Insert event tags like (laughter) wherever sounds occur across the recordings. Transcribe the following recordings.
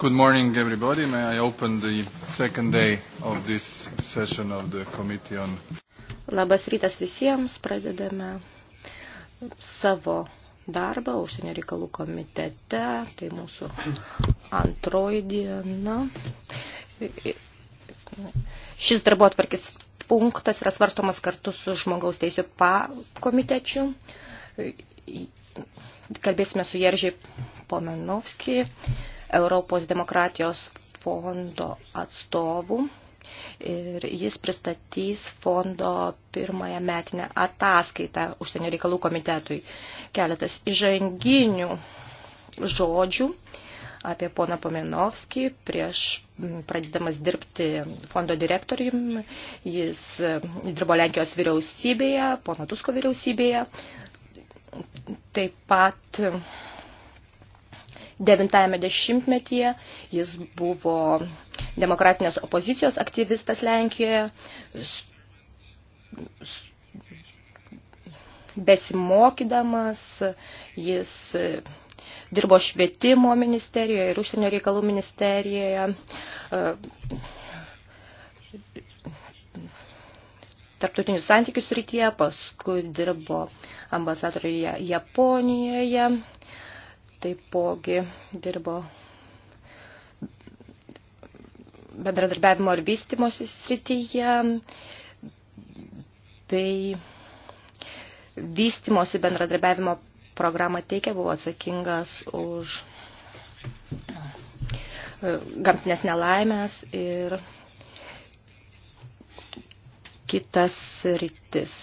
Good morning, everybody. May I open the second day of this session of the Committee on... Labas rytas visiems. Pradedame savo darbą užsienio reikalų komitete. Tai mūsų antroji diena. Šis darbo atvarkis punktas yra svarstomas kartu su žmogaus teisų komitečiu. Kalbėsime su Jeržiai Pomenovskijai Europos demokratijos fondo atstovų ir jis pristatys fondo pirmąją metinę ataskaitą užsienio reikalų komitetui. Keletas įžanginių žodžių apie poną Pomenovskį prieš pradėdamas dirbti fondo direktoriumi. Jis e, dirbo Lenkijos vyriausybėje, pono Tusko vyriausybėje. Taip pat Devintajame dešimtmetyje jis buvo demokratinės opozicijos aktyvistas Lenkijoje, besimokydamas jis dirbo švietimo ministerijoje ir užsienio reikalų ministerijoje. E, tarptautinių santykių srityje, paskui dirbo ambasadoriuje Japonijoje taipogi dirbo bendradarbiavimo ir vystimosi srityje bei vystimosi bendradarbiavimo programą teikia, buvo atsakingas už e, gamtinės nelaimės ir kitas rytis.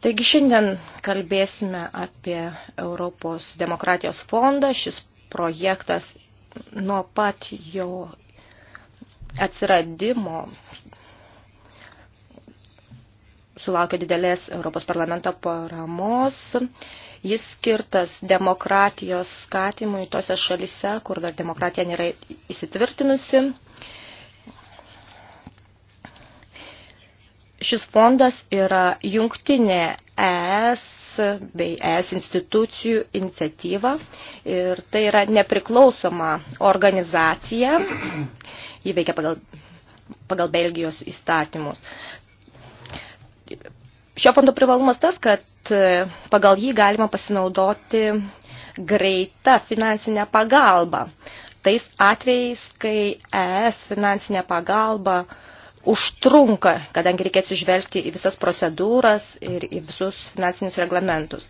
Taigi šiandien kalbėsime apie Europos demokratijos fondą. Šis projektas nuo pat jo atsiradimo sulaukė didelės Europos parlamento paramos. Jis skirtas demokratijos skatimui tose šalise, kur dar demokratija nėra įsitvirtinusi. Šis fondas yra jungtinė ES bei ES institucijų iniciatyva ir tai yra nepriklausoma organizacija, jį veikia pagal, pagal Belgijos įstatymus. Šio fondo privalumas tas, kad e, pagal jį galima pasinaudoti greita finansinė pagalba. Tais atvejais, kai ES finansinė pagalba uh, užtrunka, kadangi reikia atsižvelgti į visas procedūras ir į visus finansinius reglamentus.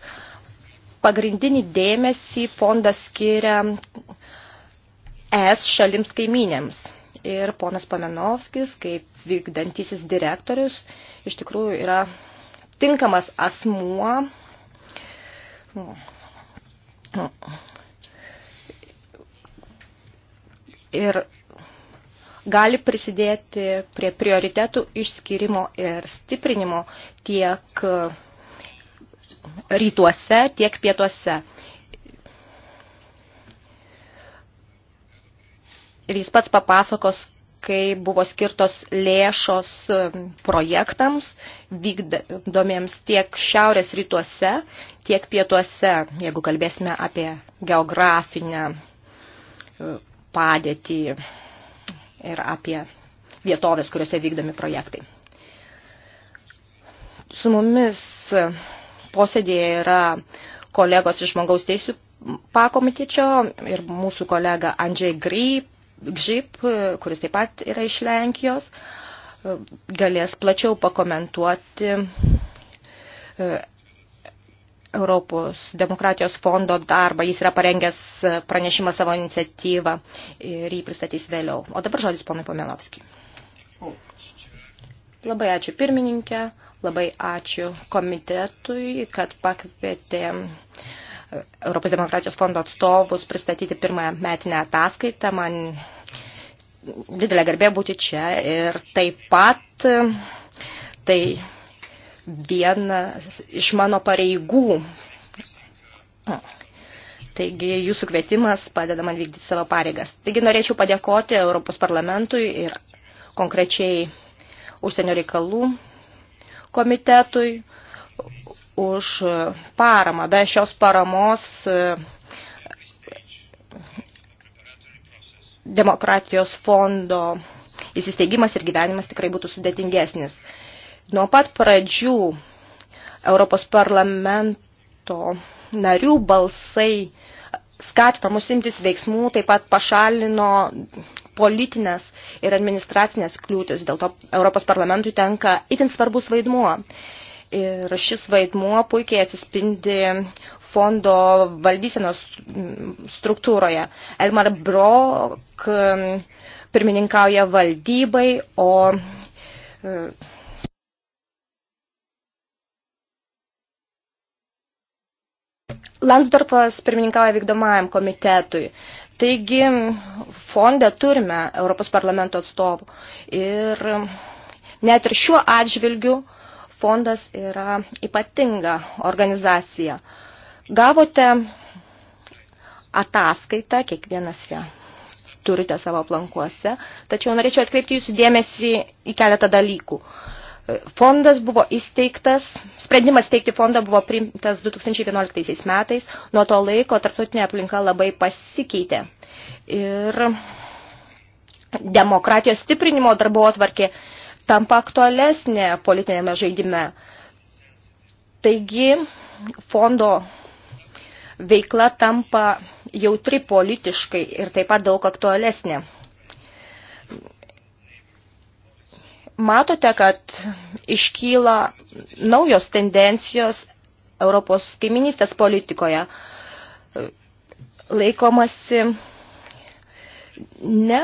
Pagrindinį dėmesį fondas skiria ES šalims kaiminėms. Ir ponas Pamenovskis, kaip vykdantisis direktorius, iš tikrųjų yra tinkamas asmuo ir gali prisidėti prie prioritetų išskirimo ir stiprinimo tiek rytuose, tiek pietuose. Ir jis pats papasakos, kai buvo skirtos lėšos projektams vykdomiems tiek šiaurės rytuose, tiek pietuose, jeigu kalbėsime apie geografinę padėtį ir apie vietovės, kuriuose vykdomi projektai. Su mumis posėdėje yra kolegos iš žmogaus teisų pakomitečio ir mūsų kolega Andžiai Gžip, kuris taip pat yra iš Lenkijos, galės plačiau pakomentuoti Europos demokratijos fondo darbą. Jis yra parengęs pranešimą savo iniciatyvą ir jį pristatys vėliau. O dabar žodis ponui Pomelovskijui. Labai ačiū pirmininkė, labai ačiū komitetui, kad pakvietė Europos demokratijos fondo atstovus pristatyti pirmąją metinę ataskaitą. Man didelė garbė būti čia ir taip pat tai viena iš mano pareigų. Taigi jūsų kvietimas padeda man vykdyti savo pareigas. Taigi norėčiau padėkoti Europos parlamentui ir konkrečiai užsienio reikalų komitetui už paramą. Be šios paramos e, demokratijos fondo įsisteigimas ir gyvenimas tikrai būtų sudėtingesnis. Nuo pat pradžių Europos parlamento narių balsai skatino mus imtis veiksmų, taip pat pašalino politinės ir administracinės kliūtis. Dėl to Europos parlamentui tenka itin svarbus vaidmuo. Ir šis vaidmuo puikiai atsispindi fondo valdysenos struktūroje. Elmar Brok mm, pirmininkauja valdybai, o mm, Landsdorfas pirmininkauja vykdomajam komitetui. Taigi fonde turime Europos parlamento atstovų. Ir net ir šiuo atžvilgiu fondas yra ypatinga organizacija. Gavote ataskaitą, kiekvienas ją turite savo plankuose, tačiau norėčiau atkreipti jūsų dėmesį į keletą dalykų. Uh, Fondas buvo įsteigtas, sprendimas steigti fondą buvo priimtas 2011 metais, nuo to laiko tarptautinė aplinka labai pasikeitė. Ir demokratijos stiprinimo darbo atvarkė tampa aktualesnė politinėme žaidime. Taigi fondo veikla tampa jautri politiškai ir taip pat daug aktualesnė. matote, kad iškyla naujos tendencijos Europos kaiminystės politikoje. Laikomasi ne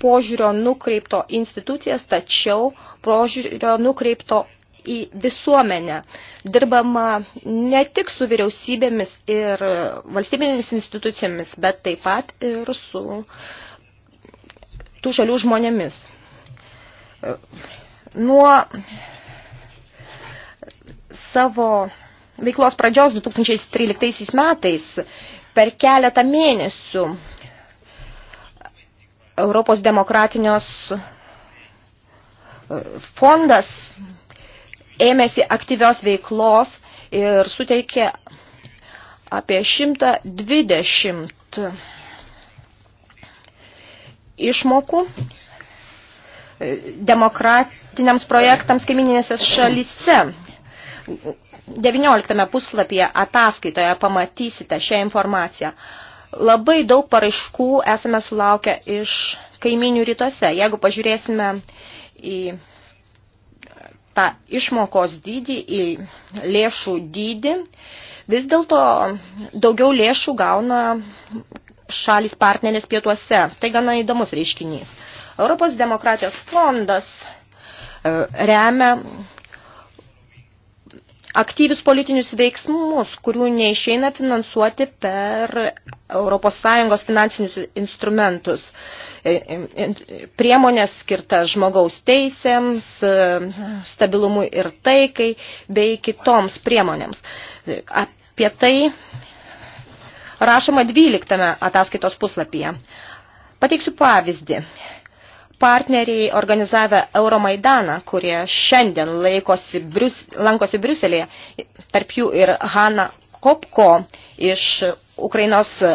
požiūrio nukreipto institucijas, tačiau požiūrio nukreipto į visuomenę. Dirbama ne tik su vyriausybėmis ir valstybinėmis institucijomis, bet taip pat ir su tų šalių žmonėmis. Nuo savo veiklos pradžios 2013 metais per keletą mėnesių Europos demokratinios e, fondas ėmėsi aktyvios veiklos ir suteikė apie 120 išmokų demokratiniams projektams kaimininėse šalyse. 19 puslapyje ataskaitoje pamatysite šią informaciją. Labai daug paraiškų esame sulaukę iš kaiminių rytuose. Jeigu pažiūrėsime į tą išmokos dydį, į lėšų dydį, vis dėlto daugiau lėšų gauna šalis partnerės pietuose. Tai gana įdomus reiškinys. Europos demokratijos fondas e, remia aktyvius politinius veiksmus, kurių neišeina finansuoti per ES finansinius instrumentus. E, e, priemonės skirtas žmogaus teisėms, stabilumui ir taikai, bei kitoms priemonėms. Apie tai rašoma 12 ataskaitos puslapyje. Pateiksiu pavyzdį partneriai organizavę Euromaidaną, kurie šiandien laikosi Brius, lankosi Briuselėje, tarp jų ir Hanna Kopko iš Ukrainos e,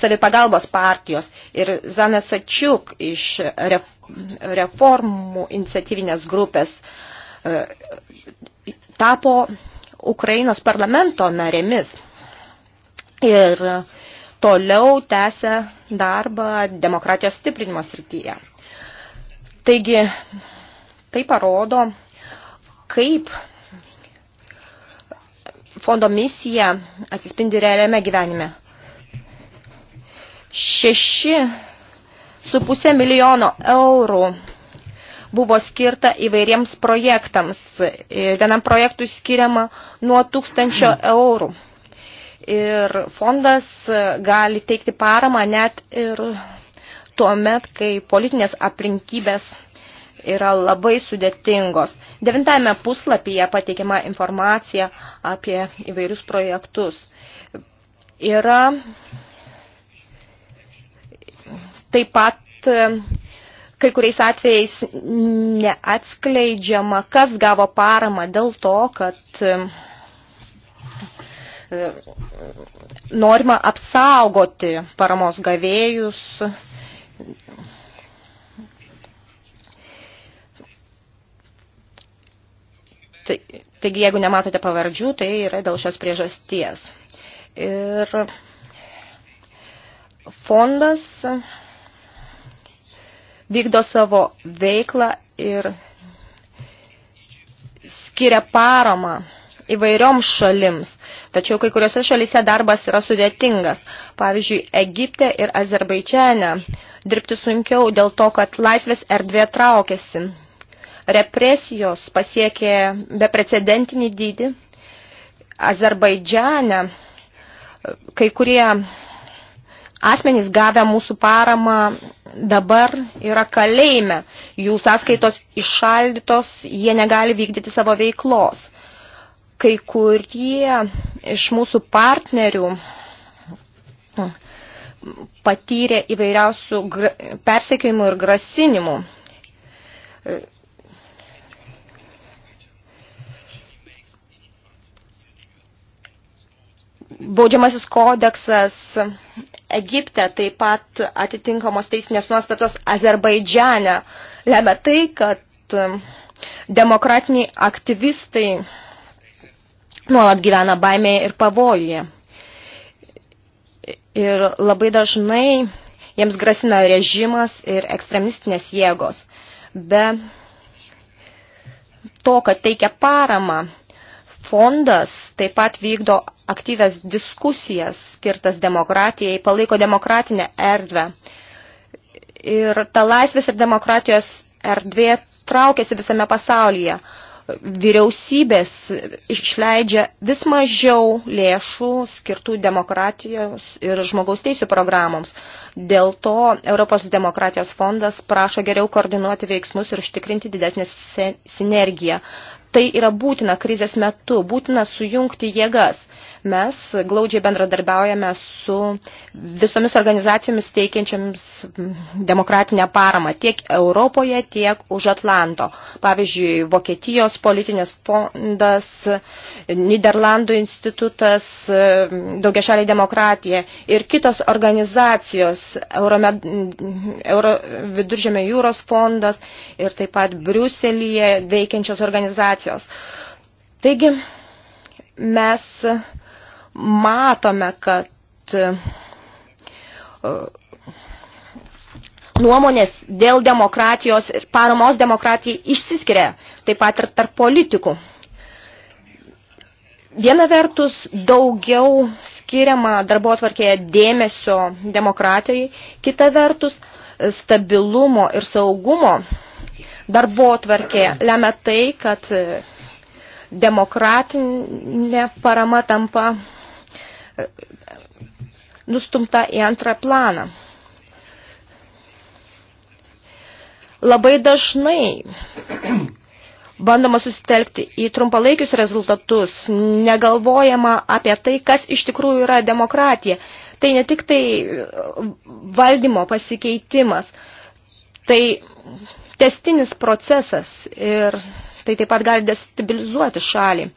savipagalbos partijos ir Zana Sačiuk iš reformų iniciatyvinės grupės e, tapo Ukrainos parlamento narėmis ir toliau tęsia darbą demokratijos stiprinimo srityje. Taigi, tai parodo, kaip fondo misija atsispindi realiame gyvenime. Šeši su pusė milijono eurų buvo skirta įvairiems projektams. Vienam projektui skiriama nuo tūkstančio eurų. Ir fondas gali teikti paramą net ir tuo met, kai politinės aplinkybės yra labai sudėtingos. Devintajame puslapyje pateikiama informacija apie įvairius projektus. Yra taip pat e, kai kuriais atvejais neatskleidžiama, kas gavo paramą dėl to, kad e, e, norima apsaugoti paramos gavėjus Tai, taigi, jeigu nematote pavardžių, tai yra dėl šios priežasties. Ir fondas vykdo savo veiklą ir skiria paramą įvairioms šalims, tačiau kai kuriuose šalyse darbas yra sudėtingas. Pavyzdžiui, Egipte ir Azerbaidžiane dirbti sunkiau dėl to, kad laisvės erdvė traukiasi. Represijos pasiekė beprecedentinį dydį. Azerbaidžiane kai kurie asmenys gavę mūsų paramą dabar yra kalėjime, jų sąskaitos iššaldytos, jie negali vykdyti savo veiklos kai kurie iš mūsų partnerių nu, patyrė įvairiausių persekiojimų ir grasinimų. Baudžiamasis kodeksas Egipte, taip pat atitinkamos teisinės nuostatos Azerbaidžiane lemia tai, kad demokratiniai aktyvistai nuolat gyvena baimėje ir pavojuje. Ir labai dažnai jiems grasina režimas ir ekstremistinės jėgos. Be to, kad teikia paramą, fondas taip pat vykdo aktyves diskusijas skirtas demokratijai, palaiko demokratinę erdvę. Ir ta laisvės ir demokratijos erdvė traukiasi visame pasaulyje vyriausybės išleidžia vis mažiau lėšų skirtų demokratijos ir žmogaus teisų programoms. Dėl to Europos demokratijos fondas prašo geriau koordinuoti veiksmus ir užtikrinti didesnę sinergiją. Tai yra būtina krizės metu, būtina sujungti jėgas. Mes glaudžiai bendradarbiaujame su visomis organizacijomis teikiančiams demokratinę paramą tiek Europoje, tiek už Atlanto. Pavyzdžiui, Vokietijos politinės fondas, Niderlandų institutas, daugiašaliai demokratija ir kitos organizacijos, Euromed, Euro, Viduržėmio jūros fondas ir taip pat Briuselyje veikiančios organizacijos. Taigi, mes matome, kad e, nuomonės dėl demokratijos ir paramos demokratijai išsiskiria, taip pat ir tarp politikų. Viena vertus daugiau skiriama darbo atvarkėje dėmesio demokratijai, kita vertus stabilumo ir saugumo darbo atvarkėje lemia tai, kad demokratinė parama tampa nustumta į antrą planą. Labai dažnai bandoma susitelkti į trumpalaikius rezultatus, negalvojama apie tai, kas iš tikrųjų yra demokratija. Tai ne tik tai valdymo pasikeitimas, tai testinis procesas ir tai taip pat gali destabilizuoti šalį.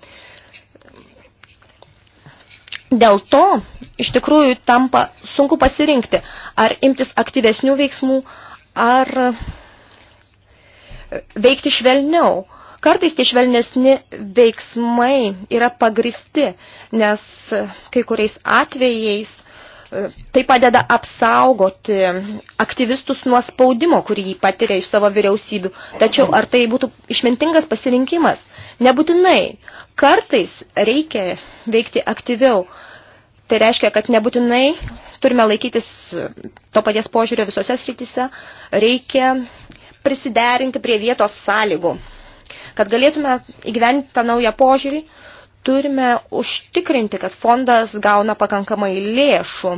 Dėl to iš tikrųjų tampa sunku pasirinkti, ar imtis aktyvesnių veiksmų, ar veikti švelniau. Kartais tie švelnesni veiksmai yra pagristi, nes kai kuriais atvejais Tai padeda apsaugoti aktyvistus nuo spaudimo, kurį jį patiria iš savo vyriausybių. Tačiau ar tai būtų išmintingas pasirinkimas? Nebūtinai. Kartais reikia veikti aktyviau. Tai reiškia, kad nebūtinai turime laikytis to paties požiūrio visose srityse. Reikia prisiderinti prie vietos sąlygų. Kad galėtume įgyventi tą naują požiūrį, turime užtikrinti, kad fondas gauna pakankamai lėšų.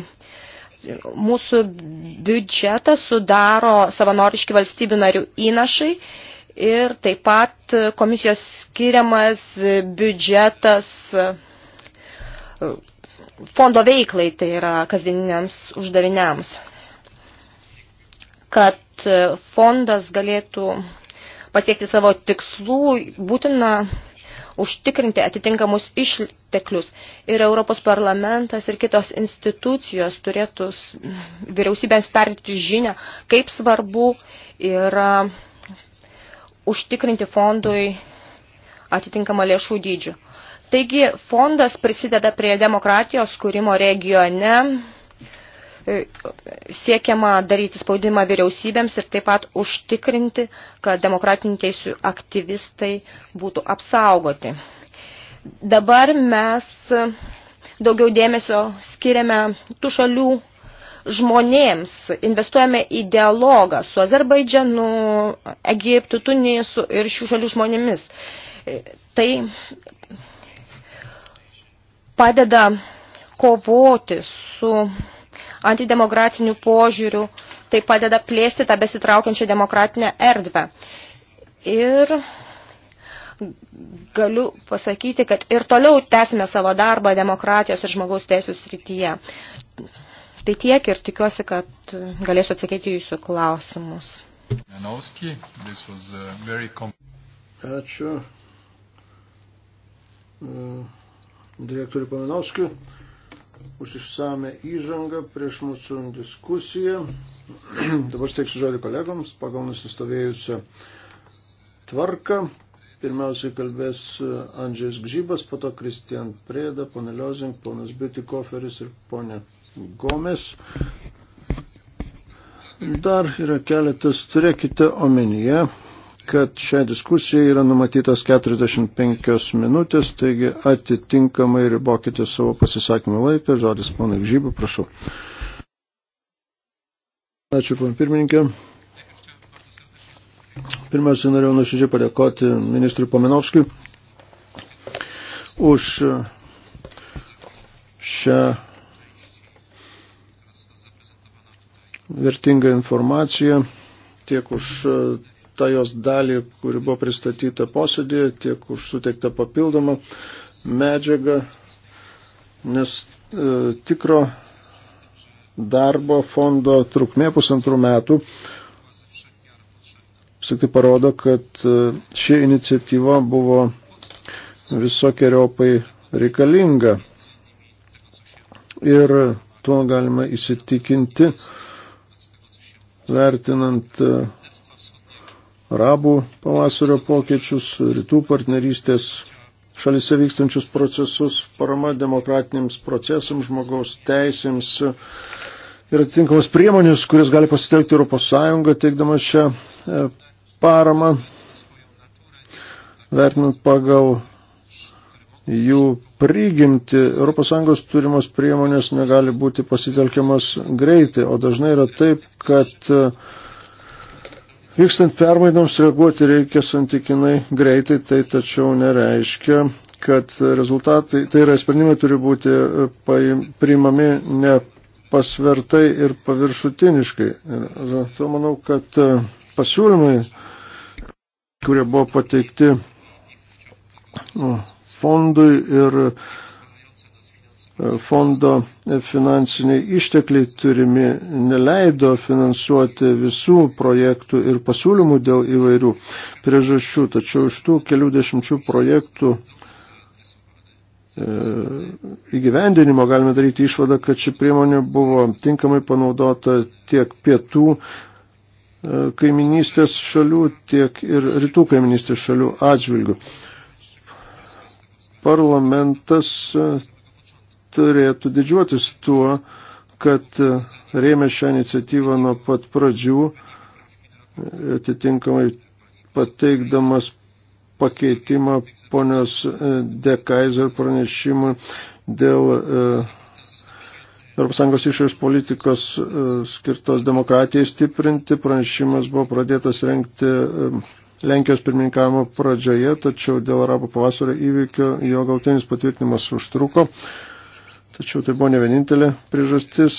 Mūsų biudžetą sudaro savanoriški valstybių narių įnašai ir taip pat komisijos skiriamas biudžetas fondo veiklai, tai yra kasdieniniams uždaviniams. Kad fondas galėtų pasiekti savo tikslų, būtina užtikrinti atitinkamus išteklius. Ir Europos parlamentas ir kitos institucijos turėtų vyriausybėms perti žinę, kaip svarbu yra užtikrinti fondui atitinkamą lėšų dydžių. Taigi fondas prisideda prie demokratijos kūrimo regione, E, siekiama daryti spaudimą vyriausybėms ir taip pat užtikrinti, kad demokratinių teisų aktyvistai būtų apsaugoti. Dabar mes daugiau dėmesio skiriame tų šalių žmonėms, investuojame į dialogą su Azerbaidžianu, Egiptu, Tunisu ir šių šalių žmonėmis. E, tai padeda kovoti su antidemokratinių požiūrių, tai padeda plėsti tą besitraukiančią demokratinę erdvę. Ir galiu pasakyti, kad ir toliau tęsime savo darbą demokratijos ir žmogaus teisų srityje. Tai tiek ir tikiuosi, kad galėsiu atsakyti jūsų klausimus. Ačiū e, direktoriui Pamenovskiu už išsame įžangą prieš mūsų diskusiją. (clears throat) Dabar steiksiu žodį kolegoms pagal nusistovėjusią tvarką. Pirmiausiai kalbės Andžės Gžybas, po to Kristian Prėda, ponė Liozink, ponas Bitikoferis ir ponė Gomes. Dar yra keletas, turėkite omenyje, kad šią diskusiją yra numatytas 45 minutės, taigi atitinkamai ribokite savo pasisakymą laiką. Žodis ponai Žybų, prašau. Ačiū, pan pirmininkė. Pirmiausia, norėjau nuoširdžiai padėkoti ministrui Pomenovskiui už šią vertingą informaciją, tiek už tą jos dalį, kuri buvo pristatyta posėdėje, tiek už suteiktą papildomą medžiagą, nes e, tikro darbo fondo trukmė pusantrų metų vis tik tai parodo, kad e, ši iniciatyva buvo visokiojopai reikalinga. Ir tuo galima įsitikinti, vertinant e, arabų pavasario pokyčius, rytų partnerystės šalise vykstančius procesus, parama demokratiniams procesams, žmogaus teisėms ir atitinkamos priemonės, kurias gali pasitelkti Europos Sąjunga, teikdama šią e, paramą, vertinant pagal jų prigimti ES turimos priemonės negali būti pasitelkiamas greitai, o dažnai yra taip, kad e, Vykstant permainoms reaguoti reikia santykinai greitai, tai tačiau nereiškia, kad rezultatai, tai yra sprendimai turi būti e, priimami nepasvertai ir paviršutiniškai. Ir e, to manau, kad e, pasiūlymai, kurie buvo pateikti nu, fondui ir fondo finansiniai ištekliai turimi neleido finansuoti visų projektų ir pasiūlymų dėl įvairių priežasčių. Tačiau iš tų kelių dešimčių projektų e, įgyvendinimo galime daryti išvadą, kad ši priemonė buvo tinkamai panaudota tiek pietų e, kaiminystės šalių, tiek ir rytų kaiminystės šalių atžvilgių. Parlamentas turėtų didžiuotis tuo, kad rėmė šią iniciatyvą nuo pat pradžių, atitinkamai pateikdamas pakeitimą ponios e, Dekaiser pranešimui dėl ES išorės politikos e, skirtos demokratijai stiprinti. Pranešimas buvo pradėtas renkti e, Lenkijos pirmininkavimo pradžioje, tačiau dėl arabo pavasario įvykio jo galtinis patvirtinimas užtruko. Tačiau tai buvo ne vienintelė priežastis.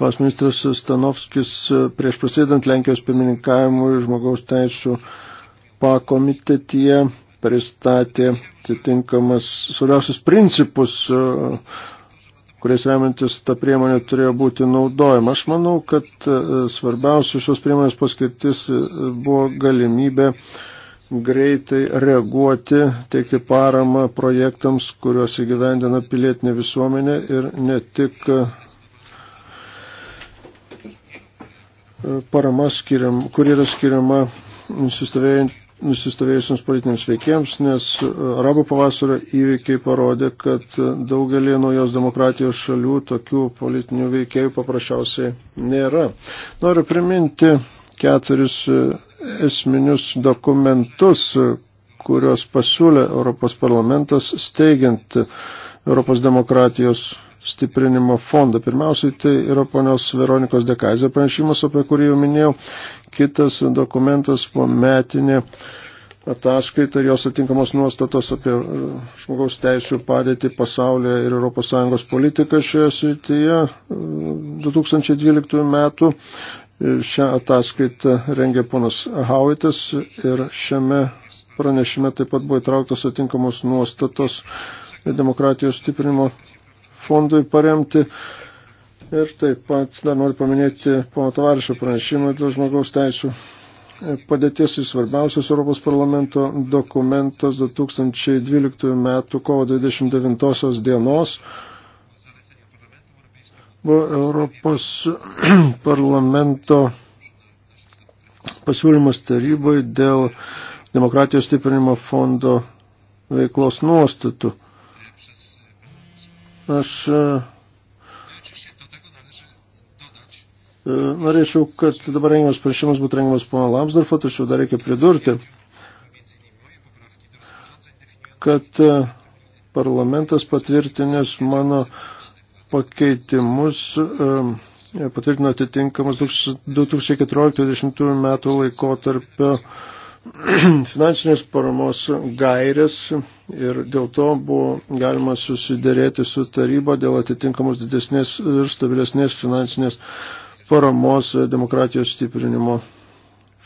Pas ministras Stanovskis prieš prasidant Lenkijos pirmininkavimui žmogaus teisų pakomitetyje pristatė atitinkamas svarbiausius principus, kuriais remiantis ta priemonė turėjo būti naudojama. Aš manau, kad svarbiausia šios priemonės paskirtis buvo galimybė uh, greitai reaguoti, teikti paramą projektams, kuriuos įgyvendina pilietinė visuomenė ir ne tik e, parama, skiriam, kur yra skiriama nusistovėjusiems politiniams veikėjams, nes e, arabo pavasario įveikiai parodė, kad daugelį naujos demokratijos šalių tokių politinių veikėjų paprasčiausiai nėra. Noriu priminti keturis e, esminius dokumentus, kuriuos pasiūlė Europos parlamentas steigiant Europos demokratijos stiprinimo fondą. Pirmiausiai tai yra ponios Veronikos Dekazė pranešimas, apie kurį jau minėjau. Kitas dokumentas po metinė ataskaita ir jos atinkamos nuostatos apie uh, žmogaus teisų padėtį pasaulyje ir ES politiką šioje srityje 2012 uh, metų Šią ataskaitą rengė ponas Hauitas ir šiame pranešime taip pat buvo įtrauktos atinkamos nuostatos demokratijos stiprinimo fondui paremti. Ir taip pat dar noriu paminėti pono Tavarišo pranešimą dėl žmogaus teisų padėties į svarbiausias Europos parlamento dokumentas 2012 m. kovo 29 dienos buvo Europos (clears throat) parlamento pasiūlymas tarybai dėl demokratijos stiprinimo fondo veiklos nuostatų. Aš e, e, norėčiau, kad dabar rengiamas pranešimas būtų rengiamas pono Lamsdorfo, tačiau dar reikia pridurti, kad e, parlamentas patvirtinęs mano uh, pakeitimus e, patvirtino atitinkamas 2014-2020 metų laikotarpio (clears throat) finansinės paramos gairės ir dėl to buvo galima susidėrėti su taryba dėl atitinkamos didesnės ir stabilesnės finansinės paramos demokratijos stiprinimo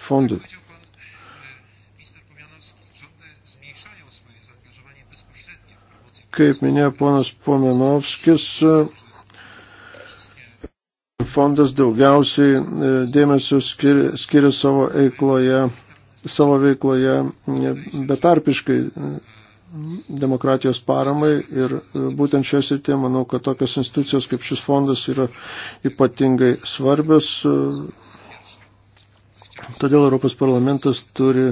fondui. Kaip minėjo ponas Pomenovskis, fondas daugiausiai e, dėmesio skiria, skiria savo, eikloje, savo veikloje e, betarpiškai e, demokratijos paramai ir būtent šios srityje manau, kad tokios institucijos kaip šis fondas yra ypatingai svarbios. Todėl Europos parlamentas turi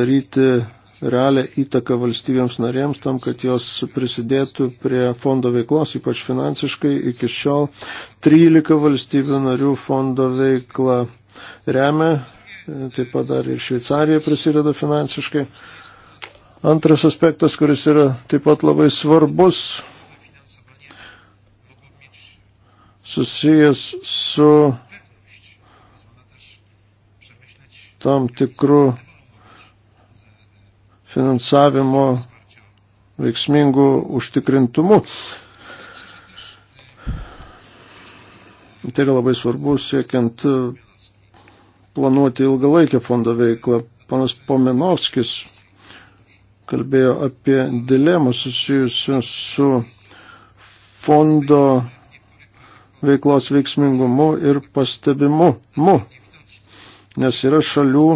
daryti realią įtaką valstybėms narėms tam, kad jos prisidėtų prie fondo veiklos, ypač finansiškai. Iki šiol 13 valstybių narių fondo veiklą remia, taip pat dar ir Šveicarija prisideda finansiškai. Antras aspektas, kuris yra taip pat labai svarbus, susijęs su tam tikrų finansavimo veiksmingų užtikrintumu. Tai yra labai svarbu siekiant e, planuoti ilgalaikę fondo veiklą. Panas Pomenovskis kalbėjo apie dilemą susijusią su fondo veiklos veiksmingumu ir pastebimu. Mu. Nes yra šalių,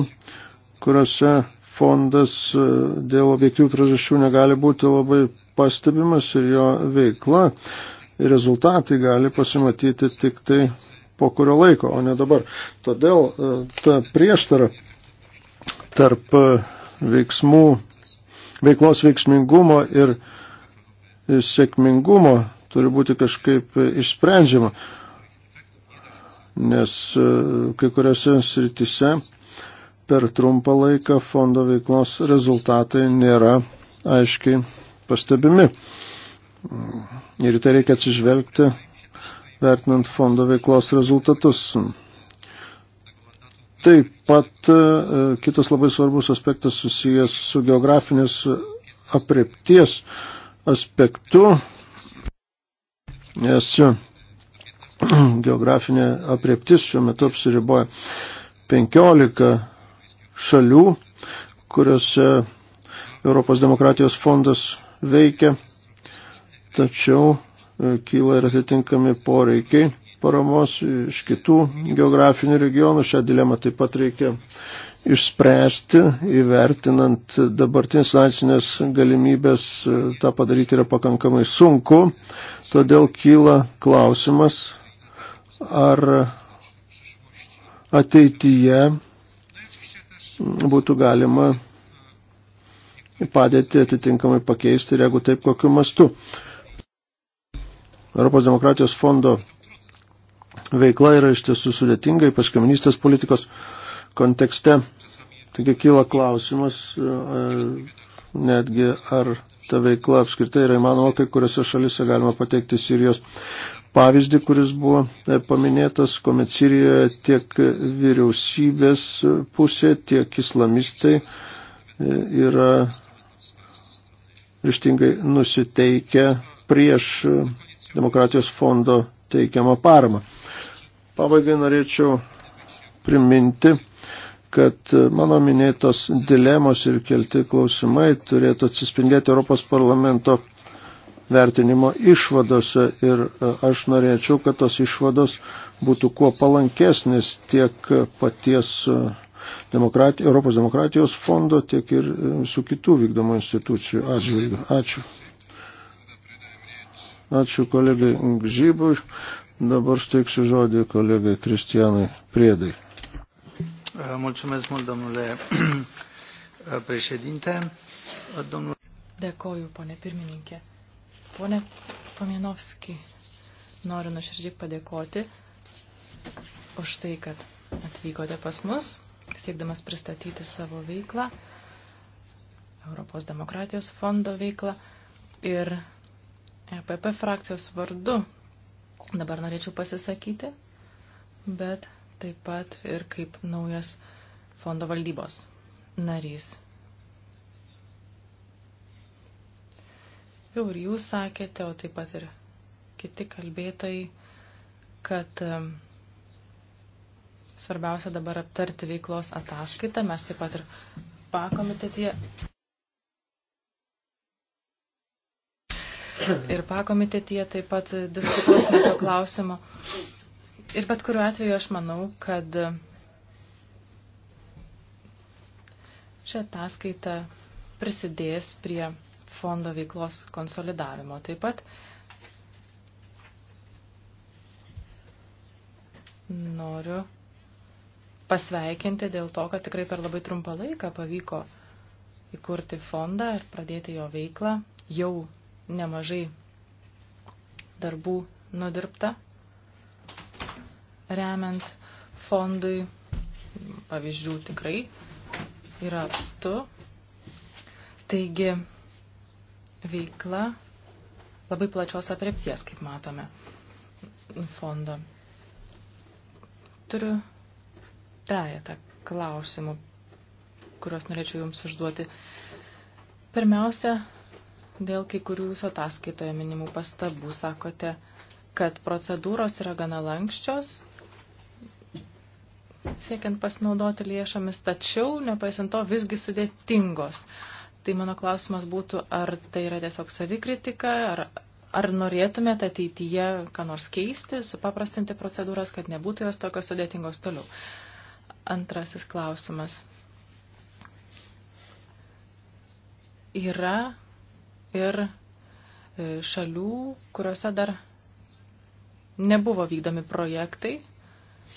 kuriuose fondas e, dėl objektyvių priežasčių negali būti labai pastebimas ir jo veikla ir rezultatai gali pasimatyti tik tai po kurio laiko, o ne dabar. Todėl e, ta prieštara tarp e, veiksmų, veiklos veiksmingumo ir sėkmingumo turi būti kažkaip išsprendžiama, nes kai kuriuose sritise per trumpą laiką fondo veiklos rezultatai nėra aiškiai pastebimi. Ir į tai reikia atsižvelgti, vertinant fondo veiklos rezultatus. Taip pat e, kitas labai svarbus aspektas susijęs su geografinės aprepties aspektu, nes geografinė apreptis šiuo metu apsiriboja 15 šalių, kuriuose Europos demokratijos fondas veikia, tačiau e, kyla ir atitinkami poreikiai paramos iš kitų geografinių regionų. Šią dilemą taip pat reikia išspręsti, įvertinant dabartinės finansinės galimybės, e, tą padaryti yra pakankamai sunku. Todėl kyla klausimas, ar ateityje būtų galima padėti atitinkamai pakeisti ir jeigu taip kokiu mastu. Europos demokratijos fondo veikla yra iš tiesų sudėtinga, ypač kaminystės politikos kontekste. Taigi kyla klausimas, e, netgi ar ta veikla apskritai yra įmanoma, kai kuriuose šalise galima pateikti Sirijos pavyzdį, kuris buvo e, paminėtas, kuomet Sirijoje tiek vyriausybės pusė, tiek islamistai e, yra ryštingai nusiteikę prieš demokratijos fondo teikiamą paramą. Pabaigai norėčiau priminti, kad mano minėtos dilemos ir kelti klausimai turėtų atsispindėti Europos parlamento vertinimo išvadose ir e, aš norėčiau, kad tos išvados būtų kuo palankesnis tiek paties e, demokrati, Europos demokratijos fondo, tiek ir e, su kitų vykdomų institucijų atžvilgių. Ačiū. Ačiū kolegai Gžybui. Dabar steiksiu žodį kolegai Kristijanai Priedai. Mulțumesc mult, domnule (clears throat) președinte. Domnul... Dėkoju, ponė pirmininkė. Pone Pamienovski, noriu nuoširdžiai padėkoti už tai, kad atvykote pas mus, siekdamas pristatyti savo veiklą, Europos demokratijos fondo veiklą ir EPP frakcijos vardu. Dabar norėčiau pasisakyti, bet taip pat ir kaip naujas fondo valdybos narys. jau ir jūs sakėte, o taip pat ir kiti kalbėtojai, kad svarbiausia dabar aptarti veiklos ataskaitą. Mes taip pat ir pakomitetie. Ir pakomitetie taip pat diskutuosime to klausimo. Ir bet kuriuo atveju aš manau, kad šią ataskaitą prisidės prie fondo veiklos konsolidavimo. Taip pat noriu pasveikinti dėl to, kad tikrai per labai trumpą laiką pavyko įkurti fondą ir pradėti jo veiklą. Jau nemažai darbų nudirbta, remiant fondui. Pavyzdžių tikrai yra apstu. Taigi, veikla labai plačios aprepties, kaip matome, fondo. Turiu trejetą klausimų, kuriuos norėčiau Jums užduoti. Pirmiausia, dėl kai kurių Jūsų ataskaitoje minimų pastabų sakote, kad procedūros yra gana lankščios, siekiant pasinaudoti lėšomis, tačiau, nepaisant to, visgi sudėtingos. Uh, Tai mano klausimas būtų, ar tai yra tiesiog savikritika, ar, ar norėtumėte ateityje ką nors keisti, supaprastinti procedūras, kad nebūtų jos tokios sudėtingos toliau. Antrasis klausimas. Yra ir e, šalių, kuriuose dar nebuvo vykdomi projektai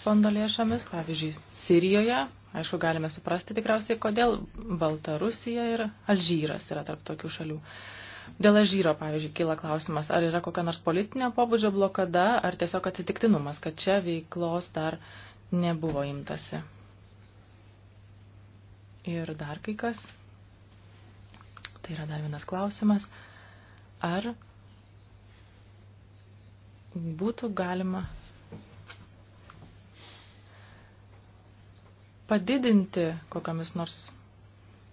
fondo lėšomis, pavyzdžiui, Sirijoje, Aišku, galime suprasti tikriausiai, kodėl Baltarusija ir Alžyras yra tarp tokių šalių. Dėl Alžyro, pavyzdžiui, kyla klausimas, ar yra kokia nors politinio pobūdžio blokada, ar tiesiog atsitiktinumas, kad čia veiklos dar nebuvo imtasi. Ir dar kai kas. Tai yra dar vienas klausimas. Ar būtų galima padidinti kokiamis nors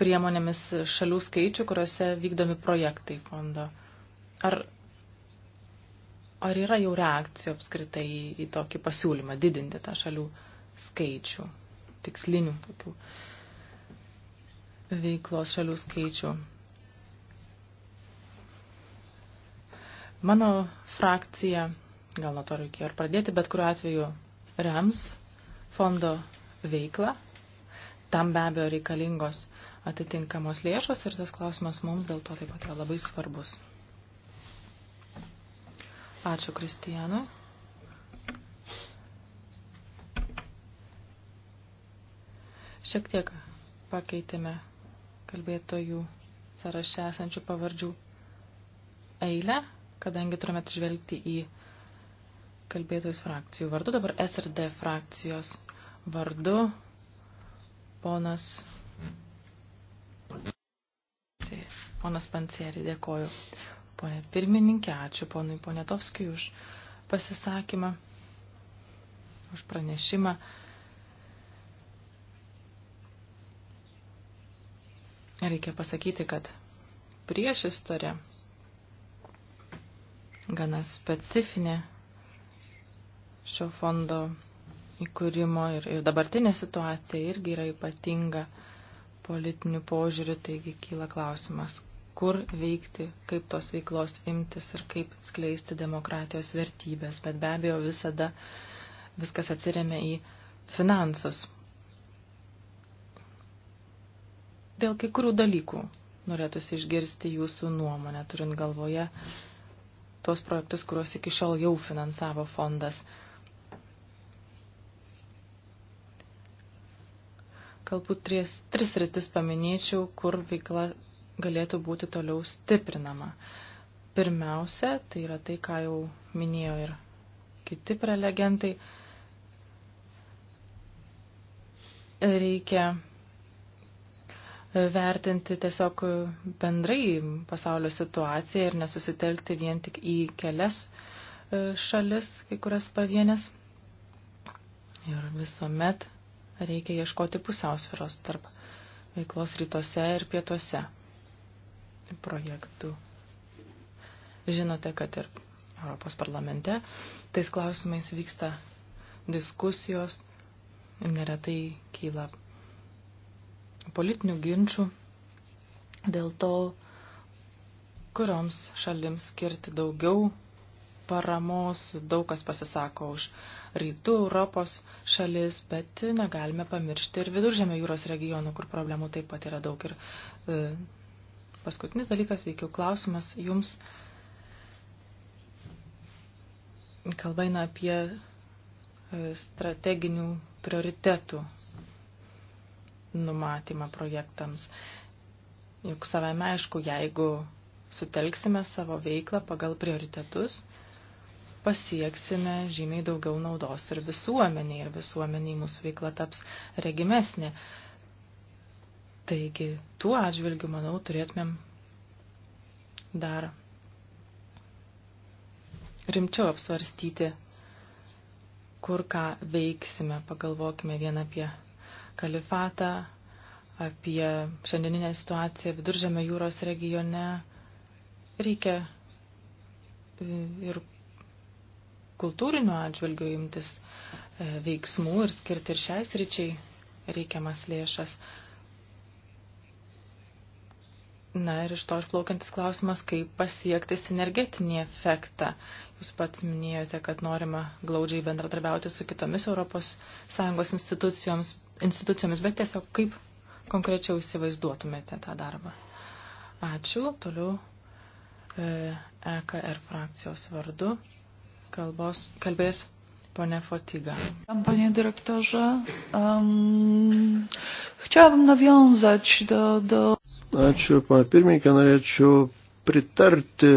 priemonėmis šalių skaičių, kuriuose vykdomi projektai fondo? Ar, ar yra jau reakcijų apskritai į, į tokį pasiūlymą didinti tą šalių skaičių, tikslinių tokių veiklos šalių skaičių? Mano frakcija, gal nuo to reikėjo ir pradėti, bet kuriuo atveju rems fondo veiklą tam be abejo reikalingos atitinkamos lėšos ir tas klausimas mums dėl to taip pat yra labai svarbus. Ačiū Kristijanui. Šiek tiek pakeitėme kalbėtojų sąraše esančių pavardžių eilę, kadangi turime atsižvelgti į kalbėtojus frakcijų vardu. Dabar SRD frakcijos vardu Ponas. Ponas Pancieri, dėkoju. Pone pirmininkė, ačiū ponui Ponetovskijui už pasisakymą, už pranešimą. Reikia pasakyti, kad prieš istorę gana specifinė šio fondo įkūrimo ir, ir dabartinė situacija irgi yra ypatinga politinių požiūrių, taigi kyla klausimas, kur veikti, kaip tos veiklos imtis ir kaip skleisti demokratijos vertybės, bet be abejo visada viskas atsiriame į finansus. Dėl kai kurių dalykų norėtųsi išgirsti jūsų nuomonę, turint galvoje tuos projektus, kuriuos iki šiol jau finansavo fondas – Galbūt tris, tris rytis paminėčiau, kur veikla galėtų būti toliau stiprinama. Pirmiausia, tai yra tai, ką jau minėjo ir kiti prelegentai, reikia vertinti tiesiog bendrai pasaulio situaciją ir nesusitelkti vien tik į kelias e, šalis, kai kurias pavienės. Ir visuomet reikia ieškoti pusiausviros tarp veiklos rytuose ir pietuose projektų. Žinote, kad ir Europos parlamente tais klausimais vyksta diskusijos, neretai kyla politinių ginčių dėl to, kurioms šalims skirti daugiau paramos, daug kas pasisako už uh, rytų Europos šalis, bet negalime pamiršti ir viduržėmio jūros regionų, kur problemų taip pat yra daug. Ir e, paskutinis dalykas, veikiau klausimas jums. Kalba eina apie e, strateginių prioritetų numatymą projektams. Juk savame aišku, jeigu sutelksime savo veiklą pagal prioritetus, pasieksime žymiai daugiau naudos ir visuomeniai, ir visuomeniai mūsų veikla taps regimesnė. Taigi, tuo atžvilgiu, manau, turėtumėm dar rimčiau apsvarstyti, kur ką veiksime. Pagalvokime vien apie kalifatą, apie šiandieninę situaciją viduržėme jūros regione. Reikia e, ir kultūriniu atžvilgiu imtis e, veiksmų ir skirti ir šiais ryčiai reikiamas lėšas. Na ir iš to išplaukiantis klausimas, kaip pasiekti sinergetinį efektą. Jūs pats minėjote, kad norima glaudžiai bendradarbiauti su kitomis ES institucijoms, institucijomis, bet tiesiog kaip konkrečiau įsivaizduotumėte tą darbą. Ačiū. Toliau EKR e frakcijos vardu kalbos, kalbės ponia Fotiga. Panie dyrektorze, um, chciałabym nawiązać do, do... Ačiū, pana pirmininkė, norėčiau pritarti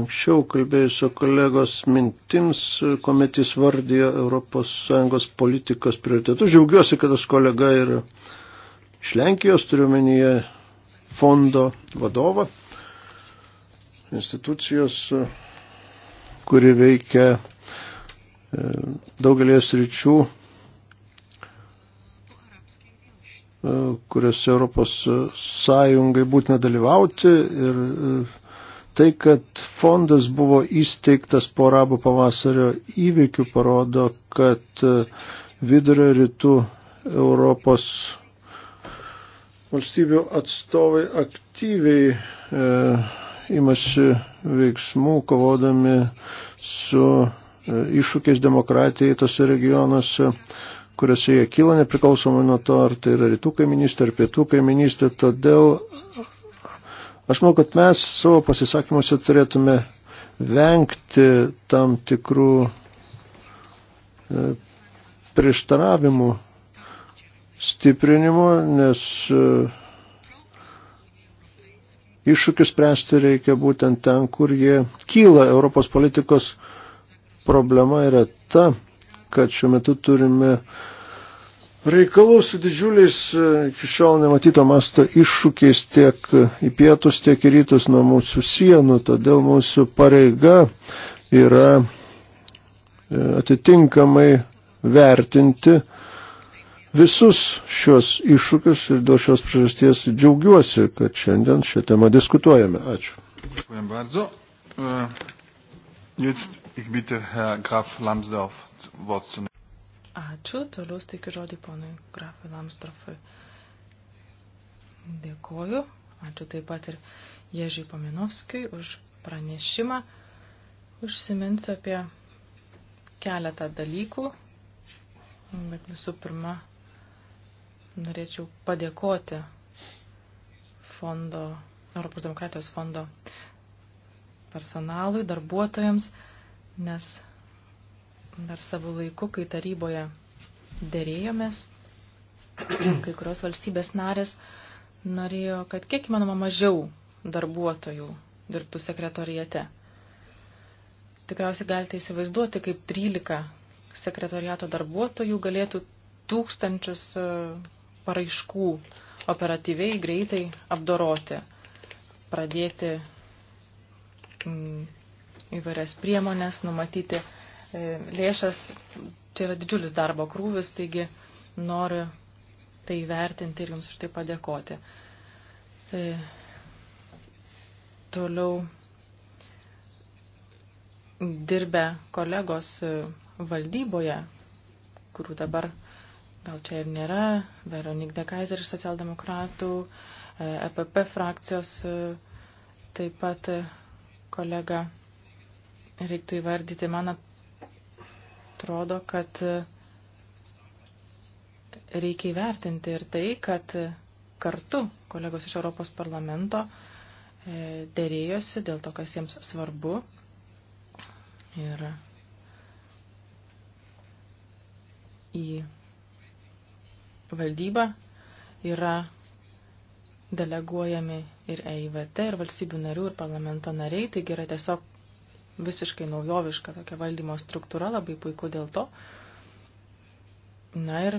anksčiau kalbėjusio kolegos mintims, kuomet jis vardijo ES politikos prioritetus. Žiaugiuosi, kad tas kolega yra iš Lenkijos, turiuomenyje fondo vadovą institucijos. Uh, kuri veikia e, daugelės ryčių, e, kuriuose Europos Sąjungai būtina dalyvauti ir e, tai, kad fondas buvo įsteigtas po arabų pavasario įvykių, parodo, kad vidurio rytų Europos valstybių atstovai aktyviai e, imasi veiksmų, kovodami su e, iššūkiais demokratijai tose regionuose, kuriuose jie kyla nepriklausomai nuo to, ar tai yra rytų kaiminystė ar pietų kaiminystė. Todėl aš manau, kad mes savo pasisakymuose turėtume vengti tam tikrų e, prieštaravimų stiprinimo, nes e, iššūkius spręsti reikia būtent ten, kur jie kyla. Europos politikos problema yra ta, kad šiuo metu turime reikalų su didžiuliais e, iki šiol nematyto masto iššūkiais tiek į pietus, tiek į rytus nuo mūsų sienų. Todėl mūsų pareiga yra e, atitinkamai vertinti visus šios iššūkius ir dėl šios priežasties džiaugiuosi, kad šiandien šią temą diskutuojame. Ačiū. Dziękuję bardzo. E, jetzt ich bitte Herr Graf Lambsdorff Wort zu nehmen. Ačiū, toliau steikiu žodį ponui Grafui Lambsdorffui. Dėkoju, ačiū taip pat ir Ježiui Paminovskijui už pranešimą. Užsiminsiu apie keletą dalykų, bet visų pirma norėčiau padėkoti fondo, Europos demokratijos fondo personalui, darbuotojams, nes dar savo laiku, kai taryboje dėrėjomės, kai kurios valstybės narės norėjo, kad kiek įmanoma mažiau darbuotojų dirbtų sekretorijate. Tikriausiai galite įsivaizduoti, kaip 13 sekretoriato darbuotojų galėtų tūkstančius paraiškų operatyviai, greitai apdoroti, pradėti m, mm, įvairias priemonės, numatyti e, lėšas. Čia tai yra didžiulis darbo krūvis, taigi noriu tai įvertinti ir jums už tai padėkoti. E, toliau dirbę kolegos e, valdyboje, kurių dabar gal čia ir nėra, Veronik de Kaiser iš socialdemokratų, EPP e frakcijos, e, taip pat e, kolega reiktų įvardyti. Man atrodo, kad reikia įvertinti ir tai, kad kartu kolegos iš Europos parlamento dėrėjosi dėl to, kas jiems svarbu. Ir į valdyba yra deleguojami ir EIVT, ir valstybių narių, ir parlamento nariai, taigi yra tiesiog visiškai naujoviška tokia valdymo struktūra, labai puiku dėl to. Na ir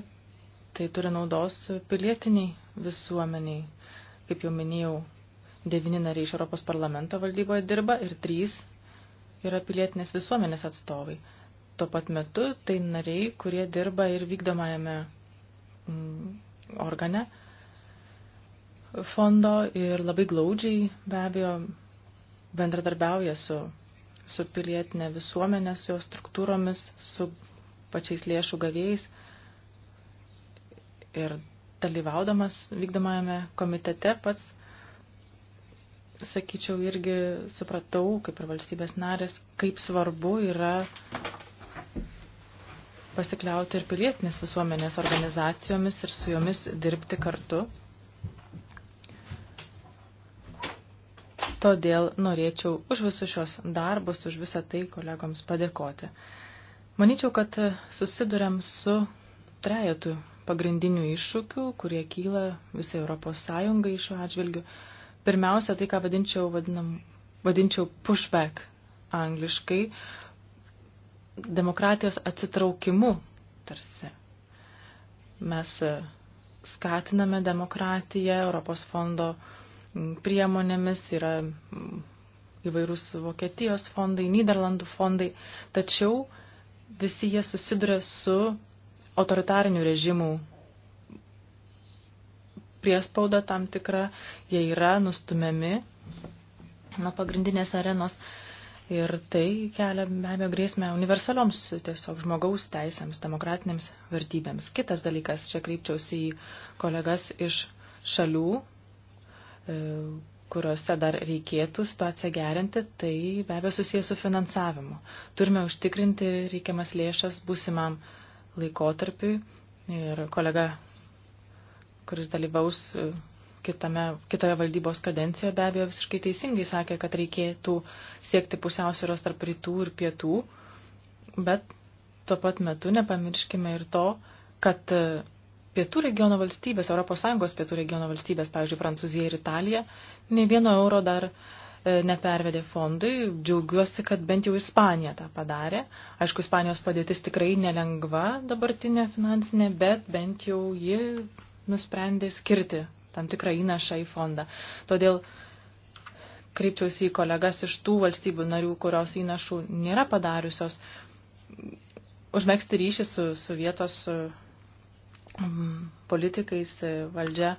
tai turi naudos pilietiniai visuomeniai. Kaip jau minėjau, devini nariai iš Europos parlamento valdyboje dirba ir trys yra pilietinės visuomenės atstovai. Tuo pat metu tai nariai, kurie dirba ir vykdomajame Mm, organe fondo ir labai glaudžiai be abejo bendradarbiauja su, su pilietinė visuomenė, su jos struktūromis, su pačiais lėšų gavėjais ir dalyvaudamas vykdomajame komitete pats, sakyčiau, irgi supratau, kaip ir valstybės narės, kaip svarbu yra pasikliauti ir pilietinės visuomenės organizacijomis ir su jomis dirbti kartu. Todėl norėčiau už visus šios darbus, už visą tai kolegoms padėkoti. Manyčiau, kad susidurėm su trejetu pagrindinių iššūkių, kurie kyla visai Europos Sąjungai šiuo atžvilgiu. Pirmiausia, tai ką vadinčiau, vadinam, vadinčiau pushback angliškai, demokratijos atsitraukimu tarsi. Mes e, skatiname demokratiją, Europos fondo priemonėmis yra įvairūs Vokietijos fondai, Niderlandų fondai, tačiau visi jie susiduria su autoritarinių režimų priespauda tam tikra, jie yra nustumiami nuo pagrindinės arenos. Uh, Ir tai kelia be abejo grėsmę universalioms tiesiog žmogaus teisėms, demokratinėms vertybėms. Kitas dalykas, čia kreipčiausi į kolegas iš šalių, e, kuriuose dar reikėtų situaciją gerinti, tai be abejo susijęs su finansavimu. Turime užtikrinti reikiamas lėšas būsimam laikotarpiui ir kolega, kuris dalyvaus e, kitame, kitoje valdybos kadencijoje be abejo visiškai teisingai sakė, kad reikėtų siekti pusiausvėros tarp rytų ir pietų, bet tuo pat metu nepamirškime ir to, kad e, pietų regiono valstybės, ES pietų regiono valstybės, pavyzdžiui, Prancūzija ir Italija, nei vieno euro dar e, nepervedė fondui. Džiaugiuosi, kad bent jau Ispanija tą padarė. Aišku, Ispanijos padėtis tikrai nelengva dabartinė finansinė, bet bent jau ji nusprendė skirti tam tikrą įnašą į fondą. Todėl kreipčiausi į kolegas iš tų valstybių narių, kurios įnašų nėra padariusios, užmėgsti ryšį su, su vietos um, politikais e, valdžia,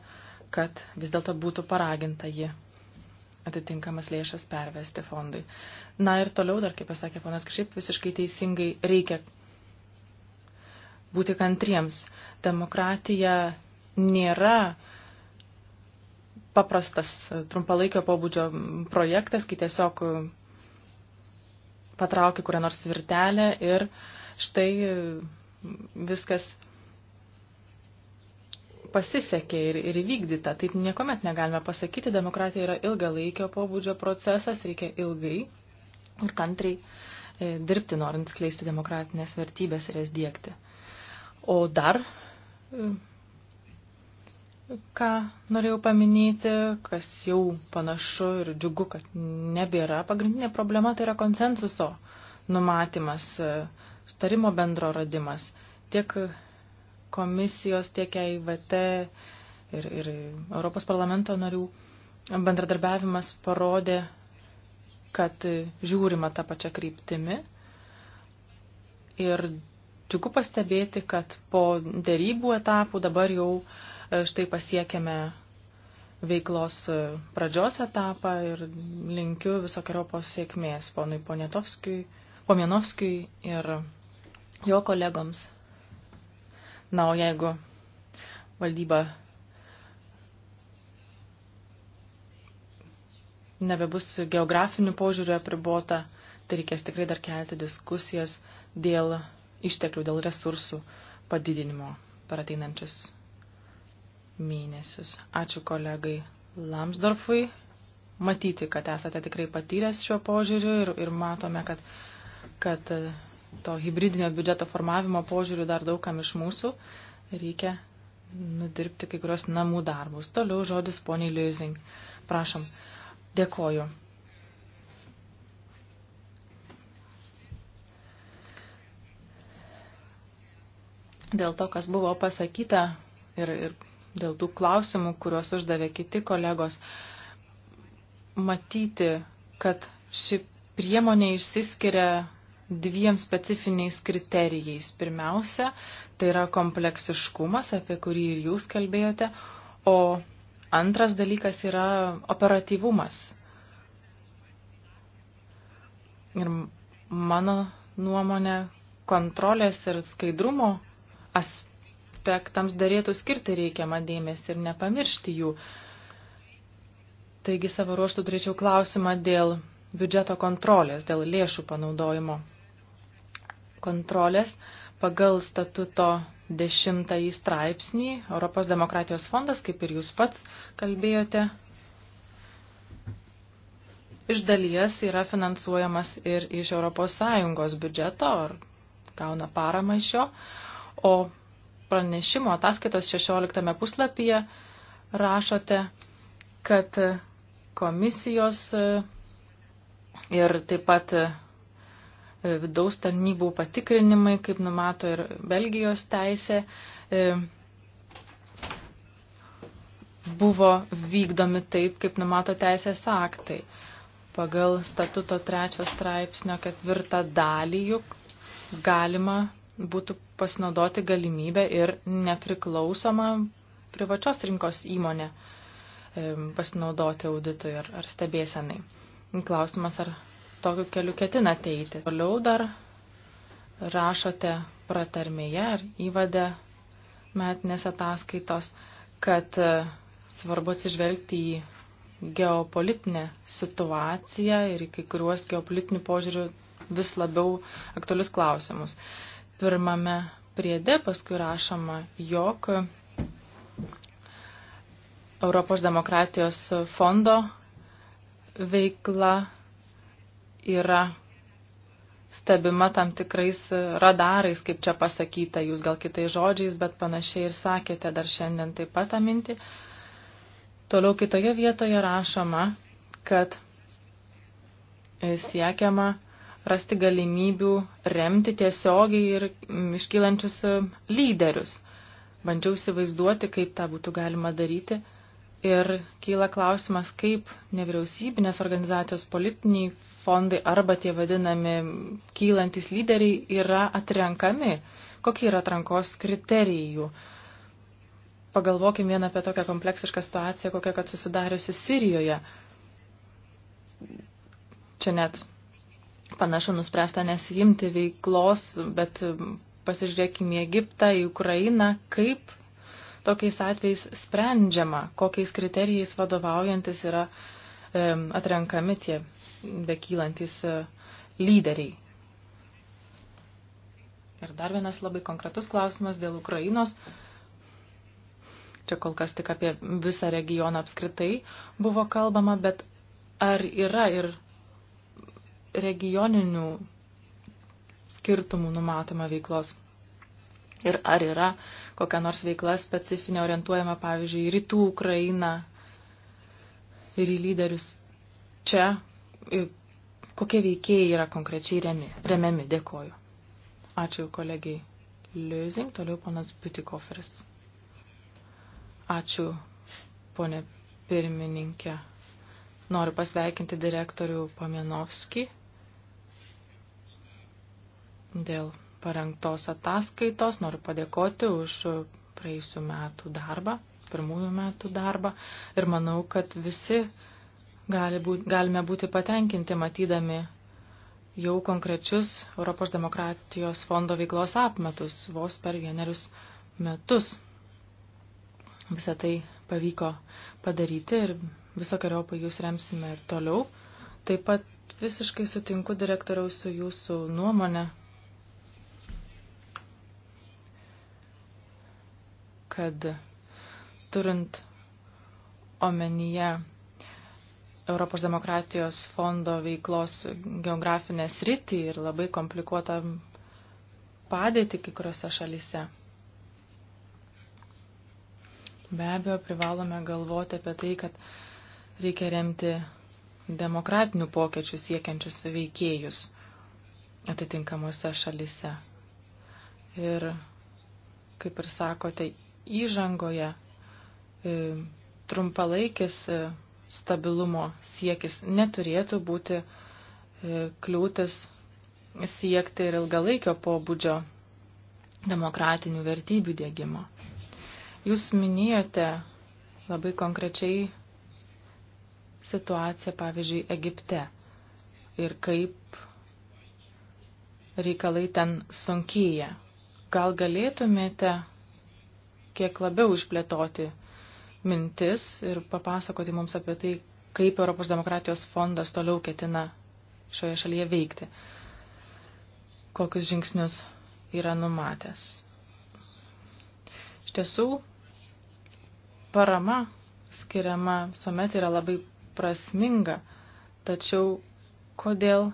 kad vis dėlto būtų paraginta ji atitinkamas lėšas pervesti fondui. Na ir toliau, dar kaip pasakė ponas Kšip, visiškai teisingai reikia būti kantriems. Demokratija nėra paprastas e, trumpalaikio pobūdžio projektas, kai tiesiog e, patrauki kurią nors virtelę ir štai e, viskas pasisekė ir, ir įvykdyta. Taip niekuomet negalime pasakyti, demokratija yra ilgalaikio pobūdžio procesas, reikia ilgai ir kantriai dirbti, norint skleisti demokratinės vertybės ir jas dėkti. O dar ką norėjau paminėti, kas jau panašu ir džiugu, kad nebėra. Pagrindinė problema tai yra konsensuso numatymas, starimo bendro radimas. Tiek komisijos, tiek EIVT ir, ir Europos parlamento narių bendradarbiavimas parodė, kad žiūrima tą pačią kryptimi. Ir džiugu pastebėti, kad po dėrybų etapų dabar jau uh, štai pasiekėme veiklos pradžios etapą ir linkiu visokiojopos sėkmės ponui Poniatovskijui, Pomienovskijui ir jo kolegoms. Na, o jeigu valdyba nebebus geografinių požiūrių apribota, tai reikės tikrai dar kelti diskusijas dėl išteklių, dėl resursų padidinimo per ateinančius mėnesius. Ačiū kolegai Lamsdorfui. Matyti, kad esate tikrai patyręs šiuo požiūriu ir, ir matome, kad, kad to hybridinio biudžeto formavimo požiūriu dar daugam iš mūsų reikia nudirbti kai kurios namų darbus. Toliau žodis poniai Liuzing. Prašom. Dėkoju. Dėl to, kas buvo pasakyta ir, ir dėl tų klausimų, kuriuos uždavė kiti kolegos, matyti, kad ši priemonė išsiskiria dviem specifiniais kriterijais. Pirmiausia, tai yra kompleksiškumas, apie kurį ir jūs kalbėjote, o antras dalykas yra operatyvumas. Ir mano nuomonė, kontrolės ir skaidrumo aspektas aspektams darėtų skirti reikiamą dėmesį ir nepamiršti jų. Taigi savo ruoštų turėčiau klausimą dėl biudžeto kontrolės, dėl lėšų panaudojimo. Kontrolės pagal statuto dešimtąjį straipsnį Europos demokratijos fondas, kaip ir jūs pats kalbėjote, iš dalies yra finansuojamas ir iš ES biudžeto ar gauna paramą iš jo, o pranešimo ataskaitos 16 puslapyje rašote, kad komisijos e, ir taip pat e, vidaus tarnybų patikrinimai, kaip numato ir Belgijos teisė, e, buvo vykdomi taip, kaip numato teisės aktai. Pagal statuto trečios straipsnio ketvirtą dalį juk galima būtų pasinaudoti galimybę ir nepriklausomą privačios rinkos įmonę pasinaudoti auditui ar, ar stebėsenai. Klausimas, ar tokiu keliu ketina ateiti. Toliau dar rašote pratarmėje ar įvadę metinės ataskaitos, kad e, svarbu atsižvelgti į geopolitinę situaciją ir į kai kuriuos geopolitinių požiūrių vis labiau aktualius klausimus pirmame priede paskui rašoma, jog Europos demokratijos fondo veikla yra stebima tam tikrais radarais, kaip čia pasakyta, jūs gal kitais žodžiais, bet panašiai ir sakėte dar šiandien taip pat tą mintį. Toliau kitoje vietoje rašoma, kad siekiama rasti galimybių remti tiesiogiai ir mm, iškylančius e, lyderius. Bandžiau įsivaizduoti, kaip tą būtų galima daryti. Ir kyla klausimas, kaip nevyriausybinės organizacijos politiniai fondai arba tie vadinami kylantis lyderiai yra atrenkami. Kokie yra atrankos kriterijų? Pagalvokim vieną apie tokią kompleksišką situaciją, kokią kad susidariusi Sirijoje. Čia net panašu nuspręsta nesijimti veiklos, bet pasižiūrėkime į Egiptą, į Ukrainą, kaip tokiais atvejais sprendžiama, kokiais kriterijais vadovaujantis yra atrenkami tie bekylantis e, lyderiai. Ir dar vienas labai konkretus klausimas dėl Ukrainos. Čia kol kas tik apie visą regioną apskritai buvo kalbama, bet ar yra ir regioninių skirtumų numatoma veiklos? Ir ar yra kokia nors veikla specifinė orientuojama, pavyzdžiui, į rytų Ukrainą ir į lyderius čia? Kokie veikėjai yra konkrečiai remi, remiami? Dėkoju. Ačiū kolegijai Liuzing, toliau ponas Butikoferis. Ačiū, ponė pirmininkė. Noriu pasveikinti direktorių Pamienovskį dėl parengtos ataskaitos. Noriu padėkoti už praėjusių metų darbą, pirmųjų metų darbą. Ir manau, kad visi gali būt, galime būti patenkinti matydami jau konkrečius Europos demokratijos fondo veiklos apmetus vos per vienerius metus. Visą tai pavyko padaryti ir visokiojopai jūs remsime ir toliau. Taip pat visiškai sutinku direktoriaus su jūsų nuomonė kad turint omenyje Europos demokratijos fondo veiklos geografinę sritį ir labai komplikuotą padėtį kai kuriuose šalyse. Be abejo, privalome galvoti apie tai, kad reikia remti demokratinių pokyčių siekiančius veikėjus atitinkamuose šalyse. Ir, kaip ir sakote, įžangoje, e, trumpalaikis e, stabilumo siekis neturėtų būti e, kliūtis siekti ir ilgalaikio pobūdžio demokratinių vertybių dėgymo. Jūs minėjote labai konkrečiai situaciją, pavyzdžiui, Egipte ir kaip reikalai ten sunkyja. Gal galėtumėte kiek labiau išplėtoti mintis ir papasakoti mums apie tai, kaip Europos demokratijos fondas toliau ketina šioje šalyje veikti, kokius žingsnius yra numatęs. Iš tiesų, parama skiriama visuomet yra labai prasminga, tačiau kodėl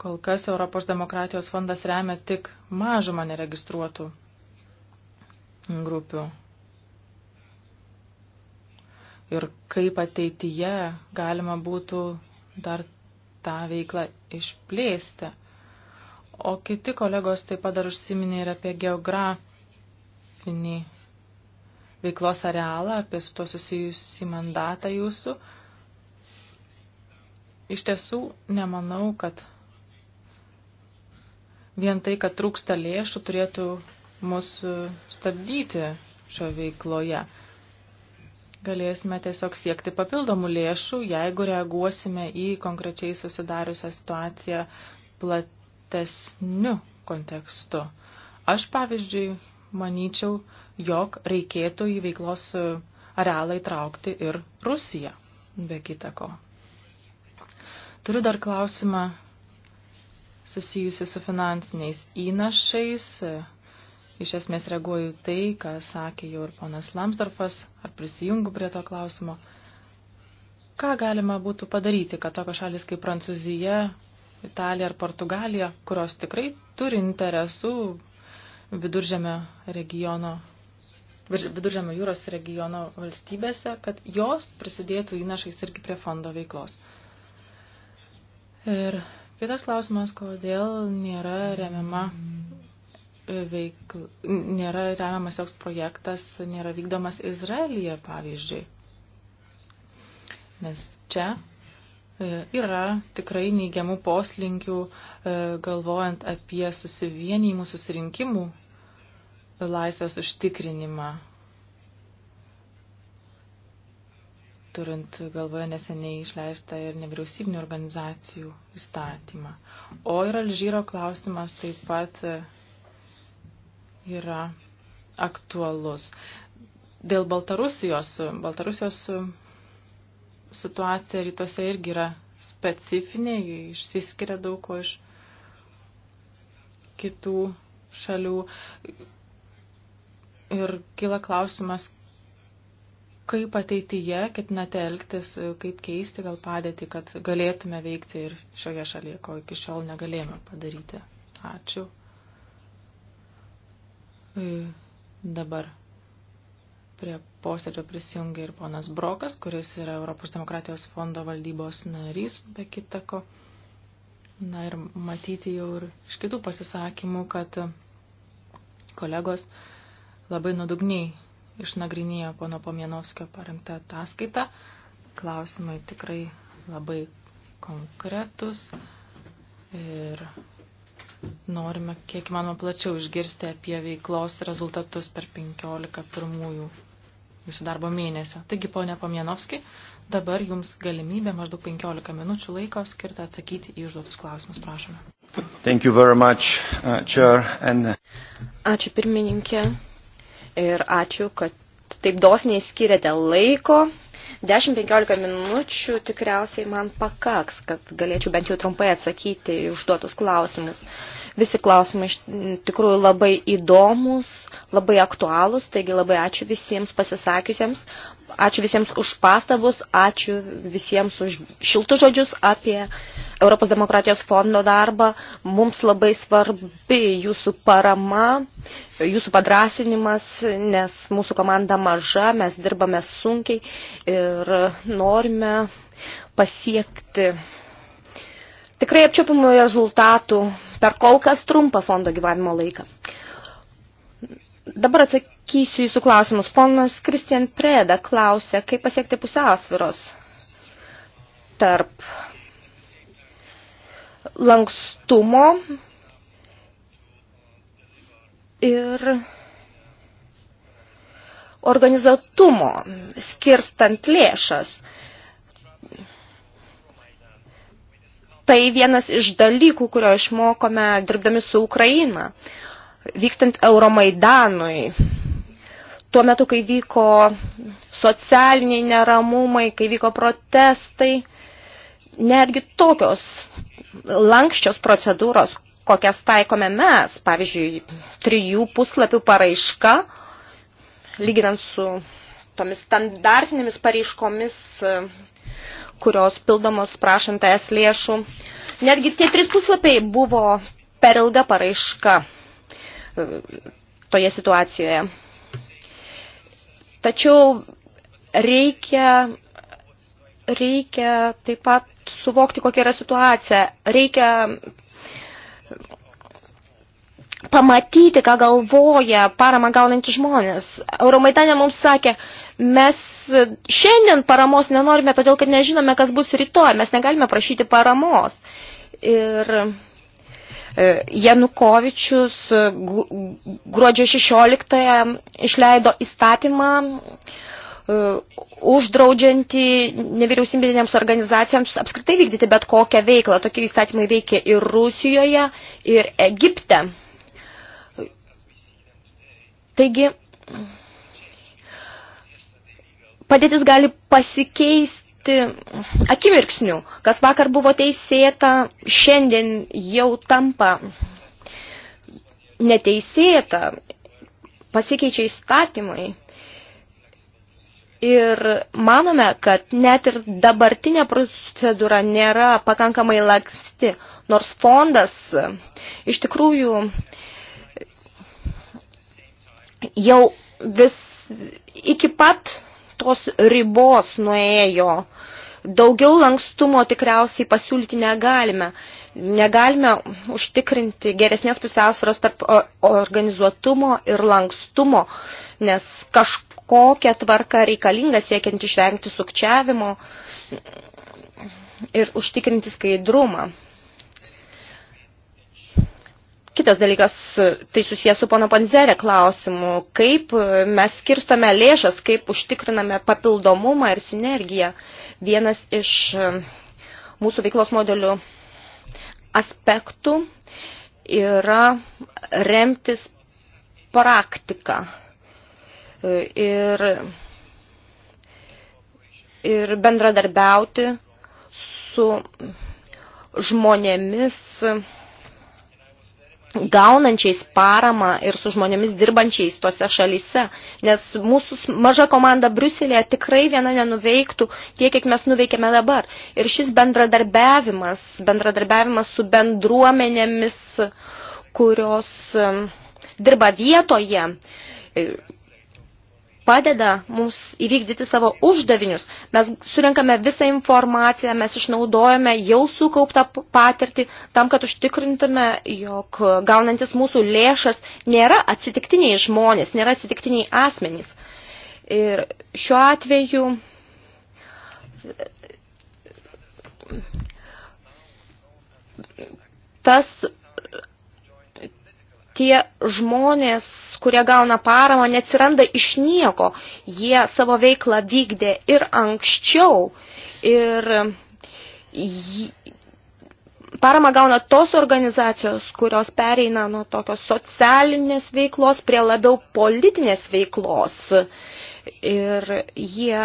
kol kas Europos demokratijos fondas remia tik mažumą neregistruotų grupių. Ir kaip ateityje galima būtų dar tą veiklą išplėsti. O kiti kolegos taip pat dar užsiminė ir apie geografinį veiklos arealą, apie su to susijusį mandatą jūsų. Iš tiesų, nemanau, kad vien tai, kad trūksta lėšų, turėtų mūsų e, stabdyti šio veikloje. Galėsime tiesiog siekti papildomų lėšų, jeigu reaguosime į konkrečiai susidariusią situaciją platesniu kontekstu. Aš, pavyzdžiui, manyčiau, jog reikėtų į veiklos e, arealą įtraukti ir Rusiją, be kitako. Turiu dar klausimą susijusi su finansiniais įnašais, e, iš esmės reaguoju tai, ką sakė jau ir ponas Lamsdorfas, ar prisijungu prie to klausimo. Ką galima būtų padaryti, kad tokios šalis kaip Prancūzija, Italija ar Portugalija, kurios tikrai turi interesų viduržėme regiono, viduržėme jūros regiono valstybėse, kad jos prisidėtų įnašais irgi prie fondo veiklos. Ir kitas klausimas, kodėl nėra remiama veikl... nėra remiamas joks projektas, nėra vykdomas Izraelyje, pavyzdžiui. Nes čia e, yra tikrai neigiamų poslinkių, e, galvojant apie susivienijimų, susirinkimų laisvės užtikrinimą. turint galvoje neseniai išleistą ir nevyriausybinio organizacijų įstatymą. O ir Alžyro klausimas taip pat e, yra aktualus. Dėl Baltarusijos, Baltarusijos situacija rytuose irgi yra specifinė, išsiskiria daug ko iš kitų šalių. Ir kyla klausimas, kaip ateityje ketinate elgtis, kaip keisti gal padėti, kad galėtume veikti ir šioje šalyje, ko iki šiol negalėjome padaryti. Ačiū. Dabar prie posėdžio prisijungia ir ponas Brokas, kuris yra Europos demokratijos fondo valdybos narys, be kitako. Na ir matyti jau ir iš kitų pasisakymų, kad kolegos labai nuodugniai išnagrinėjo pono Pomienovskio parengtą ataskaitą. Klausimai tikrai labai konkretus ir norime kiek įmanoma plačiau išgirsti apie veiklos rezultatus per 15 pirmųjų jūsų darbo mėnesio. Taigi, ponė Pamienovski, dabar jums galimybė maždaug 15 minučių laiko skirtą atsakyti į užduotus klausimus. Prašome. Thank you very much, uh, chair, and... Uh, ačiū pirmininkė ir ačiū, kad taip dosniai skiriate laiko 10-15 minučių tikriausiai man pakaks, kad galėčiau bent jau trumpai atsakyti į užduotus klausimus. Uh, Visi klausimai iš tikrųjų labai įdomus, labai aktualūs, taigi labai ačiū visiems pasisakiusiems, ačiū visiems už pastabus, ačiū visiems už šiltus žodžius apie Europos demokratijos fondo darbą. Mums labai svarbi jūsų parama, jūsų padrasinimas, nes mūsų komanda maža, mes dirbame sunkiai ir norime pasiekti tikrai apčiopimų rezultatų per kol kas trumpą fondo gyvavimo laiką. Dabar atsakysiu jūsų klausimus. Ponas Kristian Preda klausė, kaip pasiekti pusiausviros tarp lankstumo ir organizuotumo, skirstant lėšas. tai vienas iš dalykų, kurio išmokome dirbdami su Ukraina, vykstant Euromaidanui. Tuo metu, kai vyko socialiniai neramumai, kai vyko protestai, netgi tokios lankščios procedūros, kokias taikome mes, pavyzdžiui, trijų puslapių paraiška, lyginant su tomis standartinėmis pareiškomis kurios pildomos prašant es lėšų. Netgi tie trys puslapiai buvo per ilga paraiška e, toje situacijoje. Tačiau reikia, reikia taip pat suvokti, kokia yra situacija. Reikia pamatyti, ką galvoja paramą gaunantys žmonės. Euromaitanė mums sakė, mes šiandien paramos nenorime, todėl kad nežinome, kas bus rytoj, mes negalime prašyti paramos. Ir e, Janukovičius gruodžio 16 išleido įstatymą e, uždraudžianti nevyriausybinėms organizacijoms apskritai vykdyti bet kokią veiklą. Tokie įstatymai veikia ir Rusijoje, ir Egipte. Taigi, padėtis gali pasikeisti akimirksniu. Kas vakar buvo teisėta, šiandien jau tampa neteisėta, pasikeičia įstatymai. Ir manome, kad net ir dabartinė procedūra nėra pakankamai laksti, nors fondas iš tikrųjų jau vis iki pat tos ribos nuėjo. Daugiau lankstumo tikriausiai pasiūlyti negalime. Negalime užtikrinti geresnės pusiausvėros tarp organizuotumo ir lankstumo, nes kažkokia tvarka reikalinga siekiant išvengti sukčiavimo ir užtikrinti skaidrumą. Kitas dalykas, tai susijęs su pono Panzerė klausimu, kaip mes skirstome lėšas, kaip užtikriname papildomumą ir sinergiją. Vienas iš e, mūsų veiklos modelių aspektų yra remtis praktika. E, ir, ir bendradarbiauti su žmonėmis, gaunančiais paramą ir su žmonėmis dirbančiais tose šalyse. Nes mūsų maža komanda Briuselėje tikrai viena nenuveiktų tiek, kiek mes nuveikėme dabar. Ir šis bendradarbiavimas, bendradarbiavimas su bendruomenėmis, kurios dirba vietoje, padeda mums įvykdyti savo uždavinius. Mes surinkame visą informaciją, mes išnaudojame jau sukauptą patirtį tam, kad užtikrintume, jog gaunantis mūsų lėšas nėra atsitiktiniai žmonės, nėra atsitiktiniai asmenys. Ir šiuo atveju tas tie žmonės, kurie gauna paramą, neatsiranda iš nieko. Jie savo veiklą vykdė ir anksčiau. Ir paramą gauna tos organizacijos, kurios pereina nuo tokios socialinės veiklos prie labiau politinės veiklos. Ir jie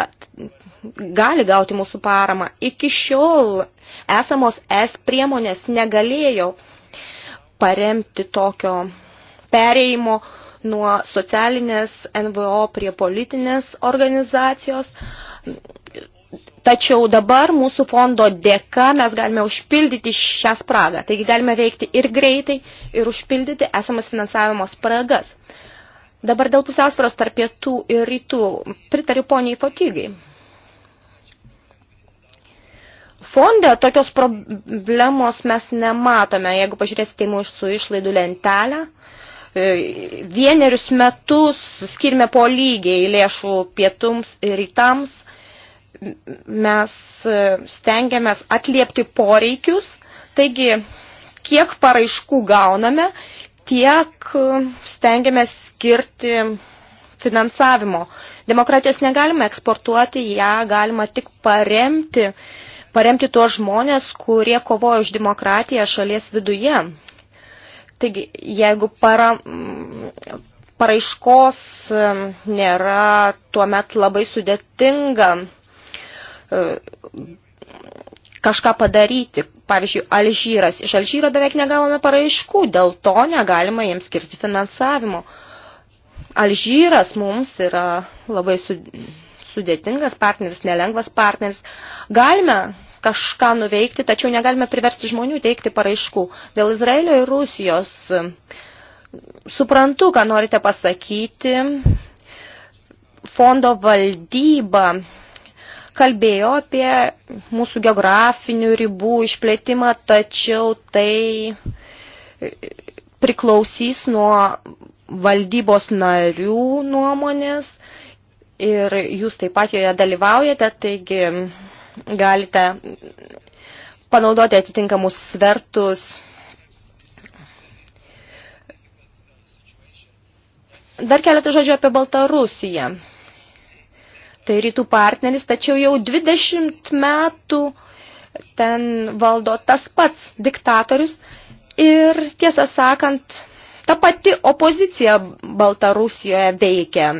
gali gauti mūsų paramą. Iki šiol esamos S priemonės negalėjo paremti tokio pereimo nuo socialinės NVO prie politinės organizacijos. Tačiau dabar mūsų fondo dėka mes galime užpildyti šią spragą. Taigi galime veikti ir greitai, ir užpildyti esamas finansavimo spragas. Dabar dėl pusiausvėros tarp pietų ir rytų pritariu poniai Fotygai. Fonde tokios problemos mes nematome. Jeigu pažiūrėsite į mūsų išlaidų lentelę, E, vienerius metus skirime po lygiai lėšų pietums ir rytams. Mes e, stengiamės atliepti poreikius, taigi kiek paraiškų gauname, tiek e, stengiamės skirti finansavimo. Demokratijos negalima eksportuoti, ją galima tik paremti, paremti tuos žmonės, kurie kovoja už demokratiją šalies viduje. Taigi, jeigu para, paraiškos nėra tuomet labai sudėtinga kažką padaryti. Pavyzdžiui, Alžyras. Iš Alžyro beveik negavome paraiškų, dėl to negalima jiems skirti finansavimo. Alžyras mums yra labai su, sudėtingas partneris, nelengvas partneris. Galime kažką nuveikti, tačiau negalime priversti žmonių teikti paraiškų. Dėl Izraelio ir Rusijos suprantu, ką norite pasakyti. Fondo valdyba kalbėjo apie mūsų geografinių ribų išplėtimą, tačiau tai priklausys nuo valdybos narių nuomonės ir jūs taip pat joje dalyvaujate, taigi galite panaudoti atitinkamus svertus. Dar keletą žodžių apie Baltarusiją. Tai rytų partneris, tačiau jau 20 metų ten valdo tas pats diktatorius ir tiesą sakant, ta pati opozicija Baltarusijoje veikia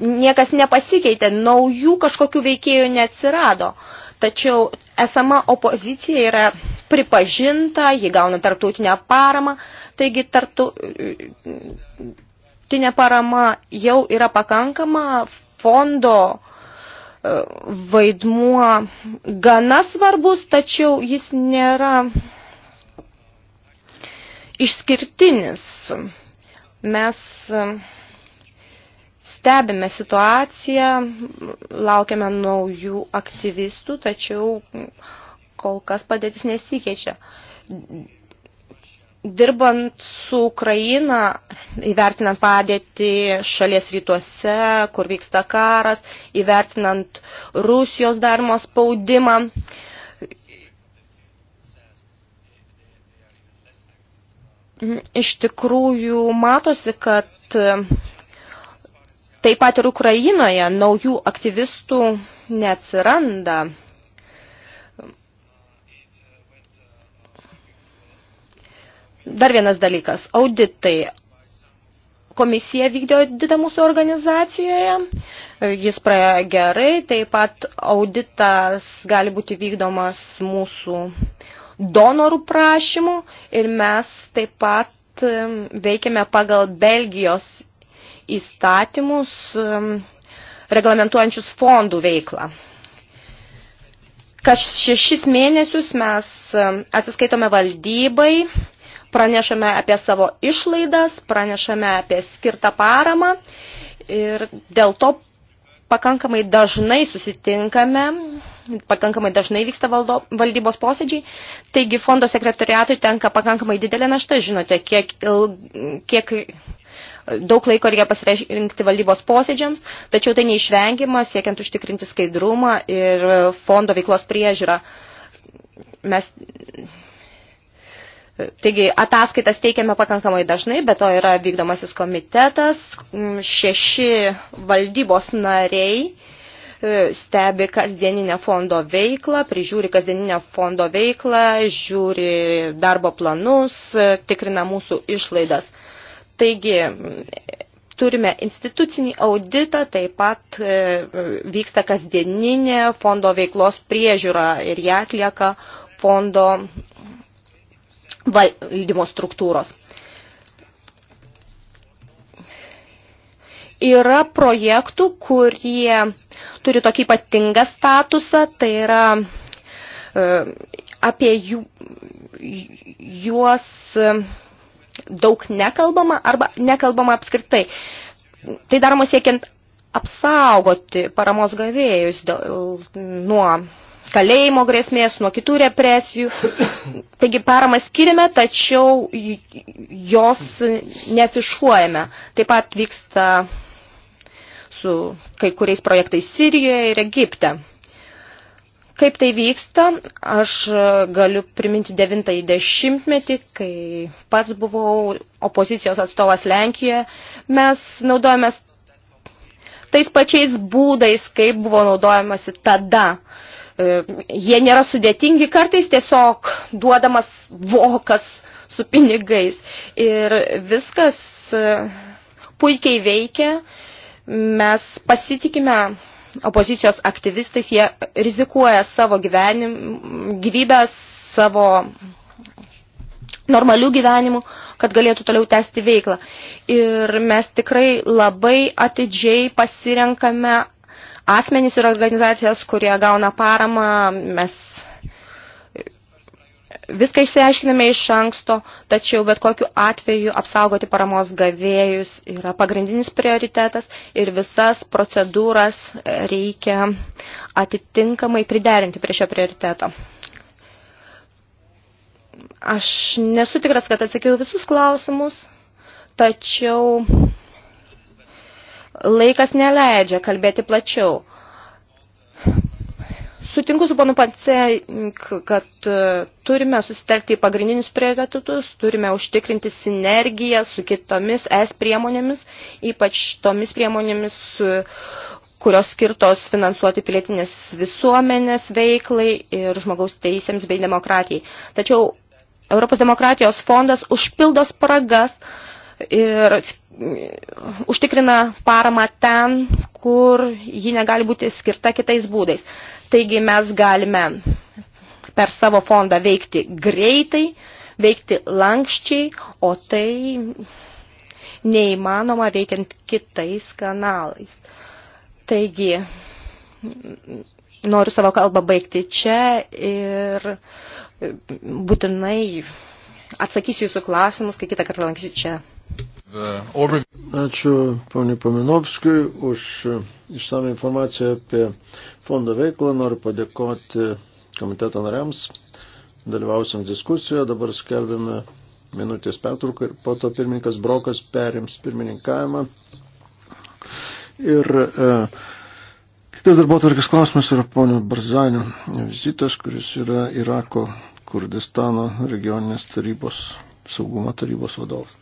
niekas nepasikeitė, naujų kažkokių veikėjų neatsirado. Tačiau esama opozicija yra pripažinta, ji gauna tarptautinę paramą, taigi tarptautinė parama jau yra pakankama, fondo e, vaidmuo gana svarbus, tačiau jis nėra išskirtinis. Mes e, stebime situaciją, laukiame naujų aktyvistų, tačiau kol kas padėtis nesikeičia. Dirbant su Ukraina, įvertinant padėtį šalies rytuose, kur vyksta karas, įvertinant Rusijos darimo spaudimą, iš tikrųjų matosi, kad Taip pat ir Ukrainoje naujų aktyvistų neatsiranda. Dar vienas dalykas – auditai. Komisija vykdė auditą mūsų organizacijoje, jis praėjo gerai, taip pat auditas gali būti vykdomas mūsų donorų prašymų ir mes taip pat veikiame pagal Belgijos įstatymus um, reglamentuojančius fondų veiklą. Kas šešis mėnesius mes um, atsiskaitome valdybai, pranešame apie savo išlaidas, pranešame apie skirtą paramą ir dėl to pakankamai dažnai susitinkame, pakankamai dažnai vyksta valdo, valdybos posėdžiai, taigi fondo sekretoriatui tenka pakankamai didelė našta, žinote, kiek, kiek daug laiko reikia pasirinkti valdybos posėdžiams, tačiau tai neišvengiama, siekiant užtikrinti skaidrumą ir fondo veiklos priežiūrą. Mes Taigi ataskaitas teikiame pakankamai dažnai, bet to yra vykdomasis komitetas, šeši valdybos nariai e, stebi kasdieninę fondo veiklą, prižiūri kasdieninę fondo veiklą, žiūri darbo planus, e, tikrina mūsų išlaidas. Taigi, turime institucinį auditą, taip pat e, vyksta kasdieninė fondo veiklos priežiūra ir ją atlieka fondo valdymo struktūros. Yra projektų, kurie turi tokį ypatingą statusą, tai yra e, apie jų, juos daug nekalbama arba nekalbama apskritai. Tai daroma siekiant apsaugoti paramos gavėjus dėl, nuo kalėjimo grėsmės, nuo kitų represijų. Taigi paramą skiriame, tačiau jos nefišuojame. Taip pat vyksta su kai kuriais projektais Sirijoje ir Egipte. Kaip tai vyksta, aš e, galiu priminti 90-ąjį dešimtmetį, kai pats buvau opozicijos atstovas Lenkijoje. Mes naudojamės tais pačiais būdais, kaip buvo naudojamasi tada. E, jie nėra sudėtingi, kartais tiesiog duodamas vokas su pinigais. Ir viskas e, puikiai veikia. Mes pasitikime opozicijos aktyvistais, jie rizikuoja savo gyvenim, gyvybę, savo normalių gyvenimų, kad galėtų toliau tęsti veiklą. Ir mes tikrai labai atidžiai pasirenkame asmenys ir organizacijas, kurie gauna paramą. Mes viską išsiaiškiname iš anksto, tačiau bet kokiu atveju apsaugoti paramos gavėjus yra pagrindinis prioritetas ir visas procedūras reikia atitinkamai priderinti prie šio prioriteto. Aš nesu tikras, kad atsakiau visus klausimus, tačiau laikas neleidžia kalbėti plačiau. Sutinku su panu Panceink, kad e, turime susitelkti į pagrindinius prioritetus, turime užtikrinti sinergiją su kitomis es priemonėmis, ypač tomis priemonėmis, kurios skirtos finansuoti pilietinės visuomenės veiklai ir žmogaus teisėms bei demokratijai. Tačiau Europos demokratijos fondas užpildo spragas, uh, ir užtikrina paramą ten, kur ji negali būti skirta kitais būdais. Taigi mes galime per savo fondą veikti greitai, veikti lankščiai, o tai neįmanoma veikiant kitais kanalais. Taigi, noriu savo kalbą baigti čia ir būtinai atsakysiu jūsų klausimus, kai kitą kartą lankysiu čia. Ačiū poniai Paminovskui už išsame informaciją apie fondo veiklą. Noriu padėkoti komiteto nariams, dalyvausiam diskusijoje. Dabar skelbėme minutės pertrauką ir po to pirmininkas Brokas perims pirmininkavimą. Ir e, kitas darbo tvarkės klausimas yra ponio Barzanio vizitas, kuris yra Irako Kurdistano regioninės tarybos saugumo tarybos vadovas.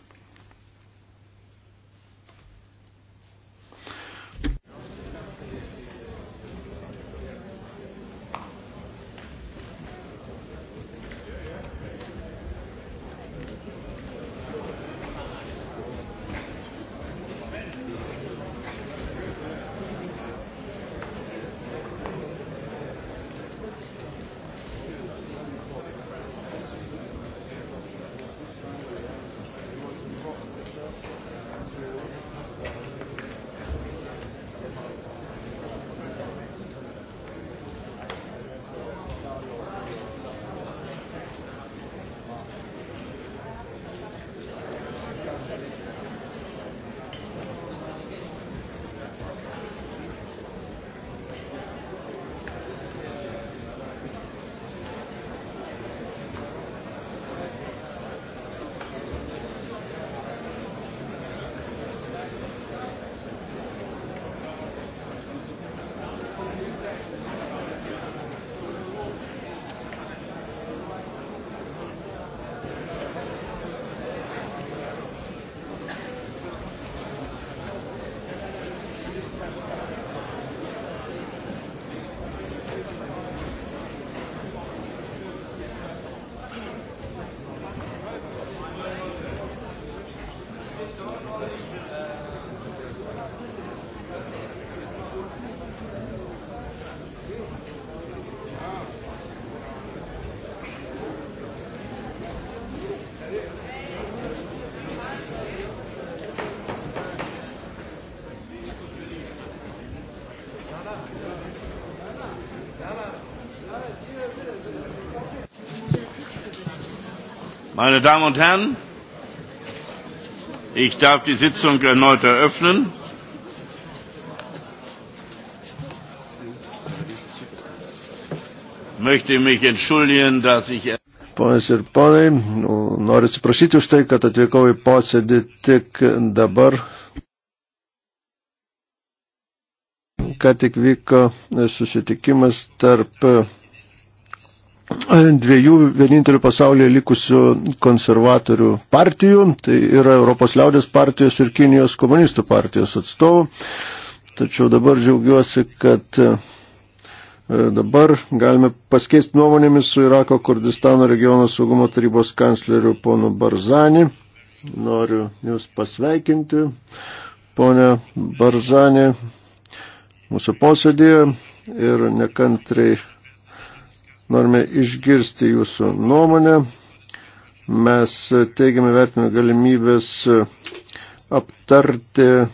Meine Damen und Herren, ich darf die Sitzung erneut eröffnen. Möchte mich entschuldigen, dass ich Ponas ir ponai, nu, noriu atsiprašyti už tai, kad atvykau į posėdį tik dabar. Ką tik vyko susitikimas tarp dviejų vienintelių pasaulyje likusių konservatorių partijų, tai yra Europos liaudės partijos ir Kinijos komunistų partijos atstovų. Tačiau dabar džiaugiuosi, kad e, dabar galime paskeisti nuomonėmis su Irako Kurdistano regiono saugumo tarybos kancleriu ponu Barzani. Noriu Jūs pasveikinti, ponė Barzani, mūsų posėdėje ir nekantriai Norime išgirsti jūsų nuomonę. Mes teigiamai vertiname galimybės aptarti e,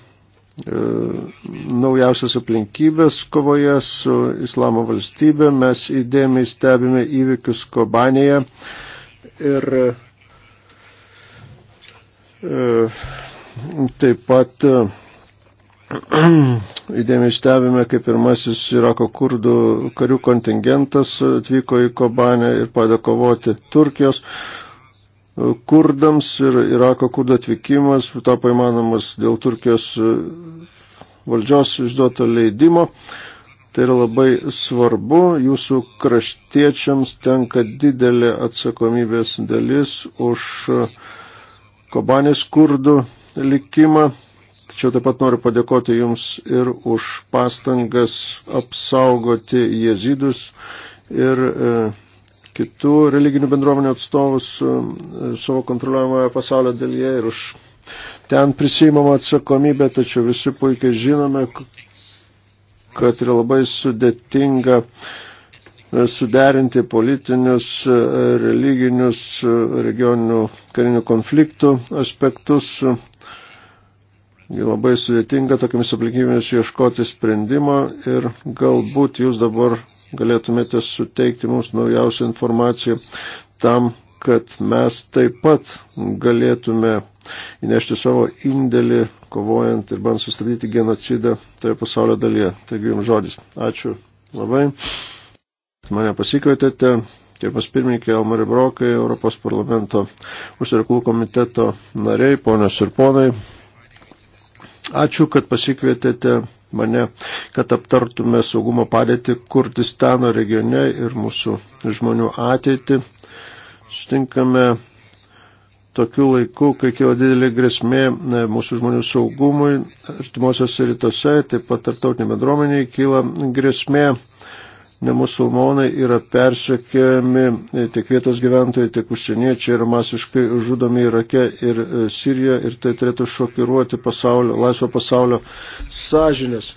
naujausias aplinkybės kovoje su Islamo valstybė. Mes įdėmiai stebime įvykius Kobanėje ir e, taip pat (clears throat) įdėmiai stebime, kaip pirmasis Irako kurdų karių kontingentas atvyko į Kobanę ir padėkovoti Turkijos e, kurdams ir Irako kurdų atvykimas tapo įmanomas dėl Turkijos e, valdžios išduoto leidimo. Tai yra labai svarbu, jūsų kraštiečiams tenka didelė atsakomybės dalis už Kobanės kurdų likimą Tačiau taip pat noriu padėkoti Jums ir už pastangas apsaugoti jezidus ir e, kitų religinių bendruomenių atstovus e, savo kontroliuojamoje pasaulio dalyje ir už ten prisimama atsakomybė, tačiau visi puikiai žinome, kad yra labai sudėtinga e, suderinti politinius, e, religinius, e, regioninių karinių konfliktų aspektus labai sudėtinga tokiamis aplinkybėmis ieškoti sprendimo ir galbūt jūs dabar galėtumėte suteikti mums naujausią informaciją tam, kad mes taip pat galėtume įnešti savo indėlį, kovojant ir band sustabdyti genocidą toje pasaulio dalyje. Taigi jums žodis. Ačiū labai. Mane pasikvietėte. Gerbiamas pirmininkė Elmari Brokai, Europos parlamento užsienio komiteto nariai, ponios ir ponai, Ačiū, kad pasikvietėte mane, kad aptartume saugumo padėtį Kurdistano regione ir mūsų žmonių ateitį. Stinkame tokiu laiku, kai kilo didelė grėsmė e, mūsų žmonių saugumui, artimuosiuose rytuose, taip pat tarptautinė bendruomenė kyla grėsmė nemusulmonai yra persekiojami e, tiek vietos gyventojai, tiek užsieniečiai yra masiškai žudomi Irake ir e, Sirijoje ir tai turėtų šokiruoti pasaulio, laisvo pasaulio sąžinės.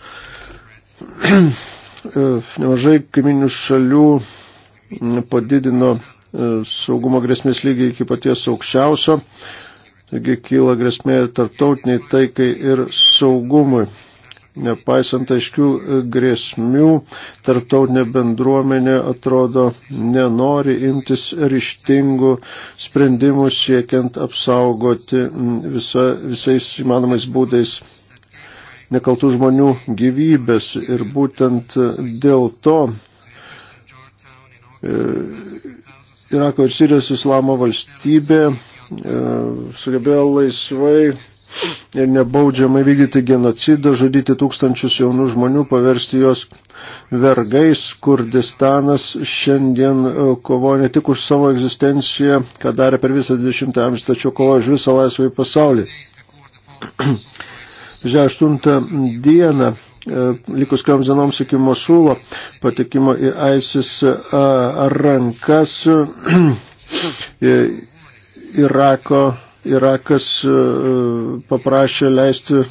(clears throat) E, nemažai kaiminių šalių padidino saugumo grėsmės lygį iki paties aukščiausio, taigi kyla grėsmė tarptautiniai taikai ir saugumui. Nepaisant aiškių e, grėsmių, tarptautinė bendruomenė atrodo nenori imtis ryštingų sprendimų siekiant apsaugoti visa, visais įmanomais būdais nekaltų žmonių gyvybės ir būtent e, dėl to e, Irako ir Sirijos islamo valstybė sugebėjo laisvai ir nebaudžiamai vykdyti genocidą, žudyti tūkstančius jaunų žmonių, paversti juos vergais. Kurdistanas šiandien e, kovoja ne tik už savo egzistenciją, ką darė per visą 20 amžių, tačiau kovoja už visą laisvąjį pasaulį. (clears throat) Žiūrėjau, 8 dieną e, likus kelioms dienoms iki Mosulo patekimo į ISIS e, rankas (clears throat) Irako Irakas e, paprašė leisti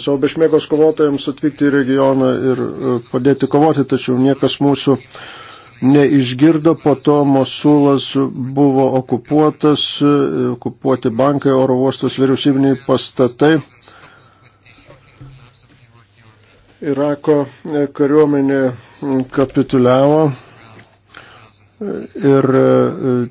savo bešmėgos kovotojams atvykti į regioną ir e, padėti kovoti, tačiau niekas mūsų neišgirdo, po to Mosulas buvo okupuotas, e, okupuoti bankai, oro uostas, vyriausybiniai pastatai. Irako kariuomenė kapituliavo Ir e,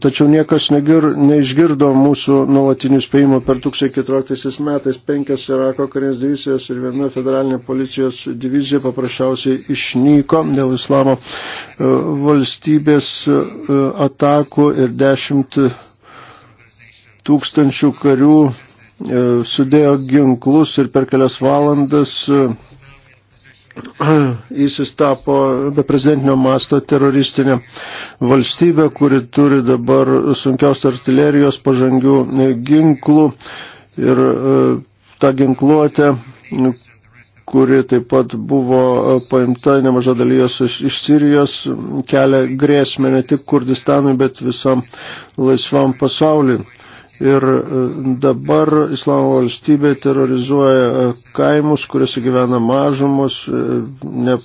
tačiau niekas negir, neišgirdo mūsų nuolatinių spėjimų per 2014 metais penkias Irako karinės divizijos ir viena federalinė policijos divizija paprasčiausiai išnyko dėl islamo e, valstybės e, atakų ir dešimt tūkstančių karių sudėjo ginklus ir per kelias valandas ISIS tapo beprezidentinio masto teroristinė valstybė, kuri turi dabar sunkiaus artilerijos pažangių e, ginklų ir e, tą ginkluotę, kuri taip pat buvo e, paimta nemaža dalyjos iš, iš Sirijos, kelia grėsmę ne tik Kurdistanui, bet visam laisvam pasauliui. Ir e, dabar Islamo valstybė terrorizuoja e, kaimus, kuriuose gyvena mažumos, e, ne,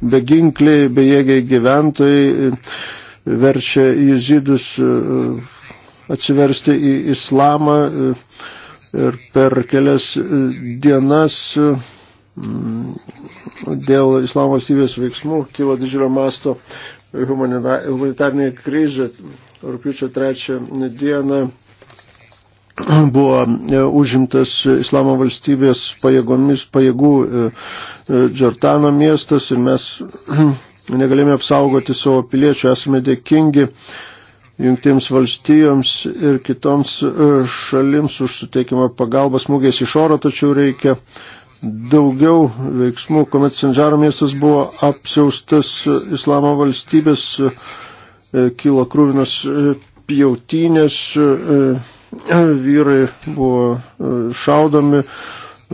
beginkliai, bejėgiai gyventojai, verčia jezidus atsiversti į islamą ir per kelias dienas dėl islamo valstybės veiksmų kilo didžiulio masto humanitarnė krizė. Rūpiučio trečią dieną buvo e, užimtas Islamo valstybės pajėgomis, pajėgų e, e, Džortano miestas ir mes (clears throat) negalėjome apsaugoti savo piliečių, esame dėkingi jungtims valstijoms ir kitoms šalims už suteikimą pagalbą smūgiais iš oro, tačiau reikia daugiau veiksmų, kuomet Sanžaro miestas buvo apsiaustas Islamo valstybės, kilo krūvinos pjautinės vyrai buvo e, šaudomi, e,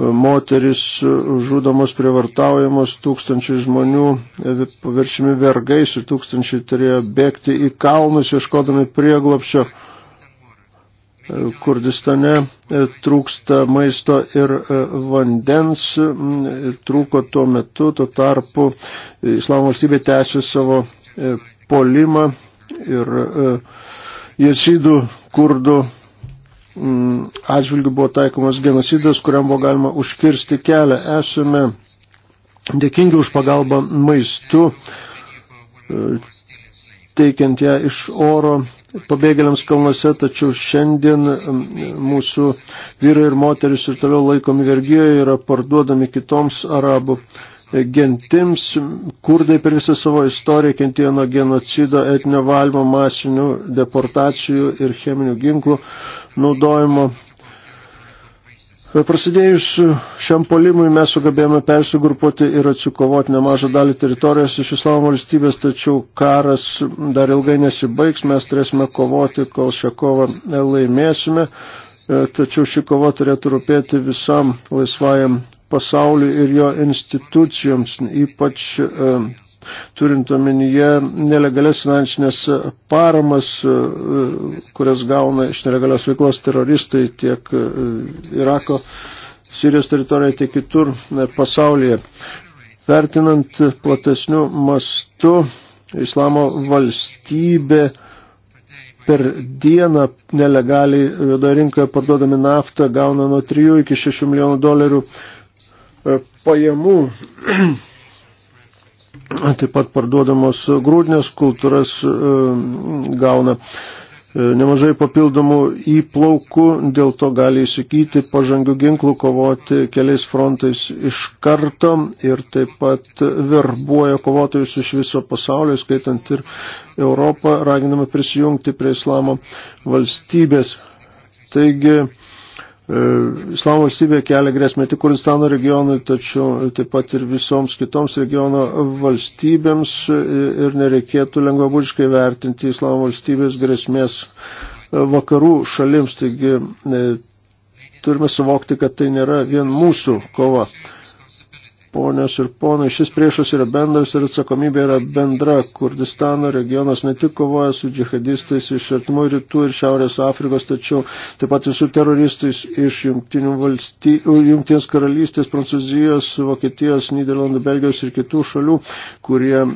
moteris e, žudomos prievartaujamos, tūkstančiai žmonių paveršimi vergais ir tūkstančiai turėjo bėgti į kalnus, ieškodami prieglopščio. Kurdistane trūksta maisto ir vandens, trūko tuo metu, tuo tarpu Islamo valstybė tęsė savo polimą ir jesidų kurdų Mm, atžvilgių buvo taikomas genocidas, kuriam buvo galima užkirsti kelią. Esame dėkingi už pagalbą maistu, e, teikiant ją iš oro pabėgėliams kalnuose, tačiau šiandien mm, mūsų vyrai ir moteris ir toliau laikomi vergijoje yra parduodami kitoms arabų gentims. Kurdai per visą savo istoriją kentėjo nuo genocido, etnio valymo, masinių deportacijų ir cheminių ginklų naudojimo. Prasidėjus šiam polimui mes sugebėjome persigrupuoti ir atsikovoti nemažą dalį teritorijos iš Islamo valstybės, tačiau karas dar ilgai nesibaigs, mes turėsime kovoti, kol šią kovą laimėsime, tačiau ši kova turėtų rūpėti visam laisvajam pasauliu ir jo institucijoms, ypač e, turint omenyje nelegalias finansinės paramas, e, kurias gauna iš nelegalios veiklos teroristai tiek e, Irako, Sirijos teritorijoje, tiek kitur pasaulyje. Vertinant platesnių mastų, Islamo valstybė per dieną nelegaliai juodoje rinkoje parduodami naftą gauna nuo 3 iki 6 milijonų dolerių E, pajamų. (clears throat) Taip pat parduodamos grūdinės kultūras e, gauna e, nemažai papildomų įplaukų, dėl to gali įsigyti pažangių ginklų, kovoti keliais frontais iš karto ir taip pat verbuoja kovotojus iš viso pasaulio, skaitant ir Europą, raginama prisijungti prie islamo valstybės. Taigi, E, islamo valstybė kelia grėsmę tik Kurdistano regionui, tačiau taip pat ir visoms kitoms regiono valstybėms e, ir nereikėtų lengvabūdiškai vertinti Islamo valstybės grėsmės e, vakarų šalims. Taigi turime suvokti, kad tai nėra vien mūsų kova. Ponios ir ponai, šis priešas yra bendras ir atsakomybė yra bendra. Kurdistano regionas ne tik kovoja su džihadistais iš artimų rytų ir šiaurės Afrikos, tačiau taip pat ir su teroristais iš Jungtinės karalystės, Prancūzijos, Vokietijos, Niderlandų, Belgijos ir kitų šalių, kurie e,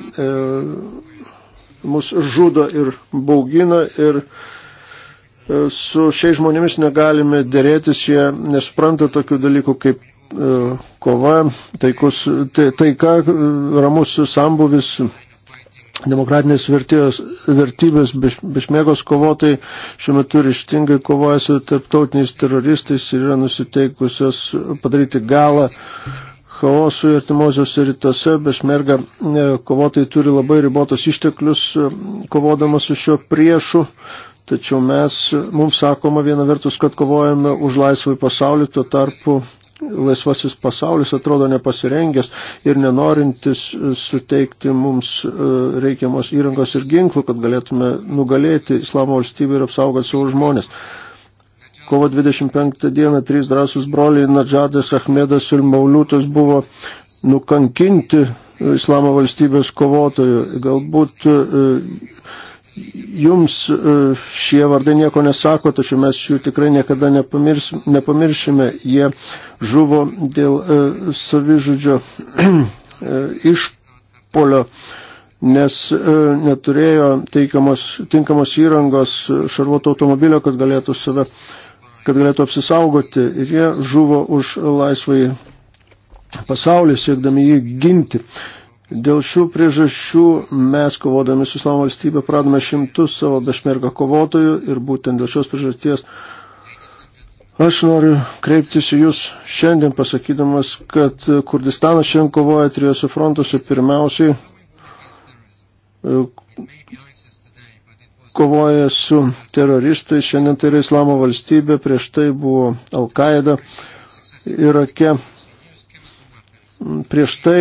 mus žudo ir baugina. Ir, e, Su šiais žmonėmis negalime dėrėtis, jie nesupranta tokių dalykų kaip E, kova, taikus, taika, ramus sambuvis, demokratinės vertijos, vertybės, bešmėgos kovotojai šiuo metu ryštingai kovoja su tarptautiniais teroristais ir yra nusiteikusios padaryti galą chaosui artimuosiuose rytuose. Bešmerga e, kovotojai turi labai ribotos išteklius e, kovodamas su šiuo priešu. Tačiau mes, mums sakoma viena vertus, kad kovojame už laisvą pasaulį, tuo tarpu laisvasis pasaulis atrodo nepasirengęs ir nenorintis e, suteikti mums e, reikiamos įrangos ir ginklų, kad galėtume nugalėti Islamo valstybę ir apsaugoti savo žmonės. Kovo 25 dieną trys drąsus broliai Nadžadas, Ahmedas ir Mauliutas buvo nukankinti Islamo valstybės kovotojų. Galbūt e, Jums e, šie vardai nieko nesako, tačiau mes jų tikrai niekada nepamiršime. Jie žuvo dėl e, savižudžio (clears throat) e, išpolio, nes neturėjo teikamos, tinkamos įrangos šarvuoto automobilio, kad galėtų save kad galėtų apsisaugoti. Ir jie žuvo už laisvąjį pasaulį, siekdami jį ginti. Dėl šių priežasčių mes, kovodami su Islamo valstybė, pradome šimtus savo bešmergo kovotojų ir būtent dėl šios priežasties aš noriu kreiptis į Jūs šiandien pasakydamas, kad Kurdistanas šiandien kovoja trijose frontuose pirmiausiai kovoja su teroristais, šiandien tai yra Islamo valstybė, prieš tai buvo Al-Qaeda Irake, prieš tai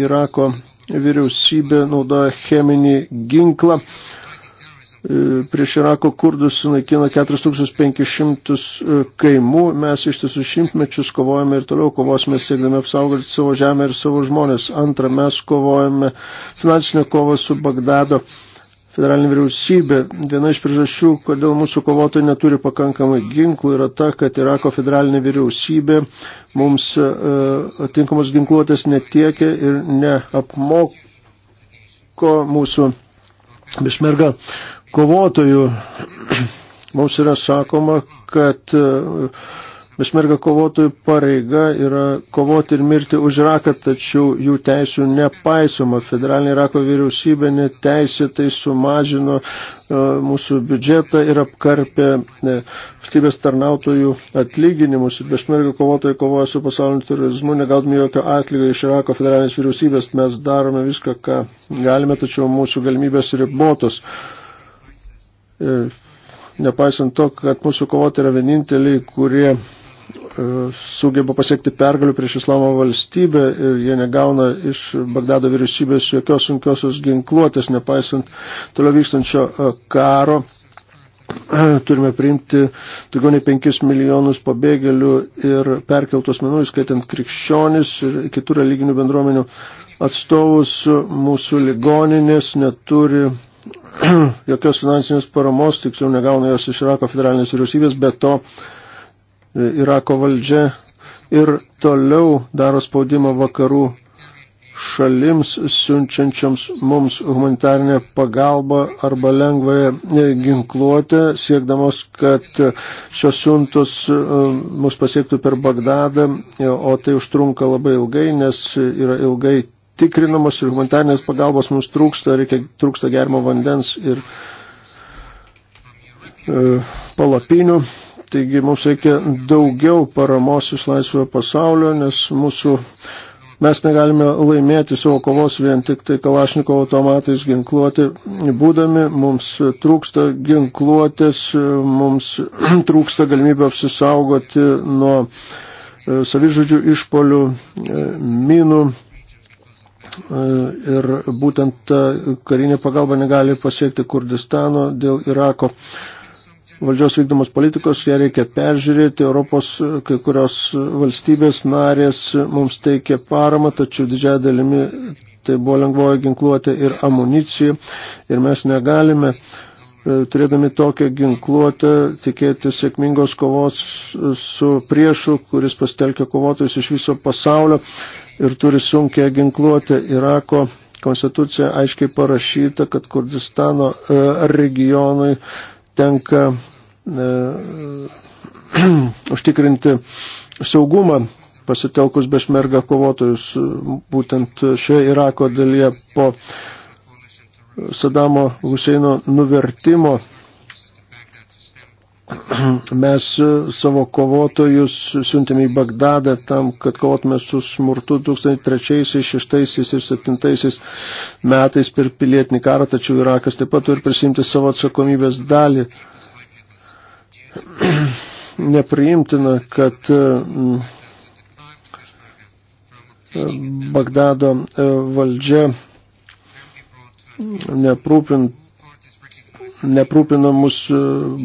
Irako vyriausybė naudoja cheminį ginklą. E, prieš Irako kurdus sunaikino 4500 e, kaimų, mes iš tiesų šimtmečius kovojame ir toliau kovosime siekdami apsaugoti savo žemę ir savo žmonės. Antra, mes kovojame finansinę kovą su Bagdado federalinė vyriausybė. Viena iš priežasčių, kodėl mūsų kovotojai neturi pakankamai ginklų, yra ta, kad Irako federalinė vyriausybė mums e, atinkamos ginkluotės netiekia ir neapmoko mūsų bešmerga kovotojų. (clears throat) Mums yra sakoma, kad uh, Besmerga kovotojų pareiga yra kovoti ir mirti už Iraką, tačiau jų teisų nepaisoma. Federalinė Irako vyriausybė neteisėtai sumažino e, mūsų biudžetą ir apkarpė e, valstybės tarnautojų atlyginimus. Besmerga kovotojai kovoja su pasauliniu terorizmu, negaudami jokio atlygio iš Irako federalinės vyriausybės. Mes darome viską, ką galime, tačiau mūsų galimybės ribotos e, nepaisant to, kad mūsų kovotojai yra vieninteliai, kurie E, sugeba pasiekti pergalių prieš Islamo valstybę ir jie negauna iš Bagdado vyriausybės jokios sunkiosios ginkluotės, nepaisant toliau vykstančio e, karo. E, turime priimti daugiau nei 5 milijonus pabėgėlių ir perkeltos menų, skaitant krikščionis ir kitų religinių bendruomenių atstovus. Mūsų ligoninės neturi (clears throat) jokios finansinės paramos, tiksliau negauna jos iš Irako federalinės vyriausybės, bet to uh, E, Irako valdžia ir toliau daro spaudimą vakarų šalims siunčiančioms mums humanitarinę pagalbą arba lengvąją e, ginkluotę, siekdamos, kad šios siuntos e, mus pasiektų per Bagdadą, o tai užtrunka labai ilgai, nes yra ilgai tikrinamos ir humanitarinės pagalbos mums trūksta, reikia trūksta germo vandens ir e, palapinių. Taigi mums reikia daugiau paramos iš laisvojo pasaulio, nes mūsų mes negalime laimėti savo kovos vien tik tai Kalašnikovo automatais ginkluoti būdami, mums trūksta ginkluotės, mums (clears throat) trūksta galimybė apsisaugoti nuo e, savižudžių išpolių, e, minų. E, ir būtent karinė pagalba negali pasiekti Kurdistano dėl Irako valdžios vykdomos politikos, ją reikia peržiūrėti. Europos kai kurios valstybės narės mums teikia paramą, tačiau didžiąją dalimi tai buvo lengvoji ginkluotė ir amunicija. Ir mes negalime, e, turėdami tokią ginkluotę, tikėti sėkmingos kovos su priešu, kuris pastelkia kovotojus iš viso pasaulio ir turi sunkę ginkluotę Irako konstitucija aiškiai parašyta, kad Kurdistano e, regionui tenka e, (clears throat) užtikrinti saugumą pasitelkus bešmerga kovotojus būtent šioje Irako dalyje po Sadamo Huseino nuvertimo (clears throat) Mes e, savo kovotojus siuntėme į Bagdadą tam, kad kovotume su smurtu 2003, 2006 ir 2007 metais per pilietinį karą, tačiau Irakas taip pat turi prisimti savo atsakomybės dalį. (clears throat) Nepriimtina, kad e, Bagdado e, valdžia neprūpint neprūpina mus e,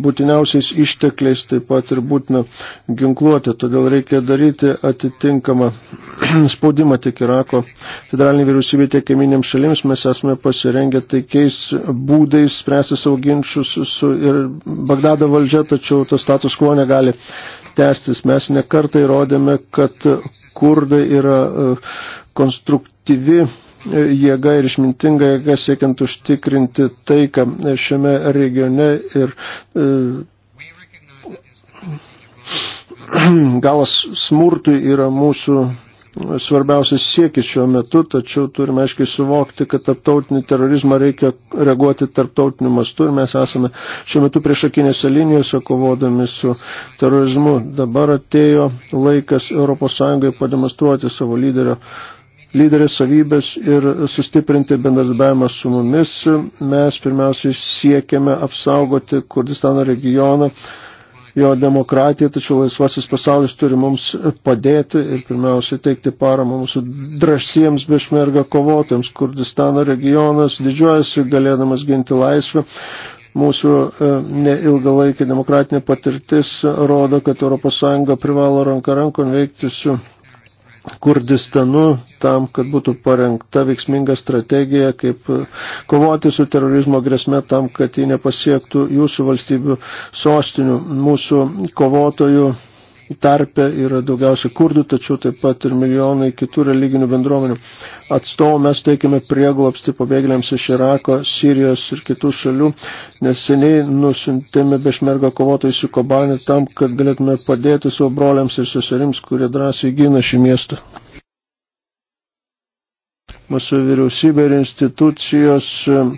būtiniausiais ištekliais, taip pat ir būtina ginkluoti. Todėl reikia daryti atitinkamą (clears throat) spaudimą tiek Irako federaliniai vyriausybė, tiek kaiminėms šalims. Mes esame pasirengę taikiais būdais spręsti savo ginčius su ir Bagdado valdžia, tačiau tas status quo negali tęstis. Mes nekartai įrodėme, kad kurdai yra e, konstruktyvi jėga ir išmintinga jėga siekiant užtikrinti taiką šiame regione ir e, (clears throat) galas smurtui yra mūsų svarbiausias siekis šiuo metu, tačiau turime aiškiai suvokti, kad tarptautinį terorizmą reikia reaguoti tarptautiniu mastu ir mes esame šiuo metu priešakinėse linijose kovodami su terorizmu. Dabar atėjo laikas ES pademonstruoti savo lyderio lyderės savybės ir sustiprinti bendradarbiavimą su mumis. Mes pirmiausiai siekiame apsaugoti Kurdistano regioną, jo demokratiją, tačiau laisvasis pasaulis turi mums padėti ir pirmiausiai teikti paramą mūsų drąsiems bešmerga kovotojams. Kurdistano regionas didžiuojasi galėdamas ginti laisvę mūsų e, neilgalaikė demokratinė patirtis rodo, kad ES privalo ranką rankon veikti su Kurdistanu tam, kad būtų parengta veiksminga strategija, kaip kovoti su terorizmo grėsme tam, kad ji nepasiektų jūsų valstybių sostinių, mūsų kovotojų tarpe yra daugiausia kurdų, tačiau taip pat ir milijonai kitų religinių bendruomenių. Atstovų mes teikiame prieglopsti pabėgėliams iš Irako, Sirijos ir kitų šalių, nes seniai nusintėme bešmergo kovotojus į Kobalį tam, kad galėtume padėti savo broliams ir seserims, kurie drąsiai gina šį miestą. Mūsų vyriausybė ir institucijos uh,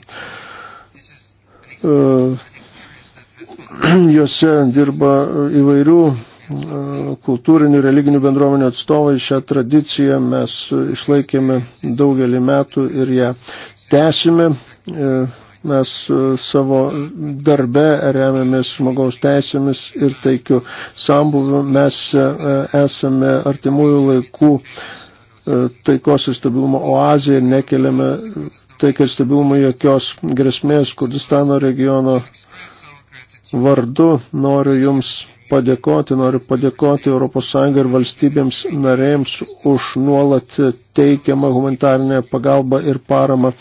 e, e, juose dirba įvairių kultūrinių, religinių bendruomenių atstovai šią tradiciją mes išlaikėme daugelį metų ir ją tęsime. E, mes e, savo darbe remiamės žmogaus teisėmis ir taikiu sambuviu. Mes e, esame artimųjų laikų taikos ir stabilumo oazėje ir nekeliame taikai ir stabilumui jokios grėsmės Kurdistano regiono vardu. Noriu Jums padėkoti, noriu padėkoti ES ir valstybėms narėms už nuolat teikiamą humanitarinę pagalbą ir paramą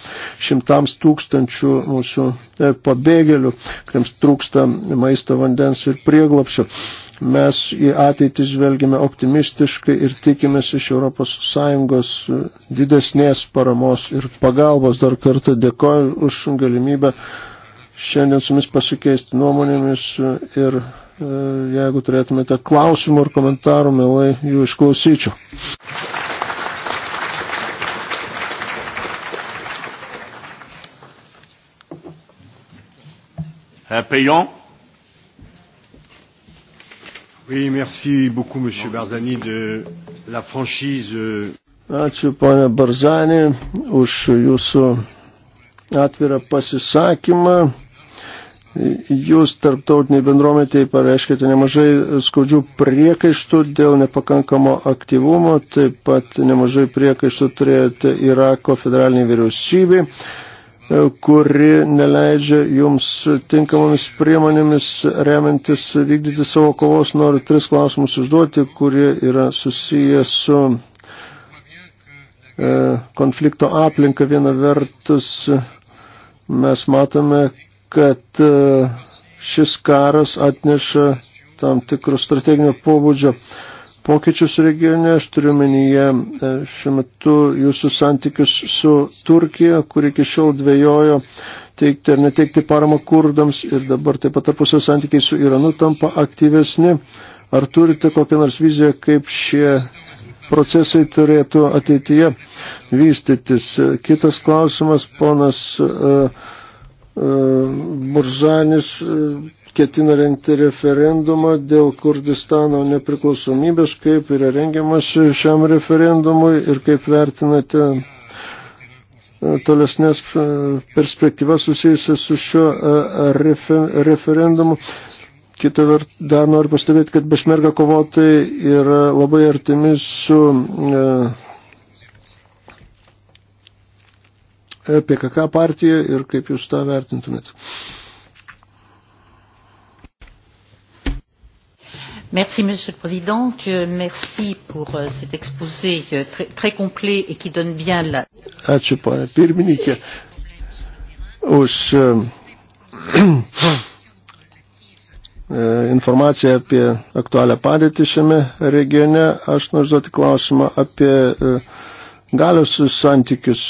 šimtams tūkstančių mūsų e, pabėgėlių, kuriems trūksta maisto, vandens ir prieglapšio. Mes į ateitį žvelgime optimistiškai ir tikimės iš ES didesnės paramos ir pagalbos. Dar kartą dėkoju už galimybę šiandien su jumis pasikeisti nuomonėmis ir E, jeigu turėtumėte klausimų ar komentarų, mielai jų išklausyčiau. Payon. Oui, merci beaucoup, Monsieur Barzani, de la franchise. Euh, Ačiū, ponia Barzani, už jūsų atvirą pasisakymą. Jūs tarptautiniai bendruometėje pareiškite nemažai skaudžių priekaištų dėl nepakankamo aktyvumo, taip pat nemažai priekaištų turėjote Irako federaliniai vyriausybei, kuri neleidžia jums tinkamomis priemonėmis remiantis vykdyti savo kovos. Noriu tris klausimus užduoti, kurie yra susiję su e, konflikto aplinka viena vertus mes matome, kad e, šis karas atneša tam tikrus strateginio pobūdžio pokyčius regione. Aš turiu menyje e, šiuo metu jūsų santykius su Turkija, kur iki šiol dvėjojo teikti ar neteikti paramą kurdams ir dabar taip pat tarpusio santykiai su Iranu tampa aktyvesni. Ar turite kokią nors viziją, kaip šie procesai turėtų ateityje vystytis? Kitas klausimas, ponas uh, Burzanis e, ketina rengti referendumą dėl Kurdistano nepriklausomybės, kaip yra rengiamas šiam referendumui ir kaip vertinate e, tolesnės e, perspektyvas susijusias su šiuo referendumu. Kita vert, dar noriu pastebėti, kad Bešmerga kovotai yra labai artimi su E PKK partiją ir kaip jūs tą vertintumėte? Merci, Monsieur le Président. Merci pour euh, cet exposé euh, très, très complet et qui donne bien la. Ačiū, pane pirmininkė, už euh, (clears throat) informaciją apie aktualią padėtį šiame regione. Aš noriu užduoti klausimą apie galios santykius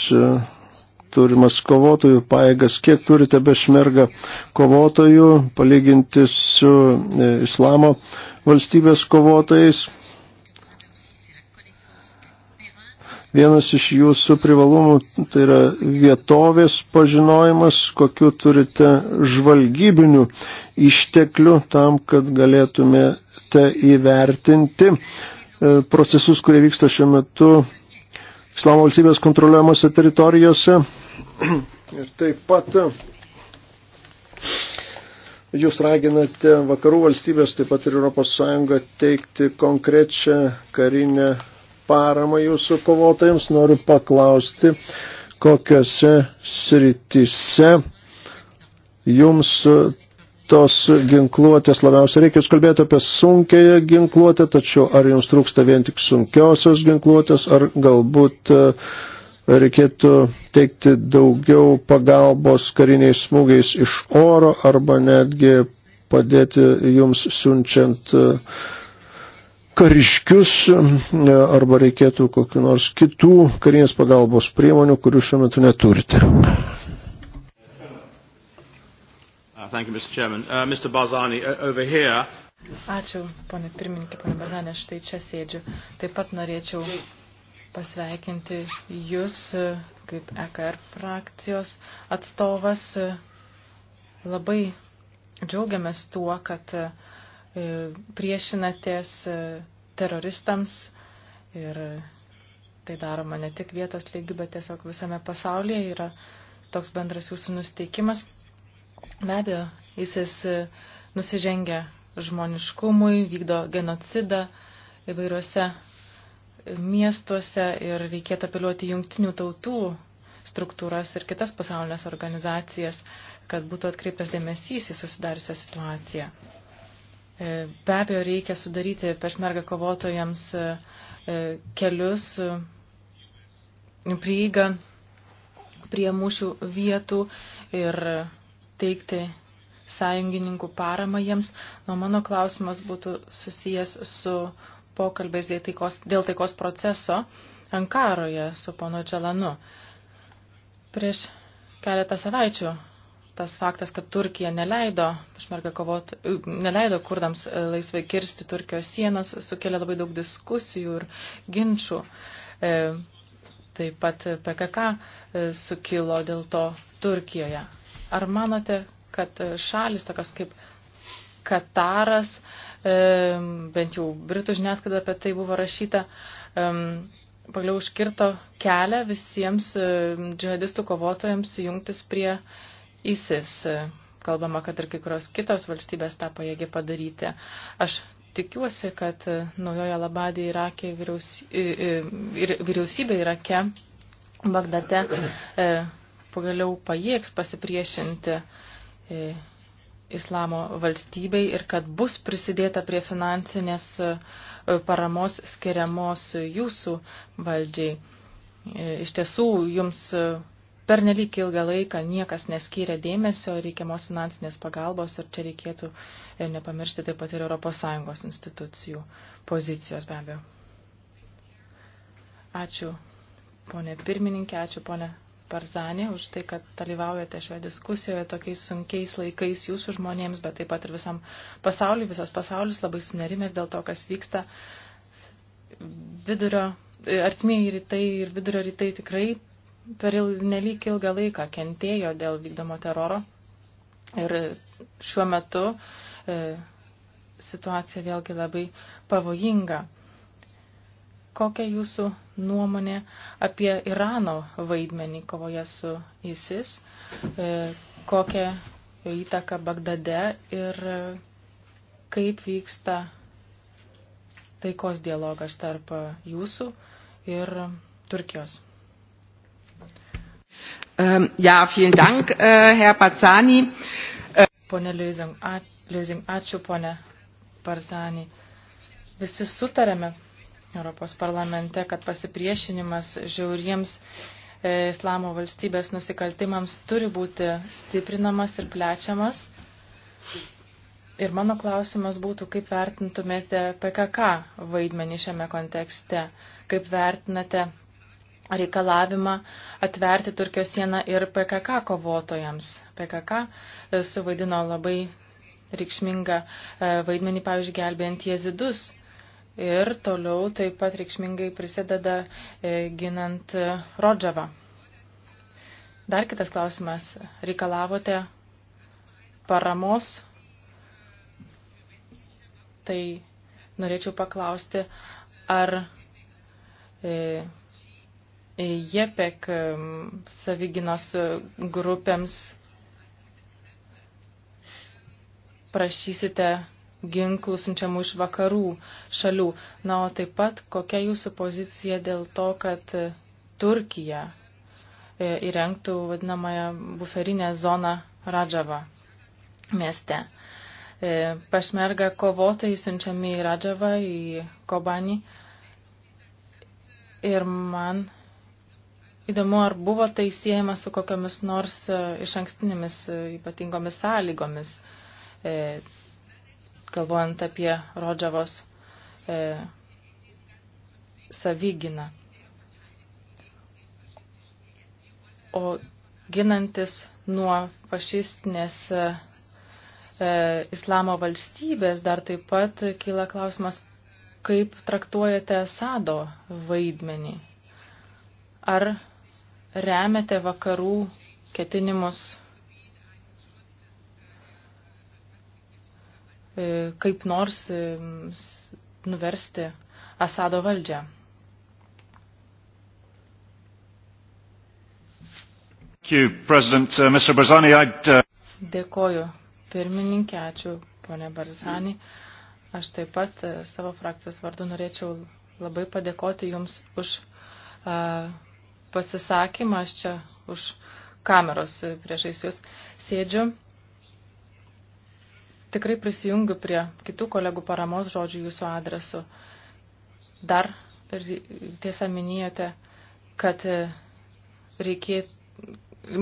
turimas kovotojų paėgas. Kiek turite bešmerga kovotojų palyginti su e, islamo valstybės kovotojais? Vienas iš jūsų privalumų tai yra vietovės pažinojimas, kokiu turite žvalgybinių išteklių tam, kad galėtumėte įvertinti e, procesus, kurie vyksta šiuo metu Islamo valstybės kontroliuojamose teritorijose. (clears throat) Ir taip pat jūs raginate vakarų valstybės, taip pat ir ES teikti konkrečią karinę paramą jūsų kovotojams. Noriu paklausti, kokiuose sritise jums tos ginkluotės labiausiai reikia. Jūs kalbėjote apie sunkėją ginkluotę, tačiau ar jums trūksta vien tik sunkiosios ginkluotės, ar galbūt uh, reikėtų teikti daugiau pagalbos kariniais smūgiais iš oro arba netgi padėti jums siunčiant e, kariškius e, arba reikėtų kokiu nors kitų karinės pagalbos priemonių, kurių šiuo metu neturite. Uh, thank you, Mr. Chairman. Uh, Mr. Barzani, over here. Ačiū, ponė pirmininkė, ponė Barzani, aš tai čia sėdžiu. Taip pat norėčiau pasveikinti Jūs e, kaip EKR frakcijos atstovas. E, labai džiaugiamės tuo, kad e, priešinatės teroristams ir tai daroma ne tik vietos lygių, bet tiesiog visame pasaulyje yra toks bendras jūsų nusteikimas. Be abejo, jis jis nusižengia žmoniškumui, vykdo genocidą įvairiuose miestuose ir reikėtų apeliuoti jungtinių tautų struktūras ir kitas pasaulinės organizacijas, kad būtų atkreipęs dėmesys į susidariusią situaciją. E, be abejo, reikia sudaryti pešmergą kovotojams e, e, kelius, prieigą prie mūšių vietų ir teikti sąjungininkų paramą jiems. Nuo mano klausimas būtų susijęs su pokalbės dėl taikos, dėl taikos proceso Ankaroje su pono Čelanu. Prieš keletą savaičių tas faktas, kad Turkija neleido, pašmerga kovot, neleido kurdams e, laisvai kirsti Turkijos sienas, sukėlė labai daug diskusijų ir ginčių. E, taip pat PKK e, sukilo dėl to Turkijoje. Ar manote, kad e, šalis tokios kaip Kataras, E, bent jau Britų žiniasklaida apie tai buvo rašyta, e, pagaliau užkirto kelią visiems e, džihadistų kovotojams jungtis prie ISIS. Kalbama, kad ir kai kurios kitos valstybės tą pajėgė padaryti. Aš tikiuosi, kad naujoje Labadė Irake vyriausybė Irake Bagdate pagaliau pajėgs pasipriešinti islamo valstybei ir kad bus prisidėta prie finansinės e, paramos skiriamos jūsų valdžiai. E, iš tiesų, jums e, per nelik ilgą laiką niekas neskyrė dėmesio reikiamos finansinės pagalbos ir čia reikėtų nepamiršti taip pat ir ES institucijų pozicijos be abejo. Ačiū, ponė pirmininkė, ačiū, ponė Barzanė už tai, kad dalyvaujate šioje diskusijoje tokiais sunkiais laikais jūsų žmonėms, bet taip pat ir visam pasauliu. Visas pasaulis labai sunerimės dėl to, kas vyksta. Vidurio, artimieji rytai ir vidurio rytai tikrai per il, nelik ilgą laiką kentėjo dėl vykdomo teroro. Ir šiuo metu e, situacija vėlgi labai pavojinga. Kokia jūsų nuomonė apie Irano vaidmenį kovoje su ISIS? E, kokią įtaką Bagdade ir kaip vyksta taikos dialogas tarp jūsų ir Turkijos? Ähm, ja, vielen Dank, äh, Herr Barzani. Äh, pone Liuzing, ačiū, pone Barzani. Visi sutarėme, Europos parlamente, kad pasipriešinimas žiauriems e, islamo valstybės nusikaltimams turi būti stiprinamas ir plečiamas. Ir mano klausimas būtų, kaip vertintumėte PKK vaidmenį šiame kontekste, kaip vertinate reikalavimą atverti Turkijos sieną ir PKK kovotojams. PKK e, suvaidino labai reikšmingą e, vaidmenį, pavyzdžiui, gelbėjant jezidus ir toliau taip pat reikšmingai prisideda e, ginant e, Rodžavą. Dar kitas klausimas. Reikalavote paramos? Tai norėčiau paklausti, ar e, JEPEK e, savyginos grupėms prašysite ginklų sunčiamų iš vakarų šalių. Na, o taip pat kokia jūsų pozicija dėl to, kad e, Turkija e, įrengtų vadinamąją buferinę zoną Radžavą mieste. E, pašmerga kovotai siunčiami į Radžavą, į Kobanį. Ir man įdomu, ar buvo tai siejama su kokiamis nors iš ankstinėmis ypatingomis sąlygomis galvojant apie Rodžavos e, savyginą. O ginantis nuo fašistinės e, e, islamo valstybės dar taip pat kyla klausimas, kaip traktuojate Asado vaidmenį. Ar remiate vakarų ketinimus E, kaip nors e, nuversti Asado valdžią. Uh, uh, Dėkoju, pirmininkė, ačiū, ponė Barzani. Aš taip pat e, savo frakcijos vardu norėčiau labai padėkoti Jums už a, pasisakymą. Aš čia už kameros priešais Jūs sėdžiu tikrai prisijungiu prie kitų kolegų paramos žodžių jūsų adresu. Dar tiesa minėjote, kad e, reikėtų,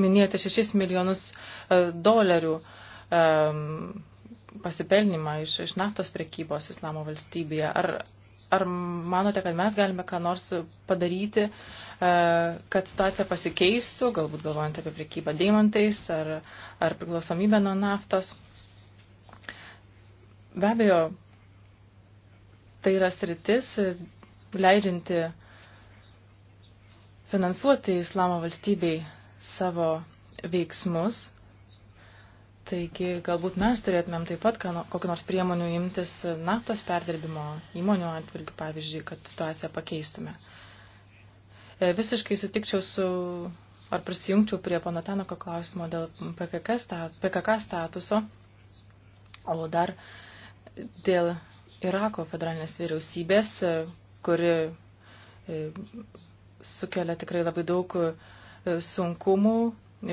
minėjote 6 milijonus e, dolerių um, e, pasipelnimą iš, iš naftos prekybos Islamo valstybėje. Ar, ar manote, kad mes galime ką nors padaryti, uh, kad situacija pasikeistų, galbūt galvojant apie prekybą deimantais ar, ar priklausomybę nuo naftos? Be abejo, tai yra sritis e, leidžianti finansuoti islamo valstybei savo veiksmus. Taigi galbūt mes turėtumėm taip pat kokiu nors priemonių imtis naftos perdirbimo įmonių atvilgių, pavyzdžiui, kad situaciją pakeistume. E, visiškai sutikčiau su ar prisijungčiau prie pono Tenoko klausimo dėl PKK, sta, PKK statuso. O dar dėl Irako federalinės vyriausybės, e, kuri e, sukelia tikrai labai daug e, sunkumų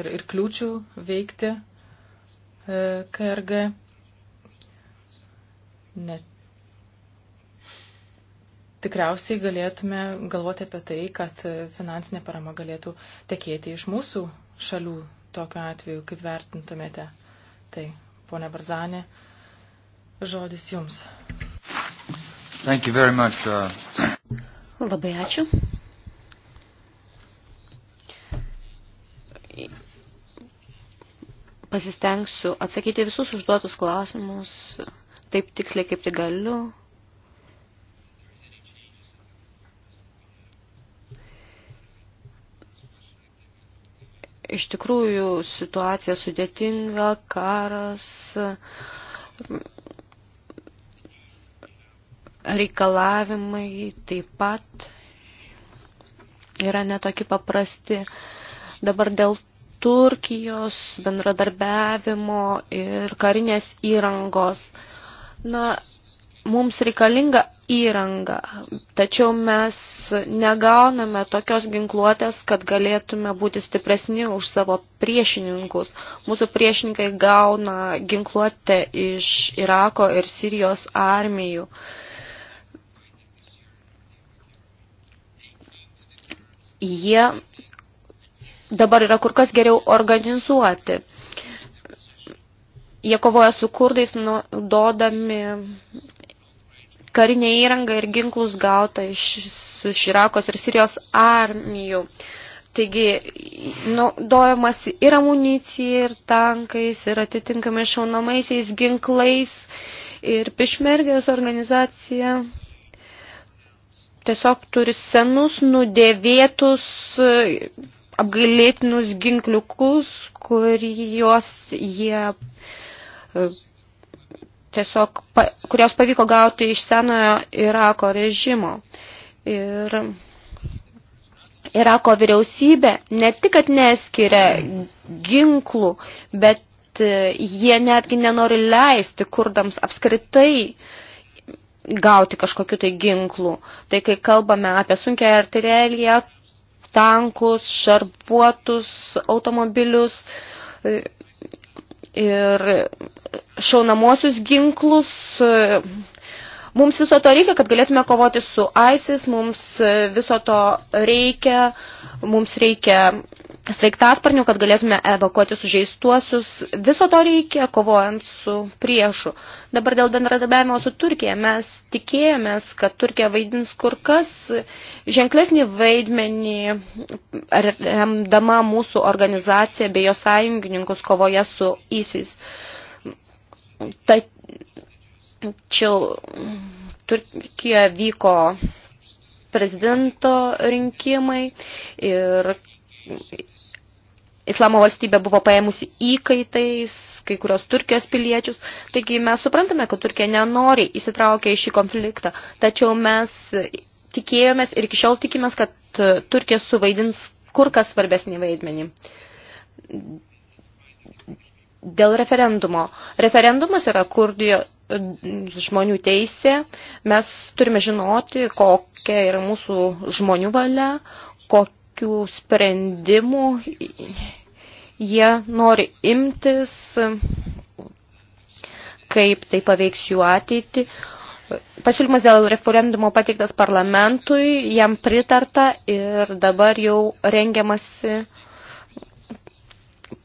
ir, ir kliūčių veikti KRG. Net tikriausiai galėtume galvoti apie tai, kad finansinė parama galėtų tekėti iš mūsų šalių tokiu atveju, kaip vertintumėte. Tai, ponia Barzanė, Žodis jums. Thank you very much. Uh... Labai ačiū. Pasistengsiu atsakyti visus užduotus klausimus taip tiksliai, kaip tik galiu. Iš tikrųjų, situacija sudėtinga, karas, reikalavimai taip pat yra netokie paprasti. Dabar dėl Turkijos bendradarbiavimo ir karinės įrangos. Na, mums reikalinga įranga, tačiau mes negauname tokios ginkluotės, kad galėtume būti stipresni už savo priešininkus. Mūsų priešininkai gauna ginkluotę iš Irako ir Sirijos armijų. Uh, jie dabar yra kur kas geriau organizuoti. Jie kovoja su kurdais, naudodami karinę įrangą ir ginklus gautą iš, iš Irakos ir Sirijos armijų. Taigi, naudojamas ir amunicija, ir tankais, ir atitinkamai šaunamaisiais ginklais, ir pišmergės organizacija tiesiog turi senus, nudėvėtus, apgailėtinus ginkliukus, kuriuos jie e, tiesiog, kurios pavyko gauti iš senojo Irako režimo. Ir Irako vyriausybė ne tik, kad neskiria ginklų, bet e, jie netgi nenori leisti kurdams apskritai uh, gauti kažkokiu tai ginklų. Tai kai kalbame apie sunkę artileriją, tankus, šarvuotus automobilius e, ir šaunamosius ginklus, Mums viso to reikia, kad galėtume kovoti su ISIS, mums e, viso to reikia, mums reikia sveiktasparnių, kad galėtume evakuoti sužeistuosius. Viso to reikia, kovojant su priešu. Dabar dėl bendradarbiavimo su Turkija. Mes tikėjomės, kad Turkija vaidins kur kas ženklesnį vaidmenį, remdama mūsų organizaciją bei jos sąjungininkus kovoje su ISIS. Ta, Tačiau mm, Turkijoje vyko prezidento rinkimai ir Islamo valstybė buvo paėmusi įkaitais kai kurios Turkijos piliečius. Taigi mes suprantame, kad Turkija nenori įsitraukia į šį konfliktą, tačiau mes tikėjomės ir iki šiol tikimės, kad Turkija suvaidins kur kas svarbesnį vaidmenį. Dėl referendumo. Referendumas yra kurdijo, žmonių teisė, mes turime žinoti, kokia yra mūsų žmonių valia, kokių sprendimų jie nori imtis, kaip tai paveiks jų ateitį. Pasiūlymas dėl referendumo pateiktas parlamentui, jam pritarta ir dabar jau rengiamasi uh,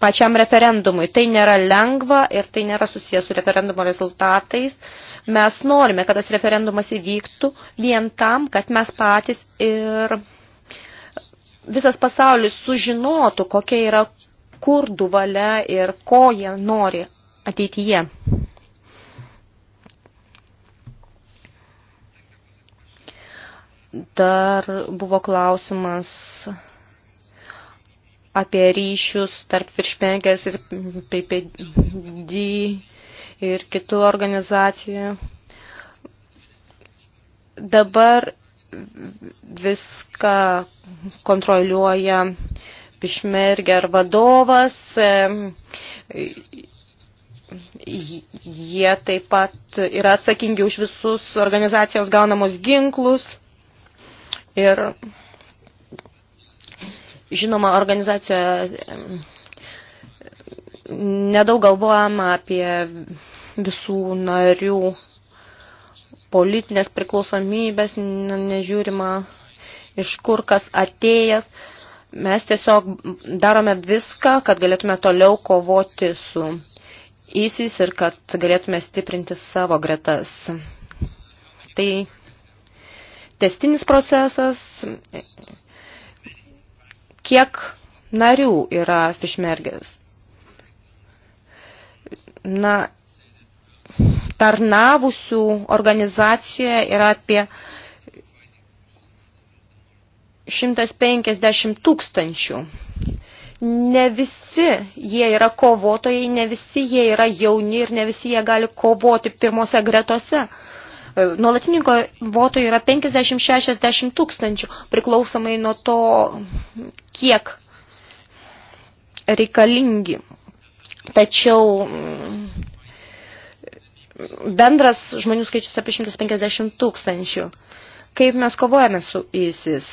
pačiam referendumui. Tai nėra lengva ir tai nėra susijęs su referendumo rezultatais. Mes norime, kad tas referendumas įvyktų vien tam, kad mes patys ir visas pasaulis sužinotų, kokia yra kurdų valia ir ko jie nori ateityje. Dar buvo klausimas apie ryšius tarp viršpenkės ir PPD ir kitų organizacijų. Dabar viską kontroliuoja Pišmerger vadovas. Jie taip pat yra atsakingi už visus organizacijos gaunamus ginklus. Ir Žinoma, organizacijoje nedaug galvojama apie visų narių politinės priklausomybės, nežiūrima iš kur kas atėjęs. Mes tiesiog darome viską, kad galėtume toliau kovoti su įsis ir kad galėtume stiprinti savo gretas. Tai testinis procesas kiek narių yra Fišmergės. Na, tarnavusių organizacijoje yra apie 150 tūkstančių. Ne visi jie yra kovotojai, ne visi jie yra jauni ir ne visi jie gali kovoti pirmose gretose. Uh, E, Nuolatinių kovotojų yra 50-60 tūkstančių, priklausomai nuo to, kiek reikalingi. Tačiau mm, bendras žmonių skaičius apie 150 tūkstančių. Kaip mes kovojame su ISIS?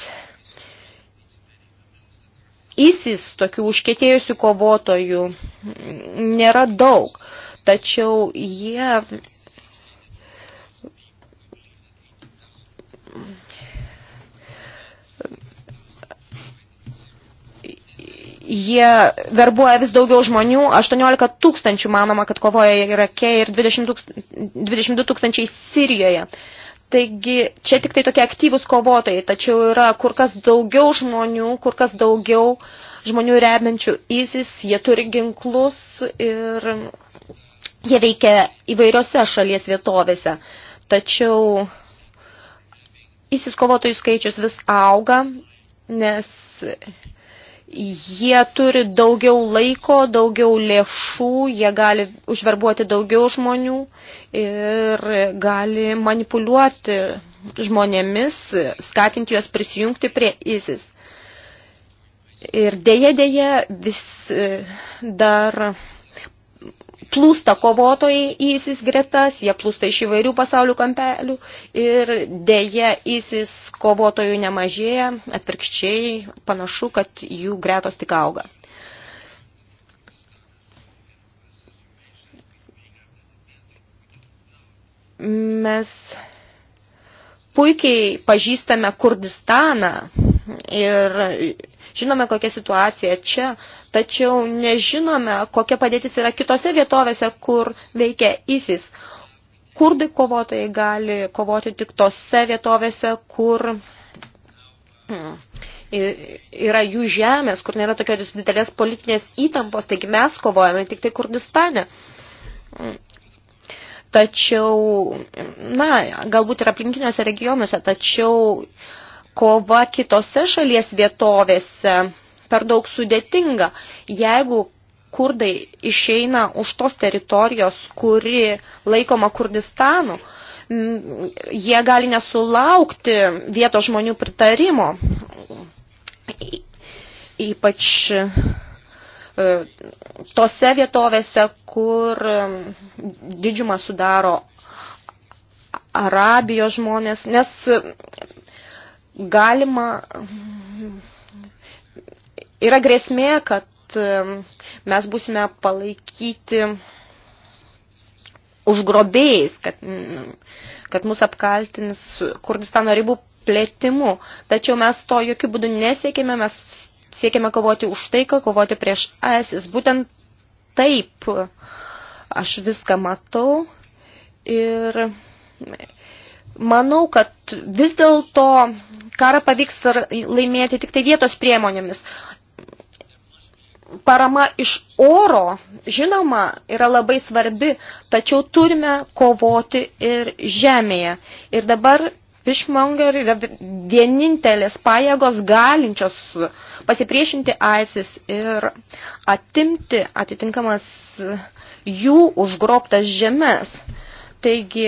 ISIS tokių užkėtėjusių kovotojų mm, nėra daug, tačiau jie jie verbuoja vis daugiau žmonių, 18 tūkstančių manoma, kad kovoja Irake ir 20 tūkst, 22 tūkstančiai Sirijoje. Taigi čia tik tai tokie aktyvūs kovotojai, tačiau yra kur kas daugiau žmonių, kur kas daugiau žmonių remiančių ISIS, jie turi ginklus ir jie veikia įvairiose šalies vietovėse. Tačiau įsiskovotojų skaičius vis auga, nes jie turi daugiau laiko, daugiau lėšų, jie gali užverbuoti daugiau žmonių ir gali manipuliuoti žmonėmis, skatinti juos prisijungti prie ISIS. Ir dėje dėje vis dar plūsta kovotojai į ISIS gretas, jie plūsta iš įvairių pasaulių kampelių ir dėje ISIS kovotojų nemažėja, atvirkščiai panašu, kad jų gretos tik auga. Mes puikiai pažįstame Kurdistaną ir Žinome, kokia situacija čia, tačiau nežinome, kokia padėtis yra kitose vietovėse, kur veikia ISIS. Kurdai kovotojai gali kovoti tik tose vietovėse, kur hmm, yra jų žemės, kur nėra tokios didelės politinės įtampos, taigi mes kovojame tik tai Kurdistane. Hmm. Tačiau, na, galbūt ir aplinkiniuose regionuose, tačiau kova kitose šalies vietovėse per daug sudėtinga. Jeigu kurdai išeina už tos teritorijos, kuri laikoma Kurdistanu, jie gali nesulaukti vietos žmonių pritarimo. Ypač e, tose vietovėse, kur didžiumą sudaro Arabijos žmonės, nes galima, yra grėsmė, kad mes būsime palaikyti užgrobėjais, kad, kad mus apkaltins Kurdistano ribų plėtimu. Tačiau mes to jokių būdų nesiekime, mes siekime kovoti už taiką, kovoti prieš esis. Būtent taip aš viską matau ir manau, kad vis dėlto karą pavyks laimėti tik tai vietos priemonėmis. Parama iš oro, žinoma, yra labai svarbi, tačiau turime kovoti ir žemėje. Ir dabar Fishmonger yra vienintelės pajėgos galinčios pasipriešinti ISIS ir atimti atitinkamas jų užgrobtas žemės. Taigi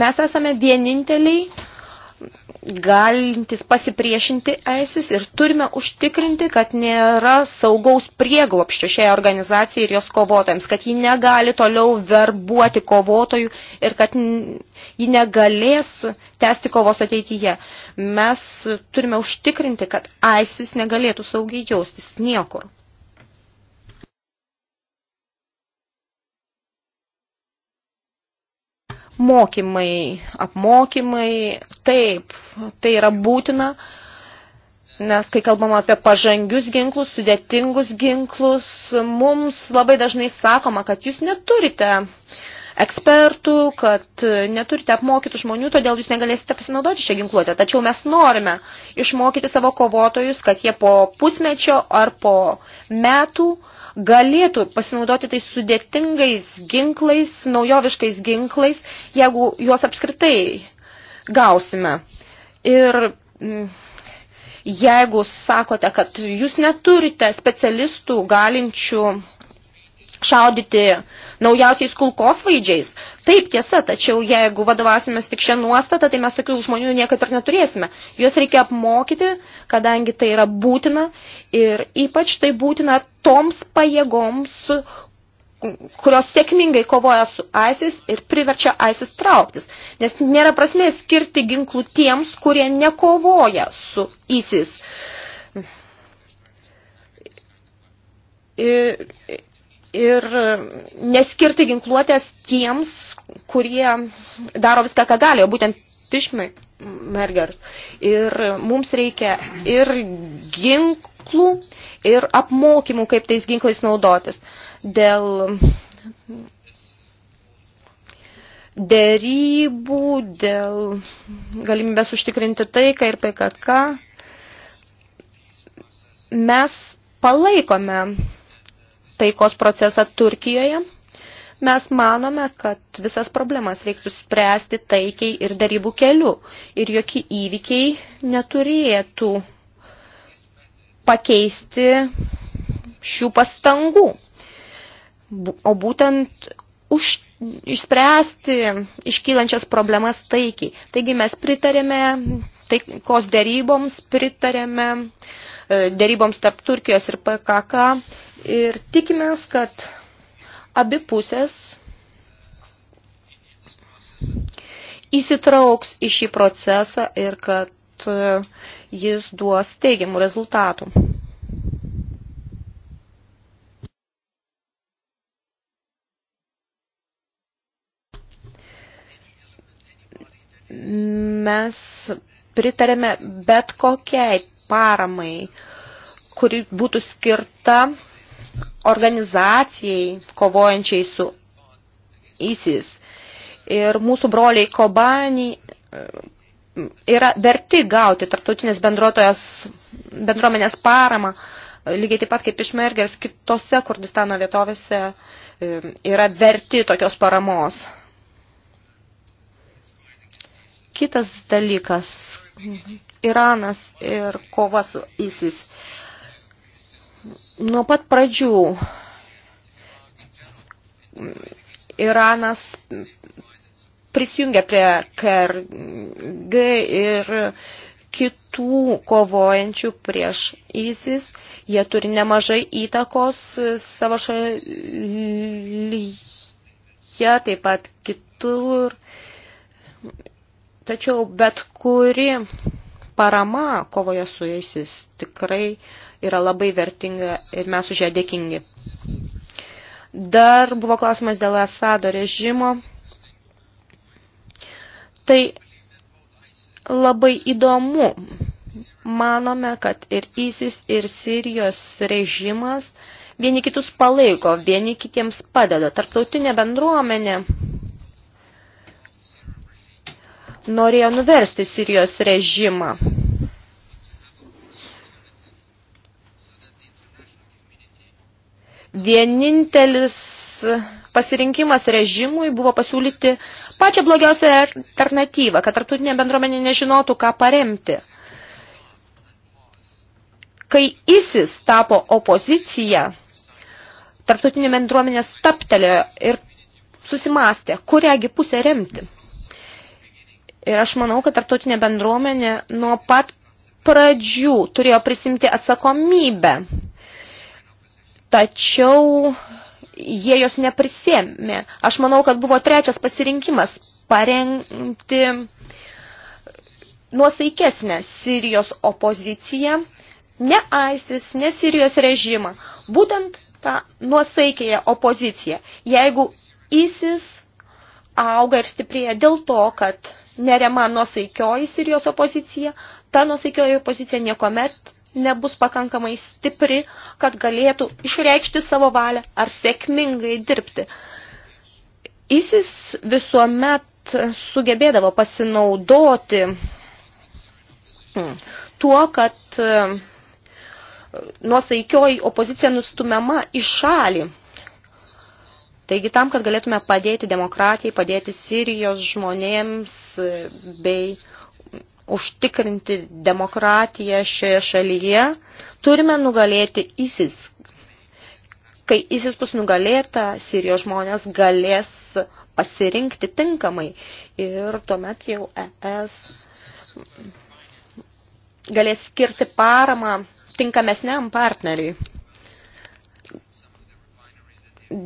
mes esame vieninteliai galintis pasipriešinti ESIS ir turime užtikrinti, kad nėra saugaus prieglopščio šiai organizacijai ir jos kovotojams, kad ji negali toliau verbuoti kovotojų ir kad ji negalės tęsti kovos ateityje. Mes turime užtikrinti, kad ISIS negalėtų saugiai jaustis niekur. Mokymai, apmokymai, taip, tai yra būtina, nes kai kalbam apie pažangius ginklus, sudėtingus ginklus, mums labai dažnai sakoma, kad jūs neturite ekspertų, kad neturite apmokytų žmonių, todėl jūs negalėsite pasinaudoti šią ginkluotę. Tačiau mes norime išmokyti savo kovotojus, kad jie po pusmečio ar po metų uh, galėtų pasinaudoti tais sudėtingais ginklais, naujoviškais ginklais, jeigu juos apskritai gausime. Ir mm, jeigu sakote, kad jūs neturite specialistų galinčių šaudyti naujausiais kulkosvaidžiais. Taip tiesa, tačiau jeigu vadovausimės tik šią nuostatą, tai mes tokių žmonių niekad ir neturėsime. Juos reikia apmokyti, kadangi tai yra būtina ir ypač tai būtina toms pajėgoms, kurios sėkmingai kovoja su ISIS ir priverčia ISIS trauktis. Nes nėra prasmės skirti ginklų tiems, kurie nekovoja su ISIS. Ir, ir neskirti ginkluotės tiems, kurie daro viską, ką gali, o būtent fishmergers. Ir mums reikia ir ginklų, ir apmokymų, kaip tais ginklais naudotis. Dėl dėrybų, dėl galimybės užtikrinti taiką ir PKK mes palaikome taikos procesą Turkijoje. Mes manome, kad visas problemas reiktų spręsti taikiai ir darybų keliu ir jokie įvykiai neturėtų pakeisti šių pastangų. O būtent už, išspręsti iškylančias problemas taikiai. Taigi mes pritarėme taikos dėryboms, pritarėme e, dėryboms tarp Turkijos ir PKK, Ir tikimės, kad abi pusės įsitrauks į šį procesą ir kad e, jis duos teigiamų rezultatų. Mes pritarėme bet kokiai paramai, kuri būtų skirta organizacijai kovojančiai su ISIS. Ir mūsų broliai Kobani e, yra verti gauti tarptautinės bendruomenės paramą, lygiai taip pat kaip išmergės kitose Kurdistano vietovėse e, yra verti tokios paramos. Kitas dalykas – Iranas ir kova su ISIS. Nuo pat pradžių Iranas prisijungia prie KRG ir kitų kovojančių prieš ISIS. Jie turi nemažai įtakos savo šalyje, taip pat kitur. Tačiau bet kuri parama kovoje su ISIS tikrai uh, yra labai vertinga ir mes už ją dėkingi. Dar buvo klausimas dėl Asado režimo. Tai labai įdomu. Manome, kad ir ISIS, ir Sirijos režimas vieni kitus palaiko, vieni kitiems padeda. Tarptautinė bendruomenė norėjo nuversti Sirijos režimą. Vienintelis pasirinkimas režimui buvo pasiūlyti pačią blogiausią alternatyvą, kad tarptautinė bendruomenė nežinotų, ką paremti. Kai ISIS tapo opozicija, tarptautinė bendruomenė staptelėjo ir susimastė, kuriagi pusę remti. Ir aš manau, kad tarptautinė bendruomenė nuo pat pradžių turėjo prisimti atsakomybę tačiau jie jos neprisėmė. Aš manau, kad buvo trečias pasirinkimas parengti nuosaikesnę Sirijos opoziciją, ne ISIS, ne Sirijos režimą, būtent tą nuosaikėją opoziciją. Jeigu ISIS auga ir stiprėja dėl to, kad nerema nuosaikioji Sirijos opozicija, ta nuosaikioji opozicija niekuomet nebus pakankamai stipri, kad galėtų išreikšti savo valią ar sėkmingai dirbti. ISIS visuomet sugebėdavo pasinaudoti tuo, kad e, nuosaikioji opozicija nustumiama į šalį. Taigi tam, kad galėtume padėti demokratijai, padėti Sirijos žmonėms e, bei uh, užtikrinti demokratiją šioje šalyje, turime nugalėti ISIS. Kai ISIS bus nugalėta, Sirijos žmonės galės pasirinkti tinkamai ir tuomet jau ES galės skirti paramą tinkamesniam partneriui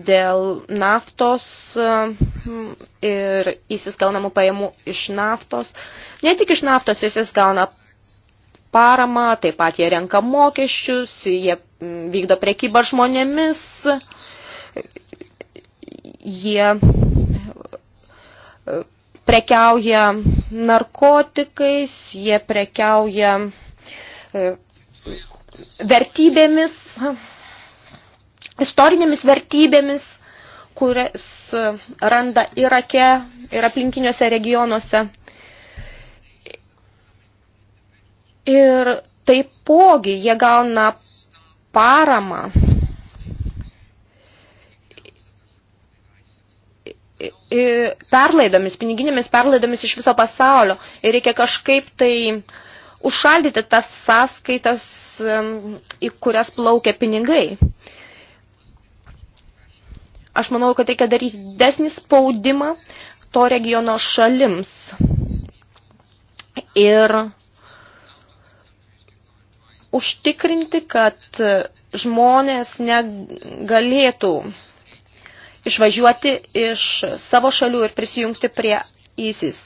dėl naftos um, ir įsiskaunamų pajamų iš naftos. Ne tik iš naftos jis gauna paramą, taip pat jie renka mokesčius, jie mm, vykdo prekybą žmonėmis, jie e, prekiauja narkotikais, jie prekiauja e, vertybėmis istorinėmis vertybėmis, kurias randa Irake ir aplinkiniuose regionuose. Ir taipogi jie gauna paramą perlaidomis, piniginėmis perlaidomis iš viso pasaulio. Ir reikia kažkaip tai užšaldyti tas sąskaitas, į kurias plaukia pinigai. Aš manau, kad reikia daryti desnį spaudimą to regiono šalims. Ir užtikrinti, kad žmonės negalėtų išvažiuoti iš savo šalių ir prisijungti prie ISIS.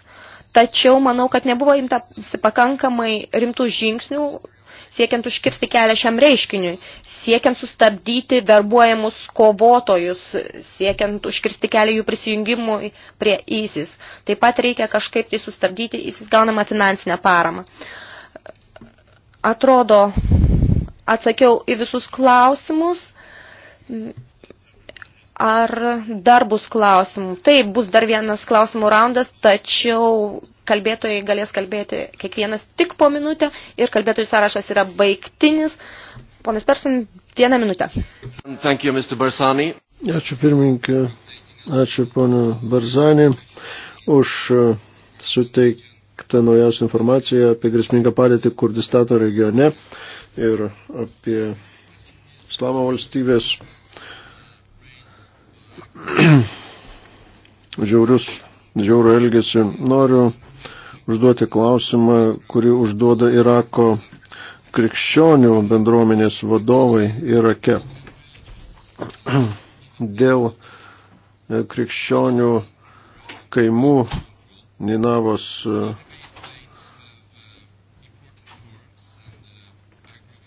Tačiau manau, kad nebuvo imtasi pakankamai rimtų žingsnių siekiant užkirsti kelią šiam reiškiniui, siekiant sustabdyti verbuojamus kovotojus, siekiant užkirsti kelią jų prisijungimui prie ISIS. Taip pat reikia kažkaip tai sustabdyti ISIS gaunamą finansinę paramą. Atrodo, atsakiau į visus klausimus. Ar dar bus klausimų? Taip, bus dar vienas klausimų raundas, tačiau kalbėtojai galės kalbėti kiekvienas tik po minutę ir kalbėtojų sąrašas yra baigtinis. Ponas Persin, vieną minutę. Thank you, Mr. Barzani. Ačiū pirmininkė, ačiū pono Barzani už e, suteiktą naujausią informaciją apie grėsmingą padėtį Kurdistano regione ir apie Islamo valstybės (clears throat) žiaurius, žiaurų elgesį. Noriu užduoti klausimą, kurį užduoda Irako krikščionių bendruomenės vadovai Irake. (clears throat) Dėl e, krikščionių kaimų Ninavos e,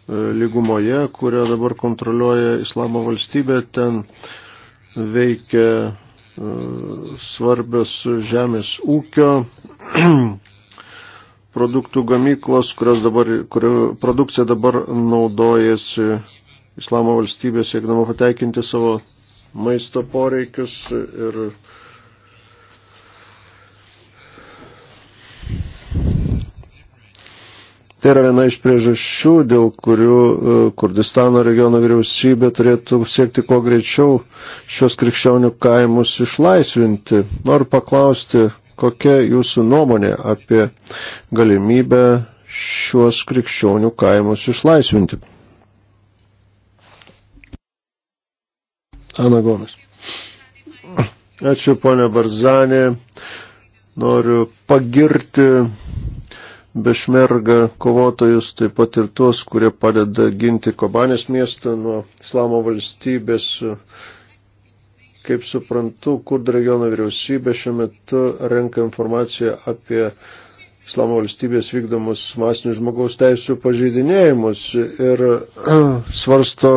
e, lygumoje, kurią dabar kontroliuoja Islamo valstybė, ten uh, veikia e, svarbios žemės ūkio (clears throat) produktų gamyklos, kurios dabar, kurio produkcija dabar naudojasi Islamo valstybė siekdama patenkinti savo maisto poreikius ir Tai yra viena iš priežasčių, dėl kurių e, Kurdistano regiono vyriausybė turėtų siekti kuo greičiau šios krikščionių kaimus išlaisvinti. Noriu paklausti, kokia jūsų nuomonė apie galimybę šios krikščionių kaimus išlaisvinti? Ana Gomes. Ačiū, ponė Barzanė. Noriu pagirti bešmerga kovotojus, taip pat ir tuos, kurie padeda ginti Kobanės miestą nuo islamo valstybės. Kaip suprantu, kurd regiono vyriausybė šiuo metu renka informaciją apie islamo valstybės vykdomus masinius žmogaus teisų pažeidinėjimus ir (clears throat) svarsto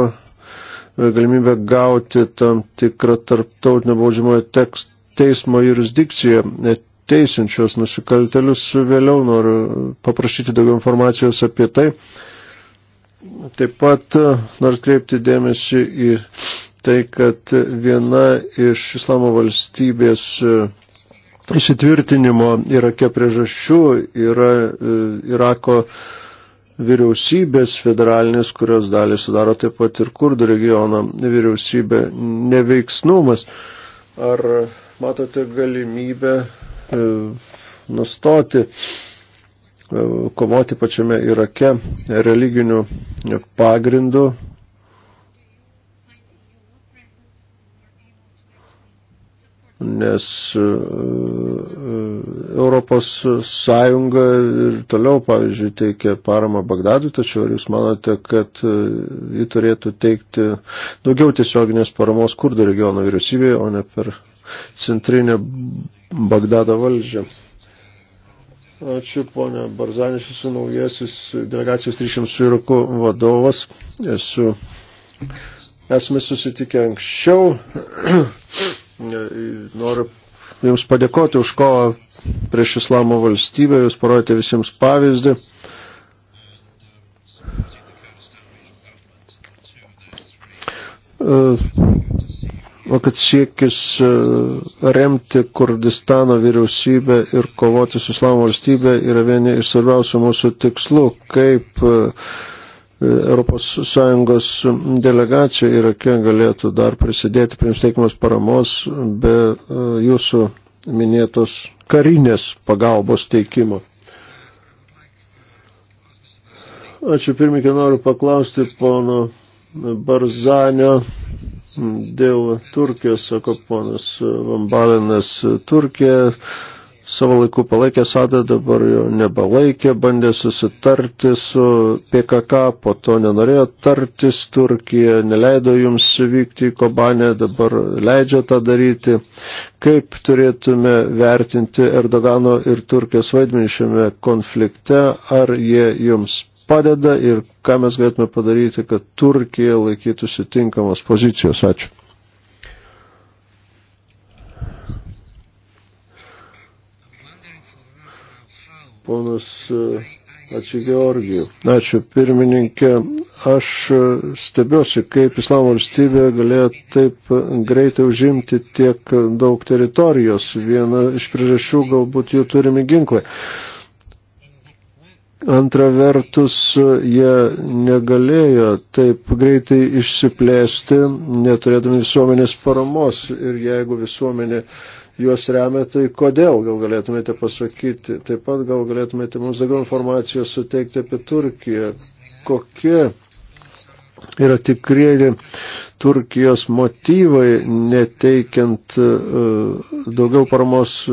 galimybę gauti tam tikrą tarptautinę baudžiamojo teismo jurisdikciją teisinčios nusikaltelius. Vėliau noriu paprašyti daugiau informacijos apie tai. Taip pat e, noriu kreipti dėmesį į tai, kad viena iš islamo valstybės e, įsitvirtinimo Irake priežasčių yra e, Irako vyriausybės federalinės, kurios dalį sudaro taip pat ir kurdų regiono vyriausybė neveiksnumas. Ar matote galimybę E, nustoti e, kovoti pačiame Irake religinių pagrindų. Nes e, Europos Sąjunga ir toliau, pavyzdžiui, teikia paramą Bagdadui, tačiau ar jūs manote, kad ji turėtų teikti daugiau tiesioginės paramos kurdo regiono vyriausybėje, o ne per centrinę Bagdado valdžią. Ačiū, ponė Barzaniš, esu naujasis delegacijos ryšiams su Iraku vadovas. Esu, esame susitikę anksčiau. (clears throat) Noriu Jums padėkoti už ko prieš Islamo valstybę, Jūs parodėte visiems pavyzdį. Uh, o kad siekis e, remti Kurdistano vyriausybę ir kovoti su Islamo valstybė yra vieni iš svarbiausių mūsų tikslų, kaip ES delegacija Irake galėtų dar prisidėti prie jums teikimas paramos be e, jūsų minėtos karinės pagalbos teikimo. Ačiū pirmininkė, noriu paklausti pono Barzanio Dėl Turkijos, sako ponas Vambalinas, Turkija savo laiku palaikė Sadą, dabar jo nebalaikė, bandė susitarti su PKK, po to nenorėjo tartis Turkija, neleido jums vykti į Kobanę, dabar leidžia tą daryti. Kaip turėtume vertinti Erdogano ir Turkijos vaidmenį šiame konflikte, ar jie jums padeda ir ką mes galėtume padaryti, kad Turkija laikytųsi tinkamos pozicijos. Ačiū. Ponas e, Ačiū Georgijų. Ačiū pirmininkė. Aš e, stebiuosi, kaip Islamo valstybė galėjo taip greitai užimti tiek daug teritorijos. Viena iš priežasčių galbūt jų turimi ginklai. Antra vertus, jie negalėjo taip greitai išsiplėsti, neturėdami visuomenės paramos. Ir jeigu visuomenė juos remia, tai kodėl gal galėtumėte pasakyti? Taip pat gal galėtumėte mums daugiau informacijos suteikti apie Turkiją. Kokie yra tikrieji Turkijos motyvai, neteikiant uh, daugiau paramos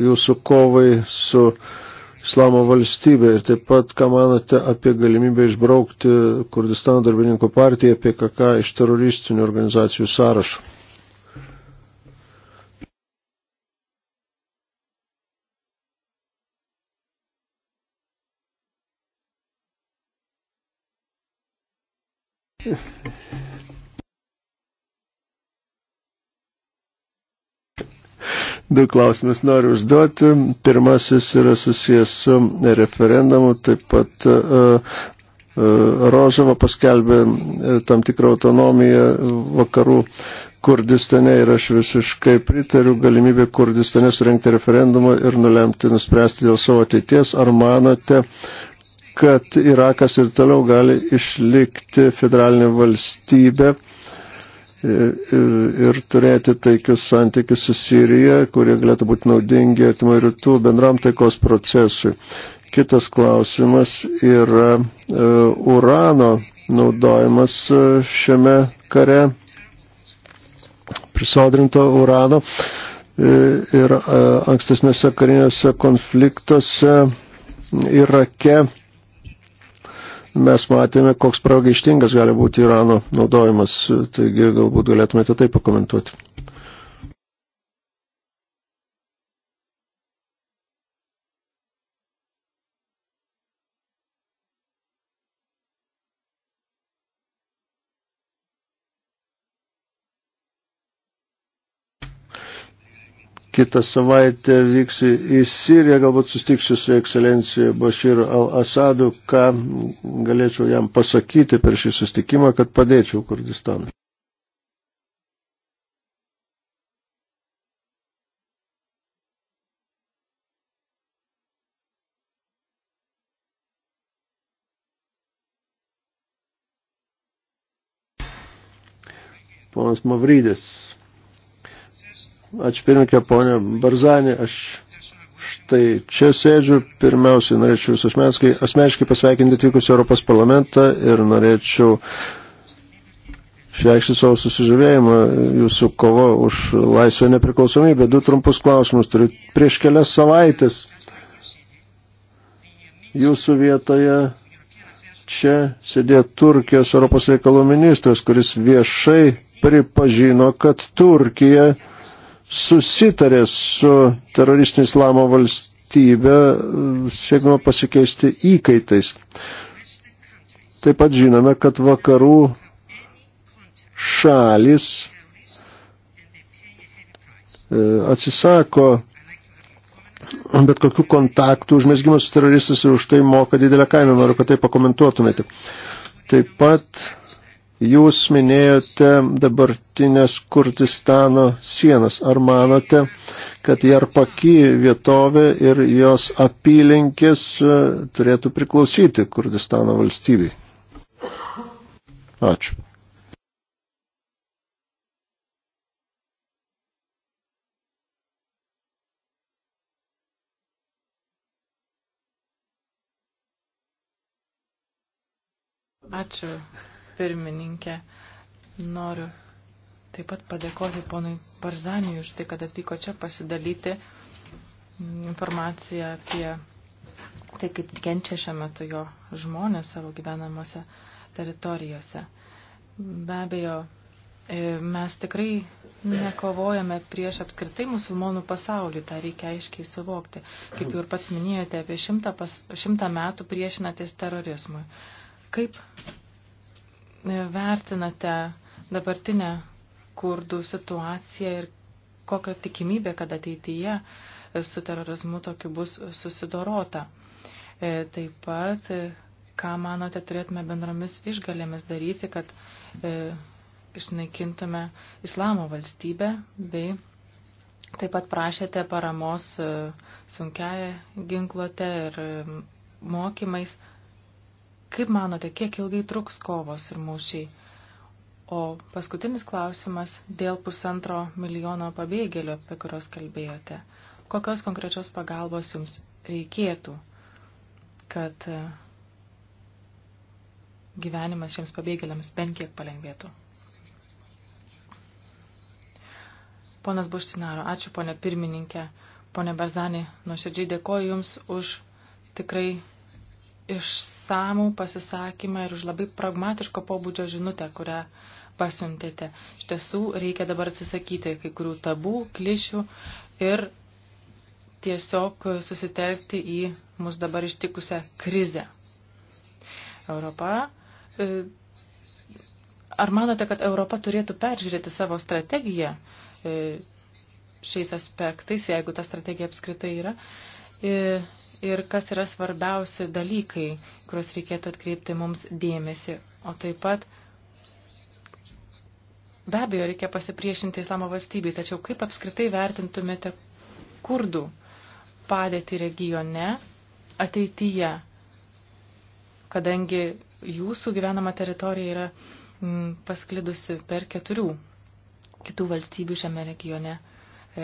jūsų kovai su. Uh, islamo valstybę ir taip pat, ką manote apie galimybę išbraukti Kurdistano darbininkų partiją PKK iš teroristinių organizacijų sąrašo. Yeah. (laughs) Du klausimus noriu užduoti. Pirmasis yra susijęs su referendumu, taip pat uh, e, uh, e, Rožava paskelbė e, tam tikrą autonomiją vakarų Kurdistane ir aš visiškai pritariu galimybę Kurdistane surenkti referendumą ir nulemti, nuspręsti dėl savo ateities. Ar manote, kad Irakas ir toliau gali išlikti federalinė valstybė ir, ir turėti taikius santykius su Sirija, kurie galėtų būti naudingi atimo rytų bendram taikos procesui. Kitas klausimas yra e, urano naudojimas e, šiame kare, prisodrinto urano e, ir ankstesnėse karinėse konfliktuose Irake mes matėme, koks pragaištingas gali būti Irano naudojimas, taigi galbūt galėtumėte tai pakomentuoti. Kitą savaitę vyksiu į Siriją, galbūt sustiksiu su ekscelencija Bashiru al-Asadu, ką galėčiau jam pasakyti per šį sustikimą, kad padėčiau Kurdistanui. Ponas Mavrydės. Ačiū pirmininkė, ponė Barzanė, aš štai čia sėdžiu. Pirmiausiai norėčiau jūs asmeniškai, asmeniškai pasveikinti atvykus Europos parlamentą ir norėčiau išreikšti savo susižavėjimą jūsų kova už laisvę nepriklausomybę. Du trumpus klausimus turiu. Prieš kelias savaitės jūsų vietoje čia sėdė Turkijos Europos reikalų ministras, kuris viešai pripažino, kad Turkija susitarė su teroristinė islamo valstybė, siekdama pasikeisti įkaitais. Taip pat žinome, kad vakarų šalis e, atsisako bet kokių kontaktų užmesgimas su teroristais ir už tai moka didelę kainą. Noriu, kad tai pakomentuotumėte. Taip pat Jūs minėjote dabartinės Kurdistano sienas. Ar manote, kad Jarpaki vietovė ir jos apylinkės e, turėtų priklausyti Kurdistano valstybei? Ačiū. Ačiū pirmininkė. Noriu taip pat padėkoti ponui Barzaniui už tai, kad atvyko čia pasidalyti informaciją apie tai, kaip kenčia šiuo metu jo žmonės savo gyvenamuose teritorijose. Be abejo, e, mes tikrai nekovojame prieš apskritai musulmonų pasaulį, tą reikia aiškiai suvokti. Kaip jau ir pats minėjote, apie šimtą, pas, šimtą metų priešinatės terorizmui. Kaip vertinate dabartinę kurdų situaciją ir kokia tikimybė, kad ateityje su terorizmu tokiu bus susidorota. E, taip pat, e, ką manote, turėtume bendromis išgalėmis daryti, kad e, išnaikintume islamo valstybę bei taip pat prašėte paramos sunkiaja ginkluote ir mokymais Kaip manote, kiek ilgai truks kovos ir mūšiai? O paskutinis klausimas dėl pusantro milijono pabėgėlių, apie kurios kalbėjote. Kokios konkrečios pagalbos jums reikėtų, kad e, gyvenimas šiems pabėgėliams bent kiek palengvėtų? Ponas Buštinaro, ačiū ponė pirmininkė, ponė Barzani, nuoširdžiai dėkoju Jums už tikrai išsamų pasisakymą ir už labai pragmatiško pobūdžio žinutę, kurią pasiuntėte. Iš tiesų reikia dabar atsisakyti kai kurių tabų, klišių ir tiesiog susitelkti į mus dabar ištikusią krizę. Europa. E, ar manote, kad Europa turėtų peržiūrėti savo strategiją e, šiais aspektais, jeigu ta strategija apskritai yra? E, ir kas yra svarbiausi dalykai, kuriuos reikėtų atkreipti mums dėmesį. O taip pat be abejo reikia pasipriešinti islamo valstybei, tačiau kaip apskritai vertintumėte kurdų padėtį regione ateityje, kadangi jūsų gyvenama teritorija yra m, mm, pasklidusi per keturių kitų valstybių šiame regione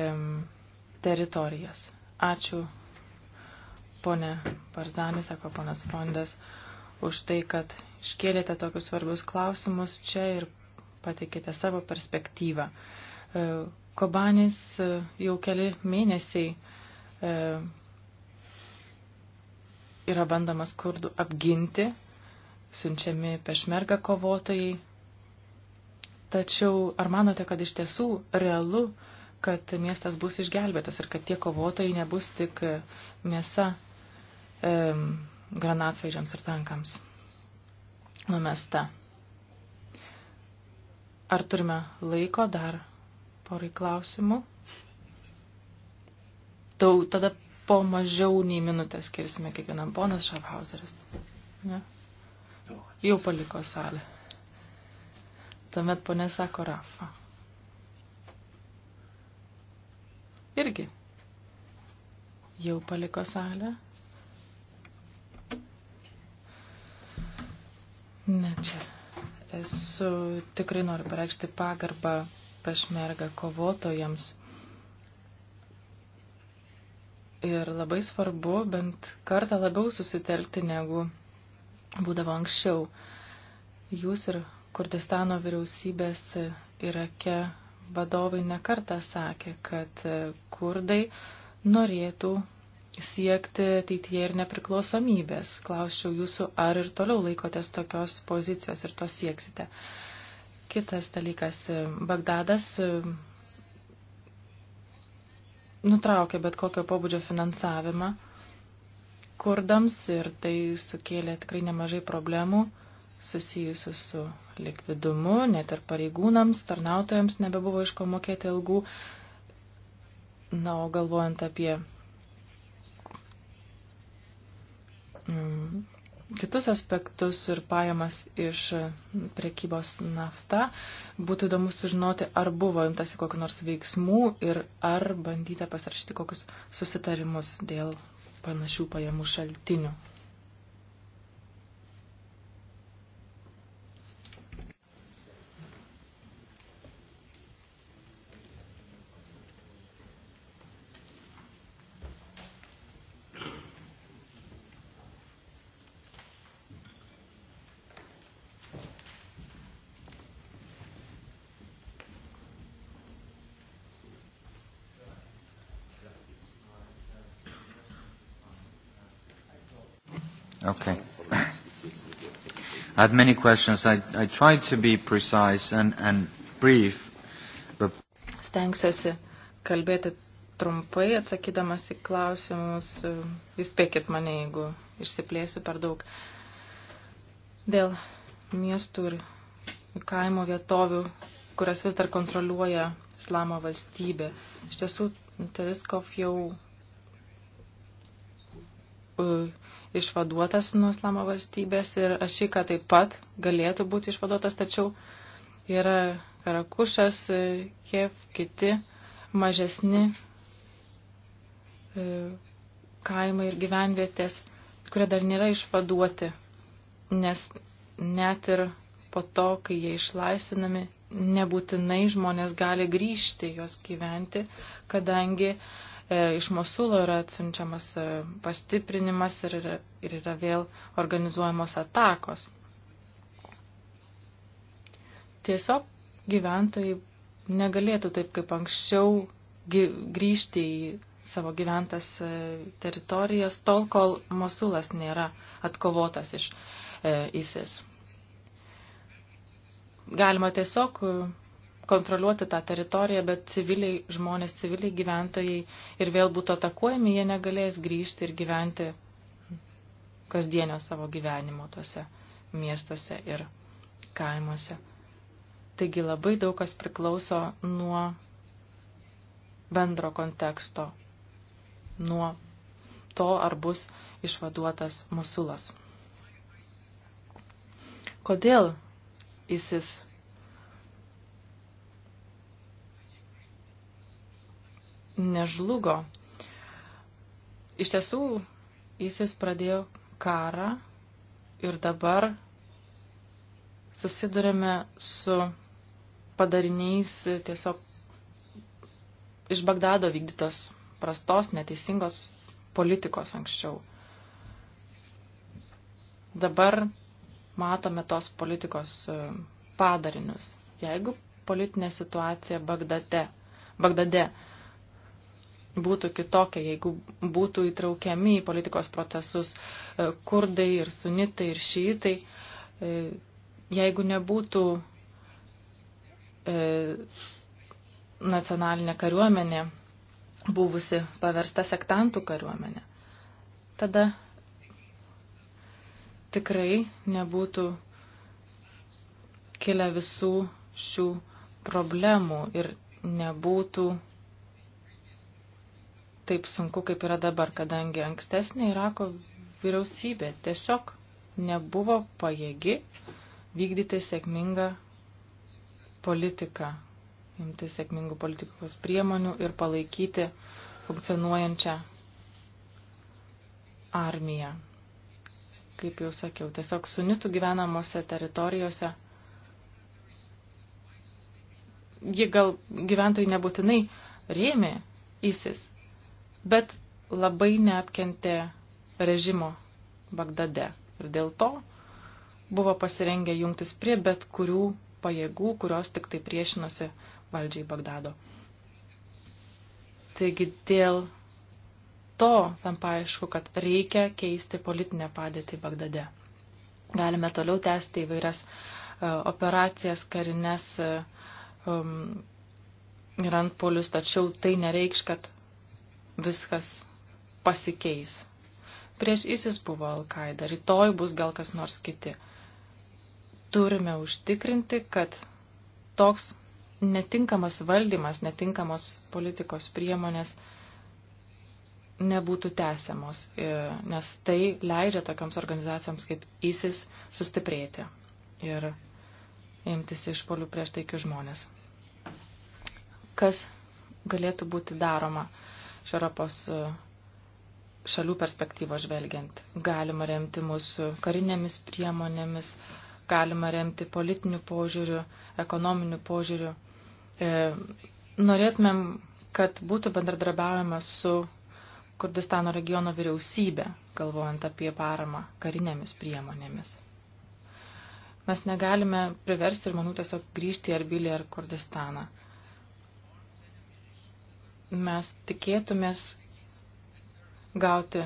m, teritorijas. Ačiū ponė Barzani, sako ponas Frondas, už tai, kad iškėlėte tokius svarbius klausimus čia ir pateikėte savo perspektyvą. E, Kobanis e, jau keli mėnesiai e, yra bandamas kurdų apginti, siunčiami pešmerga kovotojai. Tačiau ar manote, kad iš tiesų realu, kad miestas bus išgelbėtas ir kad tie kovotojai nebus tik mėsa granatsvaidžiams ir tankams numesta. Ar turime laiko dar porai klausimų? Tau tada po mažiau nei minutę skirsime kiekvienam ponas Šafhauseris. Ne? Jau paliko salę. Tuomet ponė sako Rafa. Irgi. Jau paliko salę. Ne, čia esu tikrai noriu pareikšti pagarbą pašmerga kovotojams. Ir labai svarbu bent kartą labiau susitelkti, negu būdavo anksčiau. Jūs ir Kurdistano vyriausybės Irake vadovai nekartą sakė, kad kurdai norėtų siekti ateityje ir nepriklausomybės. Klausčiau jūsų, ar ir toliau laikotės tokios pozicijos ir to sieksite. Kitas dalykas. Bagdadas e, nutraukė bet kokio pobūdžio finansavimą kurdams ir tai sukėlė tikrai nemažai problemų susijusių su likvidumu, net ir pareigūnams, tarnautojams nebebuvo iš ko mokėti ilgų. Na, o galvojant apie Mm. kitus aspektus ir pajamas iš prekybos nafta. Būtų įdomu sužinoti, ar buvo imtasi kokiu nors veiksmų ir ar bandyta pasirašyti kokius susitarimus dėl panašių pajamų šaltinių. I had many questions. I, I tried to be precise and, and brief. But... Stengsiuosi kalbėti trumpai, atsakydamas į klausimus. Įspėkit mane, jeigu išsiplėsiu per daug. Dėl miestų ir kaimo vietovių, kurias vis dar kontroliuoja islamo valstybė. Iš tiesų, Teriskov jau išvaduotas nuo islamo valstybės ir Ašika taip pat galėtų būti išvaduotas, tačiau yra Karakušas, Kiev, kiti mažesni e, kaimai ir gyvenvietės, kurie dar nėra išvaduoti, nes net ir po to, kai jie išlaisvinami, nebūtinai žmonės gali grįžti jos gyventi, kadangi uh, E, iš Mosulo yra atsiunčiamas e, pastiprinimas ir yra, ir yra vėl organizuojamos atakos. Tiesiog gyventojai negalėtų taip kaip anksčiau grįžti į savo gyventas e, teritorijas tol, kol Mosulas nėra atkovotas iš ISIS. Galima tiesiog kontroliuoti tą teritoriją, bet civiliai žmonės, civiliai gyventojai ir vėl būtų atakuojami, jie negalės grįžti ir gyventi kasdienio savo gyvenimo tose miestuose ir kaimuose. Taigi labai daug kas priklauso nuo bendro konteksto, nuo to, ar bus išvaduotas musulas. Kodėl ISIS nežlugo. Iš tiesų, ISIS pradėjo karą ir dabar susidurime su padariniais tiesiog iš Bagdado vykdytos prastos, neteisingos politikos anksčiau. Dabar matome tos politikos e, padarinius. Jeigu politinė situacija Bagdate, Bagdade būtų kitokia, jeigu būtų įtraukiami į politikos procesus e, kurdai ir sunitai ir šyitai, e, jeigu nebūtų e, nacionalinė kariuomenė buvusi paversta sektantų kariuomenė, tada tikrai nebūtų kilę visų šių problemų ir nebūtų taip sunku, kaip yra dabar, kadangi ankstesnė Irako vyriausybė tiesiog nebuvo pajėgi vykdyti sėkmingą politiką, imti sėkmingų politikos priemonių ir palaikyti funkcionuojančią armiją. Kaip jau sakiau, tiesiog sunitų gyvenamose teritorijose ji gal gyventojai nebūtinai rėmė ISIS, bet labai neapkentė režimo Bagdade ir dėl to buvo pasirengę jungtis prie bet kurių pajėgų, kurios tik tai priešinosi valdžiai Bagdado. Taigi dėl to tampa aišku, kad reikia keisti politinę padėtį Bagdade. Galime toliau tęsti įvairias uh, operacijas, karines uh, e, um, ir antpolius, tačiau tai nereikš, kad viskas pasikeis. Prieš ISIS buvo Al-Qaeda, rytoj bus gal kas nors kiti. Turime užtikrinti, kad toks netinkamas valdymas, netinkamos politikos priemonės nebūtų tęsiamos, e, nes tai leidžia tokiams organizacijoms kaip ISIS sustiprėti ir imtis išpolių prieš taikius žmonės. Kas galėtų būti daroma? iš Europos e, šalių perspektyvos žvelgiant. Galima remti mūsų karinėmis priemonėmis, galima remti politiniu požiūriu, ekonominiu požiūriu. E, norėtumėm, kad būtų bendradarbiaujama su Kurdistano regiono vyriausybė, galvojant apie paramą karinėmis priemonėmis. Mes negalime priversti žmonių tiesiog grįžti į Arbilį ar Kurdistaną mes tikėtumės gauti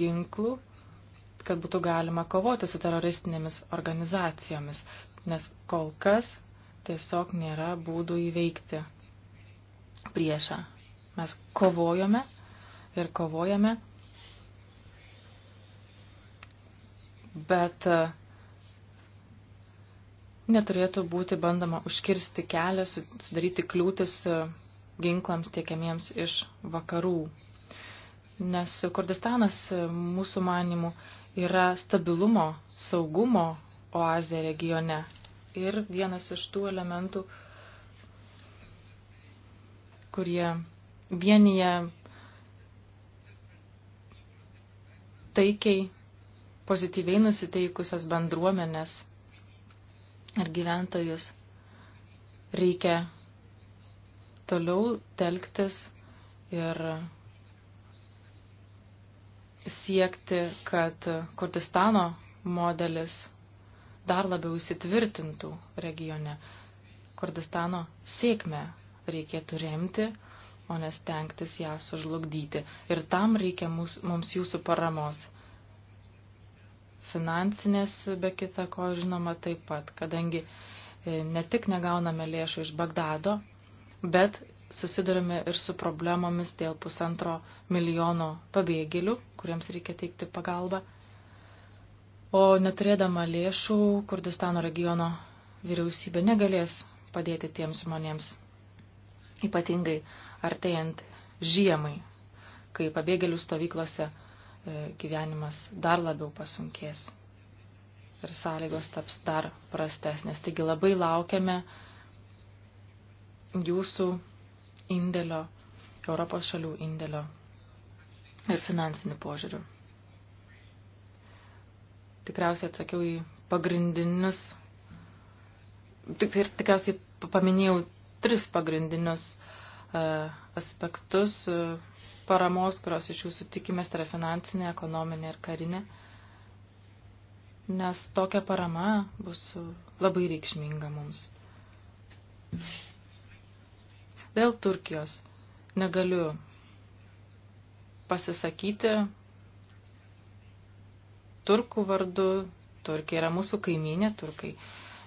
ginklų, kad būtų galima kovoti su teroristinėmis organizacijomis, nes kol kas tiesiog nėra būdų įveikti priešą. Mes kovojome ir kovojame, bet neturėtų būti bandoma užkirsti kelią, sudaryti kliūtis ginklams tiekiamiems iš vakarų. Nes Kurdistanas mūsų manimų yra stabilumo, saugumo oazė regione. Ir vienas iš tų elementų, kurie vienyje taikiai, pozityviai nusiteikusias bendruomenės ar gyventojus reikia toliau telktis ir siekti, kad Kurdistano modelis dar labiau įsitvirtintų regione. Kurdistano sėkmę reikėtų remti, o nestengtis ją sužlugdyti. Ir tam reikia mus, mums jūsų paramos. Finansinės be kita ko žinoma taip pat, kadangi e, ne tik negauname lėšų iš Bagdado, bet susidurime ir su problemomis dėl pusantro milijono pabėgėlių, kuriems reikia teikti pagalbą. O neturėdama lėšų, Kurdistano regiono vyriausybė negalės padėti tiems žmonėms, ypatingai artėjant žiemai, kai pabėgėlių stovyklose e, gyvenimas dar labiau pasunkės ir sąlygos taps dar prastesnės. Taigi labai laukiame jūsų indėlio, Europos šalių indėlio ir finansinių požiūrių. Tikriausiai atsakiau į pagrindinius, tik, tikriausiai paminėjau tris pagrindinius uh, aspektus uh, paramos, kurios iš jūsų tikimės, tai yra finansinė, ekonominė ir karinė, nes tokia parama bus labai reikšminga mums. Thank you. Dėl Turkijos negaliu pasisakyti turkų vardu. Turkija yra mūsų kaiminė, turkai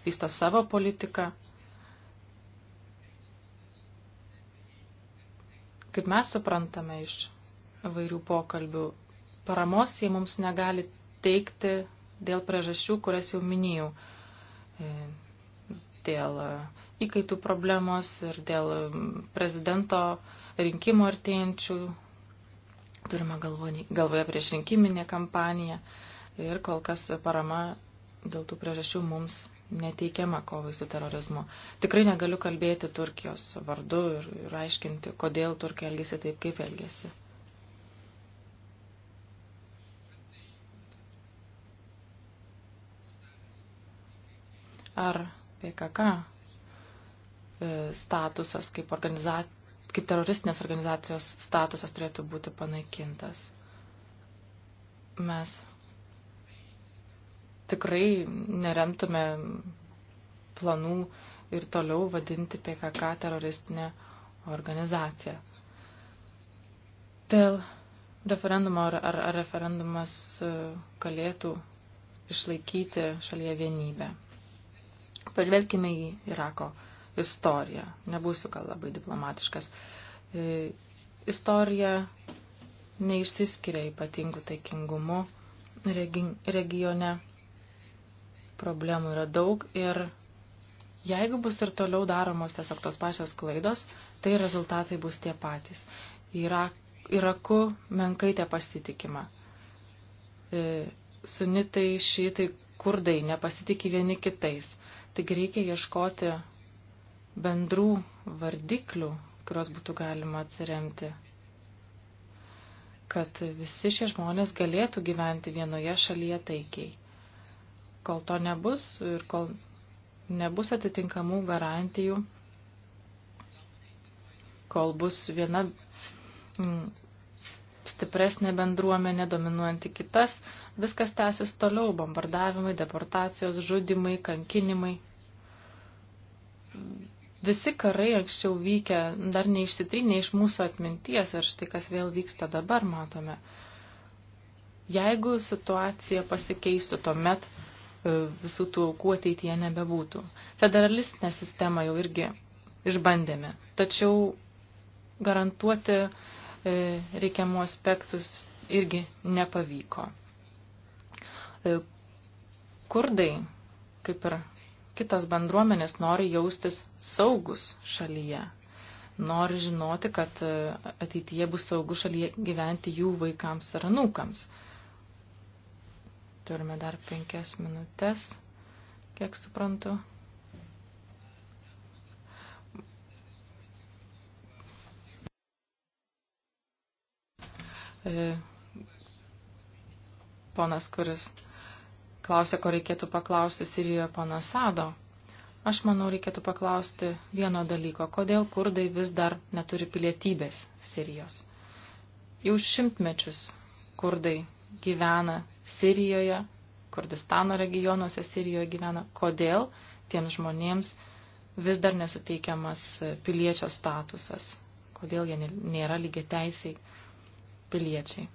vysto savo politiką. Kaip mes suprantame iš vairių pokalbių, paramos jie mums negali teikti dėl priežasčių, kurias jau minėjau. E, dėl uh, įkaitų problemos ir dėl um, prezidento rinkimų artėjančių. Turime galvoje prieš rinkiminę kampaniją ir kol kas parama dėl tų priežasčių mums neteikiama kovai su terorizmu. Tikrai negaliu kalbėti Turkijos vardu ir, ir aiškinti, kodėl Turkija elgėsi taip, kaip elgėsi. Ar PKK E, statusas kaip, organiza... kaip teroristinės organizacijos statusas turėtų būti panaikintas. Mes tikrai neremtume planų ir toliau vadinti PKK teroristinę organizaciją. Dėl referendumo ar, ar, ar referendumas e, galėtų išlaikyti šalyje vienybę. Pažvelkime į Irako istoriją. Nebūsiu gal labai diplomatiškas. E, istorija neišsiskiria ypatingų taikingumu regione. Problemų yra daug ir jeigu bus ir toliau daromos tiesiog tos pačios klaidos, tai rezultatai bus tie patys. Irak, Iraku menkai te pasitikima. E, sunitai, šitai, kurdai nepasitikė vieni kitais. Taigi reikia ieškoti bendrų vardiklių, kurios būtų galima atsiremti, kad visi šie žmonės galėtų gyventi vienoje šalyje taikiai. Kol to nebus ir kol nebus atitinkamų garantijų, kol bus viena mm, stipresnė bendruomenė dominuojanti kitas, viskas tęsis toliau - bombardavimai, deportacijos, žudimai, kankinimai Visi karai anksčiau vykę dar neišsitrynė iš mūsų atminties ir štai kas vėl vyksta dabar matome. Jeigu situacija pasikeistų, tuomet e, visų tų aukų ateityje nebebūtų. Federalistinę sistemą jau irgi išbandėme. Tačiau garantuoti e, reikiamų aspektus irgi nepavyko. E, kurdai, kaip ir kitos bendruomenės nori jaustis saugus šalyje, nori žinoti, kad e, ateityje bus saugu šalyje gyventi jų vaikams ar anūkams. Turime dar penkias minutės, kiek suprantu. E, ponas, kuris paklausė, ko reikėtų paklausti Sirijoje pono Sado. Aš manau, reikėtų paklausti vieno dalyko, kodėl kurdai vis dar neturi pilietybės Sirijos. Jau šimtmečius kurdai gyvena Sirijoje, Kurdistano regionuose Sirijoje gyvena. Kodėl tiems žmonėms vis dar nesuteikiamas piliečio statusas? Kodėl jie nėra lygiai teisiai piliečiai?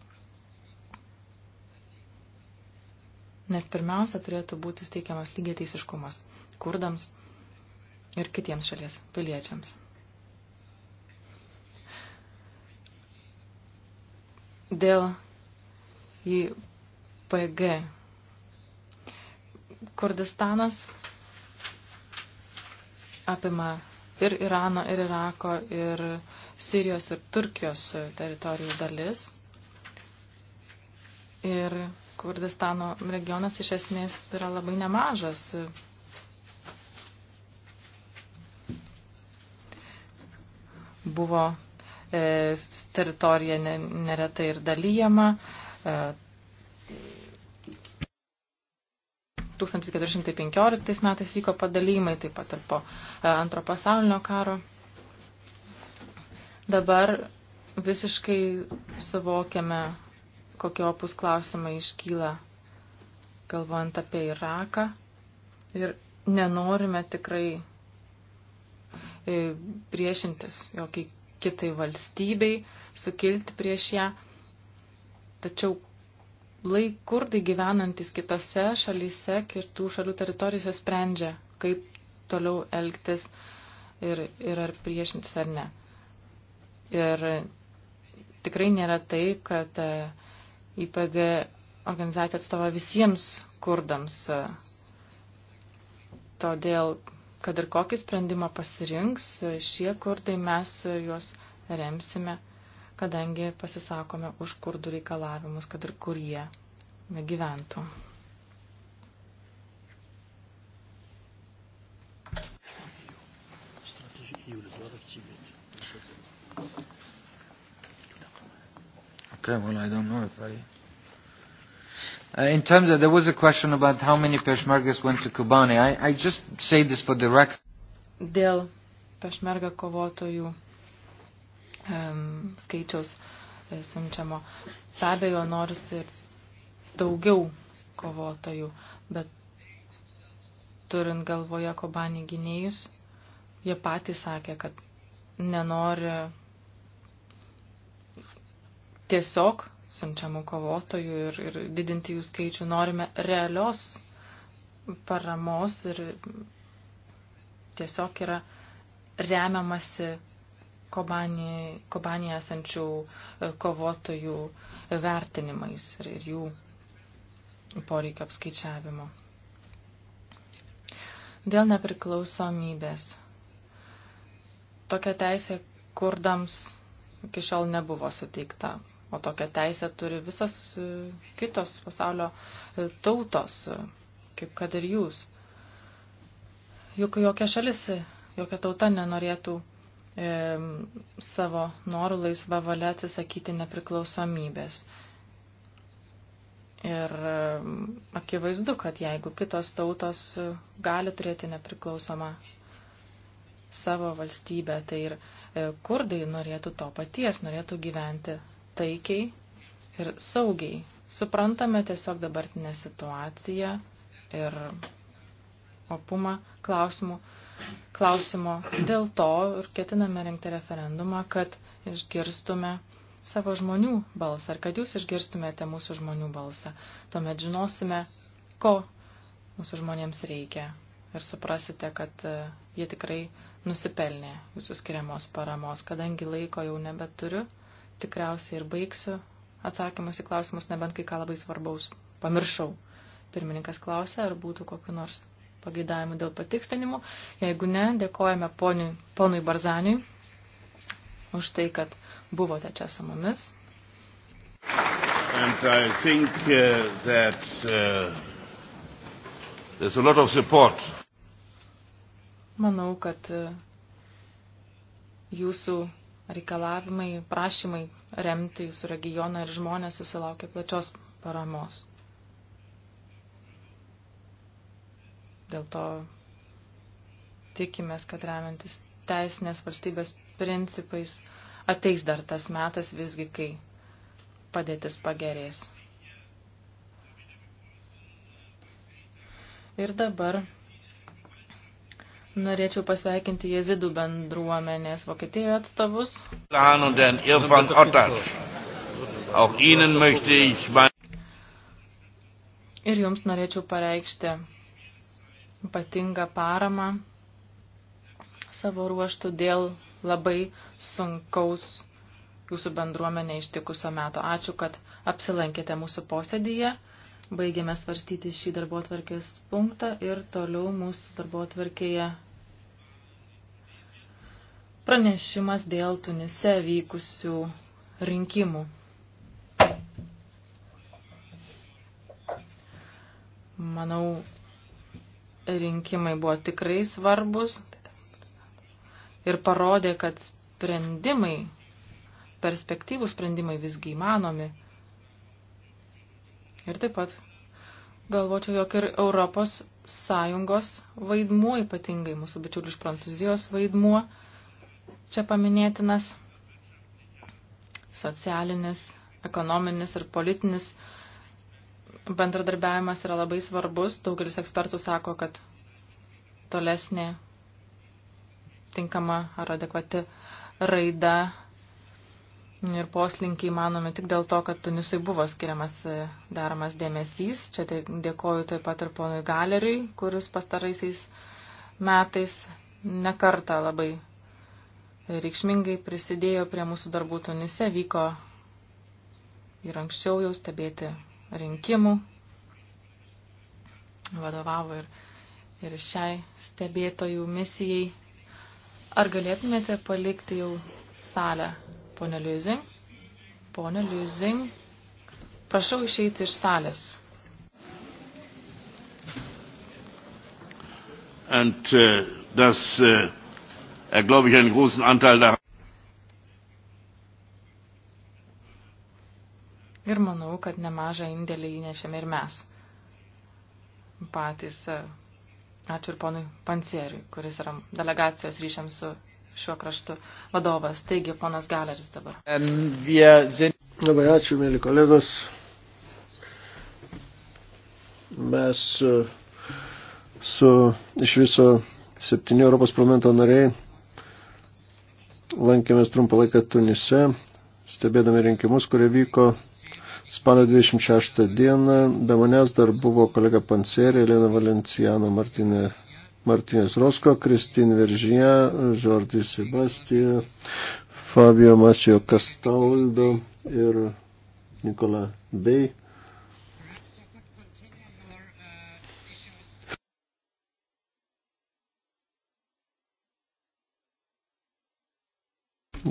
nes pirmiausia turėtų būti steikiamas lygiai teisiškumas kurdams ir kitiems šalies piliečiams. Dėl IPG Kurdistanas apima ir Irano, ir Irako, ir Sirijos, ir Turkijos teritorijų dalis. Ir Kurdistano regionas iš esmės yra labai nemažas. Buvo e, teritorija neretai ir dalyjama. E, 1415 metais vyko padalymai, taip pat ir po e, antro pasaulinio karo. Dabar visiškai suvokiame kokie opus klausimai iškyla, galvojant apie Iraką. Ir nenorime tikrai e, priešintis jokiai kitai valstybei, sukilti prieš ją. Tačiau laik kurdai gyvenantis kitose šalyse, kitų šalių teritorijose sprendžia, kaip toliau elgtis ir, ir ar priešintis ar ne. Ir tikrai nėra taip, kad uh, IPG organizacija atstovauja visiems kurdams. Todėl, kad ir kokį sprendimą pasirinks šie kurdai, mes juos remsime, kadangi pasisakome už kurdų reikalavimus, kad ir kur jie gyventų. Strategic EU, the Lord of Tibet. Okay, well, I don't know if I. Uh, in terms of, there was a question about how many Peshmergas went to Kobani. I, I just say this for the record. Dėl Peshmerga kovotojų um, skaičiaus e, siunčiamo. Be abejo, norisi daugiau kovotojų, bet turint galvoje Kobanį gynėjus, jie patys sakė, kad nenori tiesiog siunčiamų kovotojų ir, ir didinti jų skaičių. Norime realios paramos ir tiesiog yra remiamasi Kobanėje Kobanė esančių e, kovotojų vertinimais ir, ir jų poreikio apskaičiavimo. Dėl nepriklausomybės. Tokia teisė kurdams iki šiol nebuvo suteikta. O tokią teisę turi visas e, kitos pasaulio e, tautos, e, kaip kad ir jūs. Juk jokia šalis, jokia tauta nenorėtų e, savo norų laisvą valią atsisakyti nepriklausomybės. Ir akivaizdu, kad jeigu kitos tautos gali turėti nepriklausomą savo valstybę, tai ir kurdai norėtų to paties, norėtų gyventi taikiai ir saugiai. Suprantame tiesiog dabartinę situaciją ir opumą klausimų. Klausimo dėl to ir ketiname rengti referendumą, kad išgirstume savo žmonių balsą ir kad jūs išgirstumėte mūsų žmonių balsą. Tuomet žinosime, ko mūsų žmonėms reikia ir suprasite, kad e, jie tikrai nusipelnė jūsų skiriamos paramos, kadangi laiko jau nebeturiu tikriausiai ir baigsiu atsakymus į klausimus, nebent kai ką labai svarbaus pamiršau. Pirmininkas klausė, ar būtų kokiu nors pageidavimu dėl patikslinimų. Jeigu ne, dėkojame poniui, ponui Barzaniui už tai, kad buvote čia su mumis. And I think uh, that uh, there's a lot of support. Manau, kad uh, jūsų reikalavimai, prašymai remti jūsų regioną ir žmonės susilaukia plačios paramos. Dėl to tikimės, kad remiantis teisinės valstybės principais ateis dar tas metas visgi, kai padėtis pagerės. Ir dabar Norėčiau pasveikinti jezidų bendruomenės Vokietijoje atstovus. Ir jums norėčiau pareikšti ypatingą paramą savo ruoštų dėl labai sunkaus jūsų bendruomenė ištikusio meto. Ačiū, kad apsilankėte mūsų posėdyje. Baigėme svarstyti šį darbo tvarkės punktą ir toliau mūsų darbo tvarkėje pranešimas dėl Tunise vykusių rinkimų. Manau, rinkimai buvo tikrai svarbus ir parodė, kad sprendimai, perspektyvų sprendimai visgi įmanomi. Ir taip pat galvočiau, jog ir Europos Sąjungos vaidmuo, ypatingai mūsų bičiulių iš Prancūzijos vaidmuo, čia paminėtinas socialinis, ekonominis ir politinis bendradarbiavimas yra labai svarbus. Daugelis ekspertų sako, kad tolesnė tinkama ar adekvati raida ir poslinkiai manomi tik dėl to, kad Tunisui buvo skiriamas e, daromas dėmesys. Čia tai dėkoju taip pat ir ponui Galeriui, kuris pastaraisiais metais nekarta labai reikšmingai prisidėjo prie mūsų darbų Tunise, vyko ir anksčiau jau stebėti rinkimų, vadovavo ir, ir šiai stebėtojų misijai. Ar galėtumėte palikti jau salę, ponė Liuzing? Ponė Liuzing, prašau išeiti iš salės. And uh, das uh, äh, glaube ich, einen großen Anteil daran. Ir manau, kad nemažą indėlį įnešėme ir mes patys. E, ačiū ir ponui Pancieriui, kuris yra delegacijos ryšiams su šiuo kraštu vadovas. Taigi, ponas Galeris dabar. Labai ačiū, mėly kolegos. Mes e, su iš viso septyni Europos parlamento nariai lankėmės trumpą laiką Tunise, stebėdami rinkimus, kurie vyko spalio 26 dieną. Be manęs dar buvo kolega Pancerė, Elena Valenciano, Martinė, Martinės Rosko, Kristin Veržija, Žordis Sebastija, Fabio Masio Kastaldo ir Nikola Bey.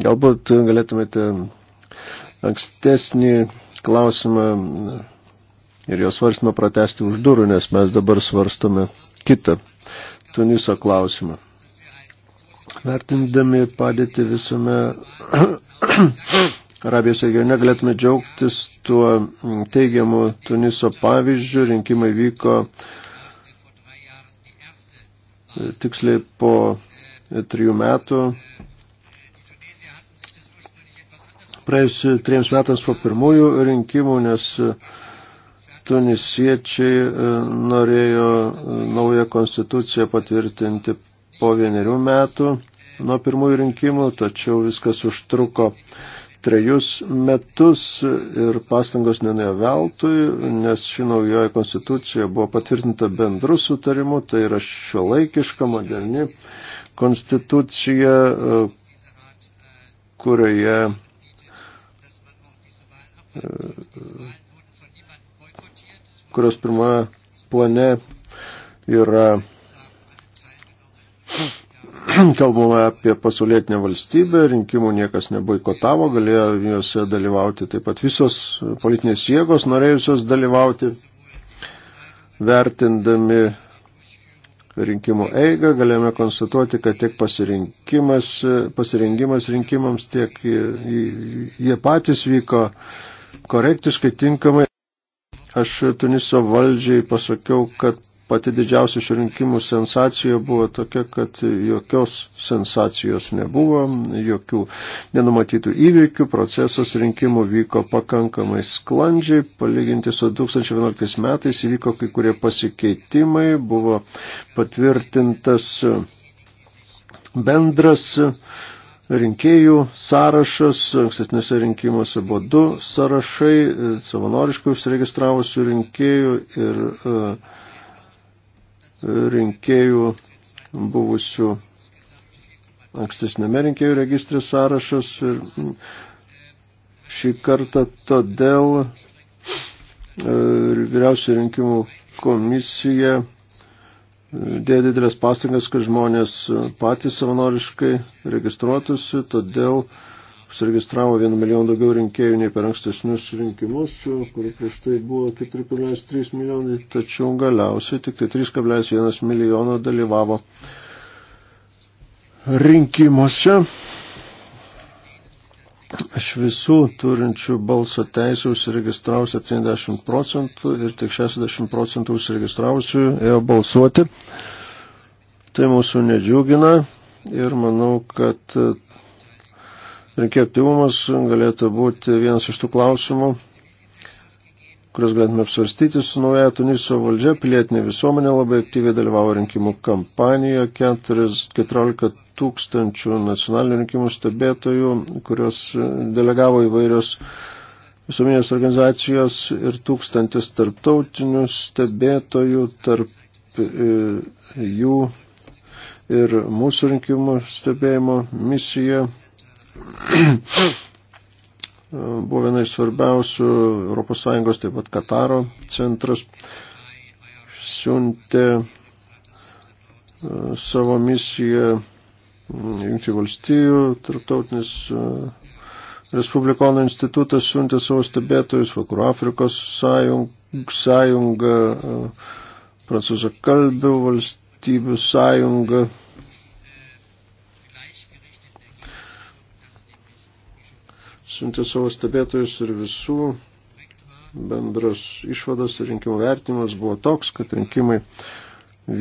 Galbūt galėtumėte ankstesnį klausimą ir jos svarstymą pratesti už durų, nes mes dabar svarstome kitą Tuniso klausimą. Vertindami padėti visame (clears throat) Arabijos regione galėtume džiaugtis tuo teigiamu Tuniso pavyzdžiu. Rinkimai vyko tiksliai po trijų metų praėjus triems metams po pirmųjų rinkimų, nes e, tunisiečiai e, norėjo e, naują konstituciją patvirtinti po vienerių metų nuo pirmųjų rinkimų, tačiau viskas užtruko trejus metus ir pastangos nenuėjo veltui, nes ši naujoji konstitucija buvo patvirtinta bendru sutarimu, tai yra šiuolaikiška, moderni konstitucija, kurioje kurios pirmoje plane yra kalbama apie pasaulietinę valstybę, rinkimų niekas neboikotavo, galėjo juose dalyvauti taip pat visos politinės jėgos norėjusios dalyvauti, vertindami rinkimų eigą, galėjome konstatuoti, kad tiek pasirinkimas, pasirengimas rinkimams, tiek jie patys vyko korektiškai, tinkamai. Aš Tuniso valdžiai pasakiau, kad pati didžiausia šių rinkimų sensacija buvo tokia, kad jokios sensacijos nebuvo, jokių nenumatytų įvykių, procesas rinkimų vyko pakankamai sklandžiai, palyginti su 2011 metais įvyko kai kurie pasikeitimai, buvo patvirtintas bendras rinkėjų sąrašas, ankstesnėse rinkimuose buvo du sąrašai, e, savanoriškai užsiregistravusių rinkėjų ir e, rinkėjų buvusių ankstesnėme rinkėjų registrė sąrašas ir mm, šį kartą todėl e, vyriausių rinkimų komisija dėjo didelės pastangas, kad žmonės patys savanoriškai registruotųsi, todėl užsiregistravo 1 milijoną daugiau rinkėjų nei per ankstesnius rinkimus, kur prieš tai buvo 4,3 milijonai, tačiau galiausiai tik tai 3,1 milijono dalyvavo rinkimuose. Aš visų turinčių balso teisę užsiregistravau 70 procentų ir tik 60 procentų užsiregistravusių ėjo balsuoti. Tai mūsų nedžiugina ir manau, kad e, rinkėjų aktyvumas galėtų būti vienas iš tų klausimų, kurias galėtume apsvarstyti su nauja Tuniso valdžia. Pilietinė visuomenė labai aktyviai dalyvavo rinkimų kampanijoje, 14 tūkstančių nacionalinių rinkimų stebėtojų, kurios delegavo įvairios visuomenės organizacijos ir tūkstantis tarptautinių stebėtojų tarp e, jų ir mūsų rinkimų stebėjimo misija (clears throat) buvo viena iš svarbiausių ES, taip pat Kataro centras siuntė e, savo misiją Junktinių valstijų, tarptautinis e, Respublikonų institutas siuntė savo stebėtojus, Vakarų Afrikos sąjung, sąjunga, e, prancūzakalbių valstybių sąjunga. Siuntė savo stebėtojus ir visų bendras išvadas ir rinkimų vertimas buvo toks, kad rinkimai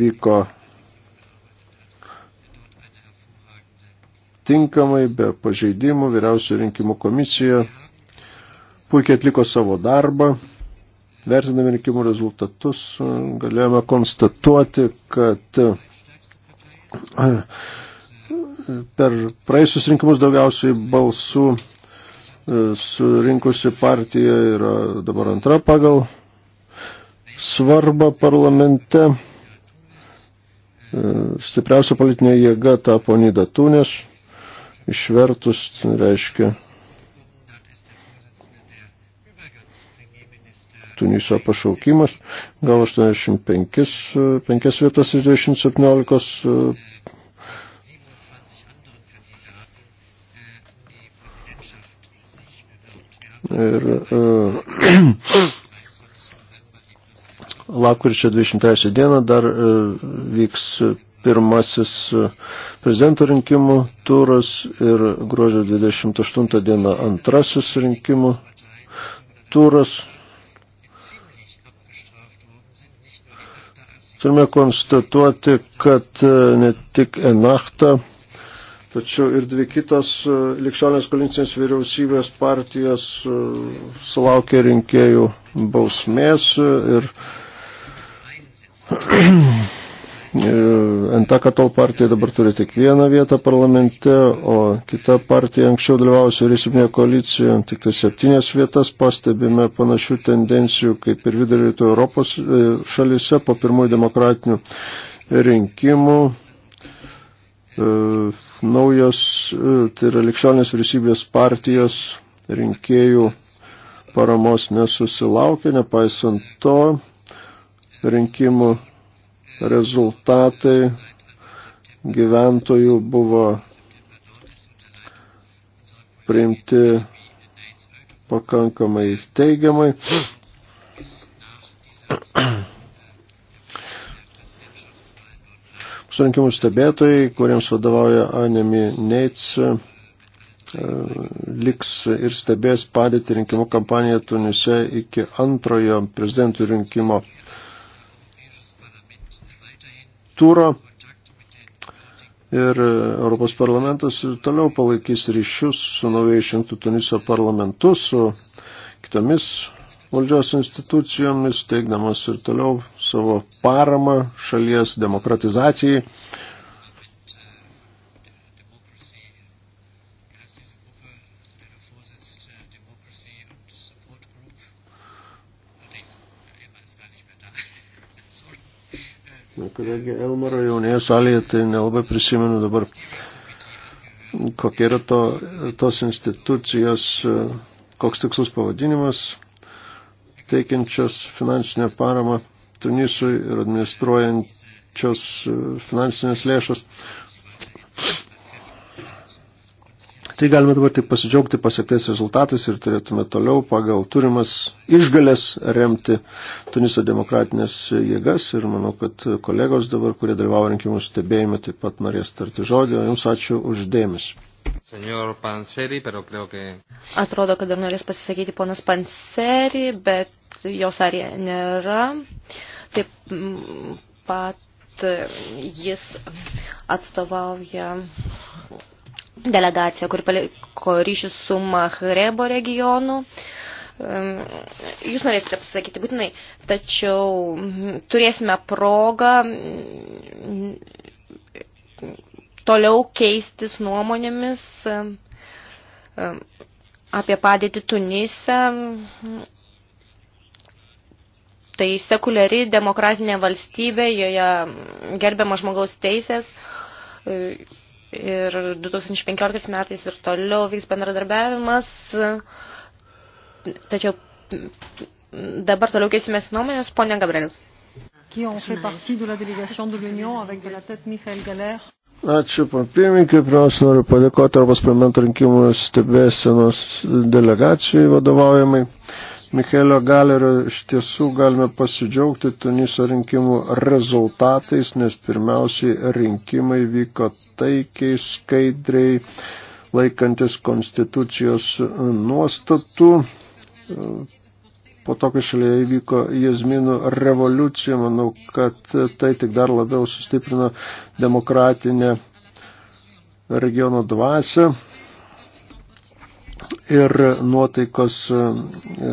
vyko tinkamai, be pažeidimų. Vyriausių rinkimų komisija puikiai atliko savo darbą. Vertinami rinkimų rezultatus galėjome konstatuoti, kad eh, per praeisius rinkimus daugiausiai balsų eh, surinkusi partija yra dabar antra pagal svarbą parlamente. Eh, stipriausia politinė jėga tapo Nida Tunės išvertus reiškia Tuniso pašaukimas, gal 85 5 vietas iš 217 ir uh, (clears throat) lapkričio 23 dieną dar uh, vyks pirmasis e, prezidento rinkimų turas ir gruodžio 28 dieną antrasis rinkimų turas. Turime konstatuoti, kad e, ne tik Enachta, tačiau ir dvi kitos e, likščionės koalicinės vyriausybės partijos sulaukė rinkėjų bausmės ir NTA Katol partija dabar turi tik vieną vietą parlamente, o kita partija anksčiau dalyvavusi vyriausybinėje koalicijoje tik tai septynės vietas pastebime panašių tendencijų kaip ir vidurio rytų Europos e, šalyse po pirmųjų demokratinių rinkimų. E, Naujos, e, tai yra likščionės vyriausybės partijos rinkėjų paramos nesusilaukė, nepaisant to rinkimų rezultatai gyventojų buvo priimti pakankamai teigiamai. Surinkimų stebėtojai, kuriems vadovauja Anemi Neits, e, liks ir stebės padėti rinkimų kampaniją Tunise iki antrojo prezidentų rinkimo turo ir Europos parlamentas ir toliau palaikys ryšius su naujai išrinktų Tuniso parlamentu, su kitomis valdžios institucijomis, teikdamas ir toliau savo paramą šalies demokratizacijai. Nu, kadangi Elmaro jaunėje salėje, tai nelabai prisimenu dabar, kokia yra to, tos institucijos, koks tikslus pavadinimas, teikiančios finansinę paramą Tunisui ir administruojančios finansinės lėšas. Tai galime dabar tik pasidžiaugti pasiektais rezultatais ir turėtume toliau pagal turimas išgalės remti Tuniso demokratinės jėgas ir manau, kad kolegos dabar, kurie dalyvavo rinkimų stebėjime, taip pat norės tarti žodį. Jums ačiū uždėmesi. Panseri, que... Atrodo, kad dar norės pasisakyti ponas Panseri, bet jos arė nėra. Taip pat e, jis atstovauja delegacija, kur paliko ryšius su Mahrebo regionu. Jūs norėsite pasakyti būtinai, tačiau turėsime progą toliau keistis nuomonėmis apie padėtį Tunise. Tai sekuliari demokratinė valstybė, joje gerbiama žmogaus teisės, ir 2015 metais ir toliau vyks bendradarbiavimas, tačiau dabar toliau keisimės nuomonės, ponia Gabriel. Ačiū, pirmininkai, pirmiausia, noriu padėkoti Europos parlamento rinkimų stebėsenos delegacijai vadovaujamai. Michaelio Galerio iš tiesų galime pasidžiaugti Tuniso rinkimų rezultatais, nes pirmiausiai rinkimai vyko taikiai, skaidriai, laikantis konstitucijos nuostatų. Po to, kai šalyje įvyko jazminų revoliucija, manau, kad tai tik dar labiau sustiprino demokratinę regiono dvasę ir nuotaikos, e, e,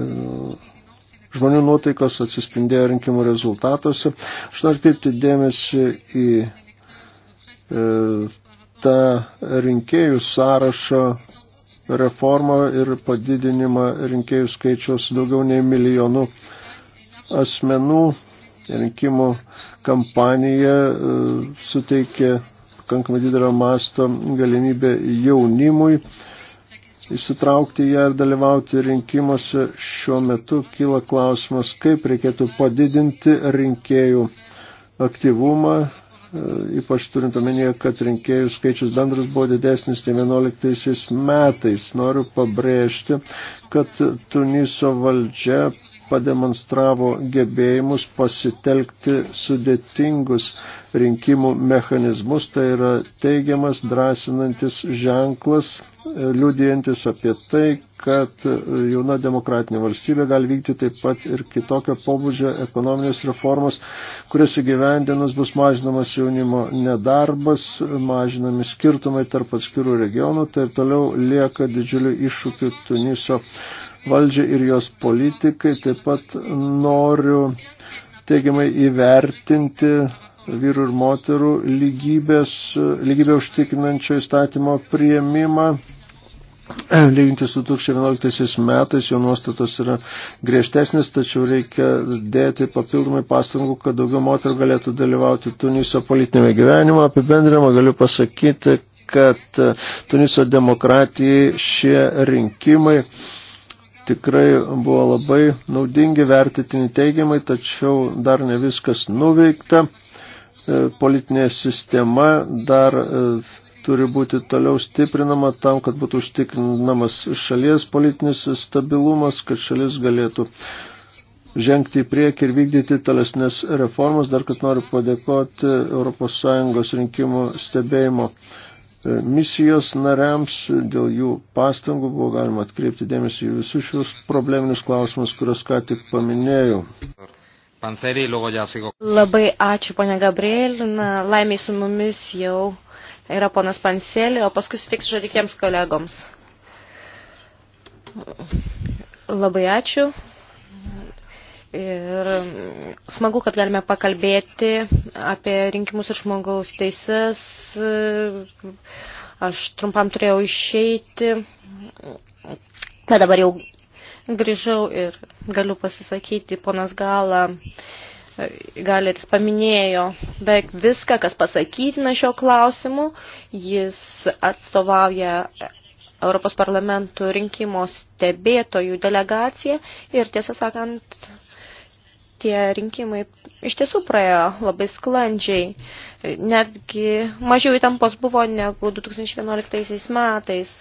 žmonių nuotaikos atsispindėjo rinkimų rezultatuose. Aš noriu kreipti dėmesį į e, tą rinkėjų sąrašą reformą ir padidinimą rinkėjų skaičiaus daugiau nei milijonų asmenų. Rinkimų kampanija suteikė pakankamai didelio masto galimybę jaunimui įsitraukti ją ir dalyvauti rinkimuose. Šiuo metu kyla klausimas, kaip reikėtų padidinti rinkėjų aktyvumą, e, ypač turint omenyje, kad rinkėjų skaičius bendras buvo didesnis tai 11 metais. Noriu pabrėžti, kad Tuniso valdžia pademonstravo gebėjimus pasitelkti sudėtingus rinkimų mechanizmus. Tai yra teigiamas, drąsinantis ženklas, e, liudijantis apie tai, kad e, jauna demokratinė valstybė gali vykti taip pat ir kitokio pobūdžio ekonominės reformos, kurias įgyvendinus bus mažinamas jaunimo nedarbas, mažinami skirtumai tarp atskirų regionų. Tai ir toliau lieka didžiuliu iššūkiu Tuniso valdžią ir jos politikai. Taip pat noriu teigiamai įvertinti vyrų ir moterų lygybės, lygybę užtikrinančio įstatymo prieimimą. Lyginti su 2011 metais jo nuostatos yra griežtesnis, tačiau reikia dėti papildomai pastangų, kad daugiau moterų galėtų dalyvauti Tuniso politinėme gyvenime. Apibendrinimą galiu pasakyti, kad Tuniso demokratijai šie rinkimai tikrai buvo labai naudingi vertitini teigiamai, tačiau dar ne viskas nuveikta. E, politinė sistema dar e, turi būti toliau stiprinama tam, kad būtų užtikrinamas šalies politinis stabilumas, kad šalis galėtų žengti į priekį ir vykdyti tolesnės reformas. Dar kad noriu padėkoti ES rinkimų stebėjimo E, misijos nariams, dėl jų pastangų buvo galima atkreipti dėmesį į visus šios probleminius klausimus, kuriuos ką tik paminėjau. Labai ačiū, ponia Gabriel. Na, laimiai su mumis jau yra ponas Panselė, o paskui sutiks žodikiems kolegoms. Labai ačiū. Ir smagu, kad galime pakalbėti apie rinkimus ir žmogaus teises. Aš trumpam turėjau išeiti, bet dabar jau grįžau ir galiu pasisakyti, ponas Gala gal ir jis paminėjo beveik viską, kas pasakytina šio klausimu. Jis atstovauja Europos parlamentų rinkimo stebėtojų delegaciją ir tiesą sakant, tie rinkimai iš tiesų praėjo labai sklandžiai. Netgi mažiau įtampos buvo negu 2011 metais.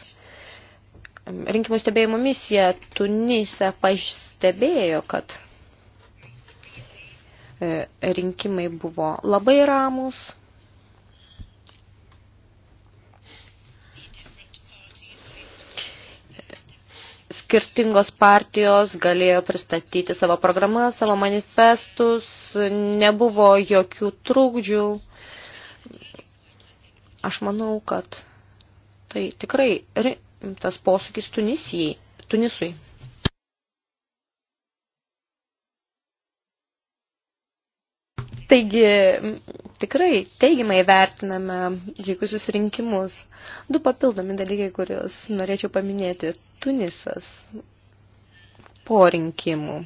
Rinkimų stebėjimo misija Tunise pastebėjo, kad e, rinkimai buvo labai ramus skirtingos partijos galėjo pristatyti savo programą, savo manifestus, nebuvo jokių trūkdžių. Aš manau, kad tai tikrai rimtas posūkis Tunisijai, Tunisui. Taigi, tikrai teigiamai vertiname vykusius rinkimus. Du papildomi dalykai, kuriuos norėčiau paminėti. Tunisas po rinkimų.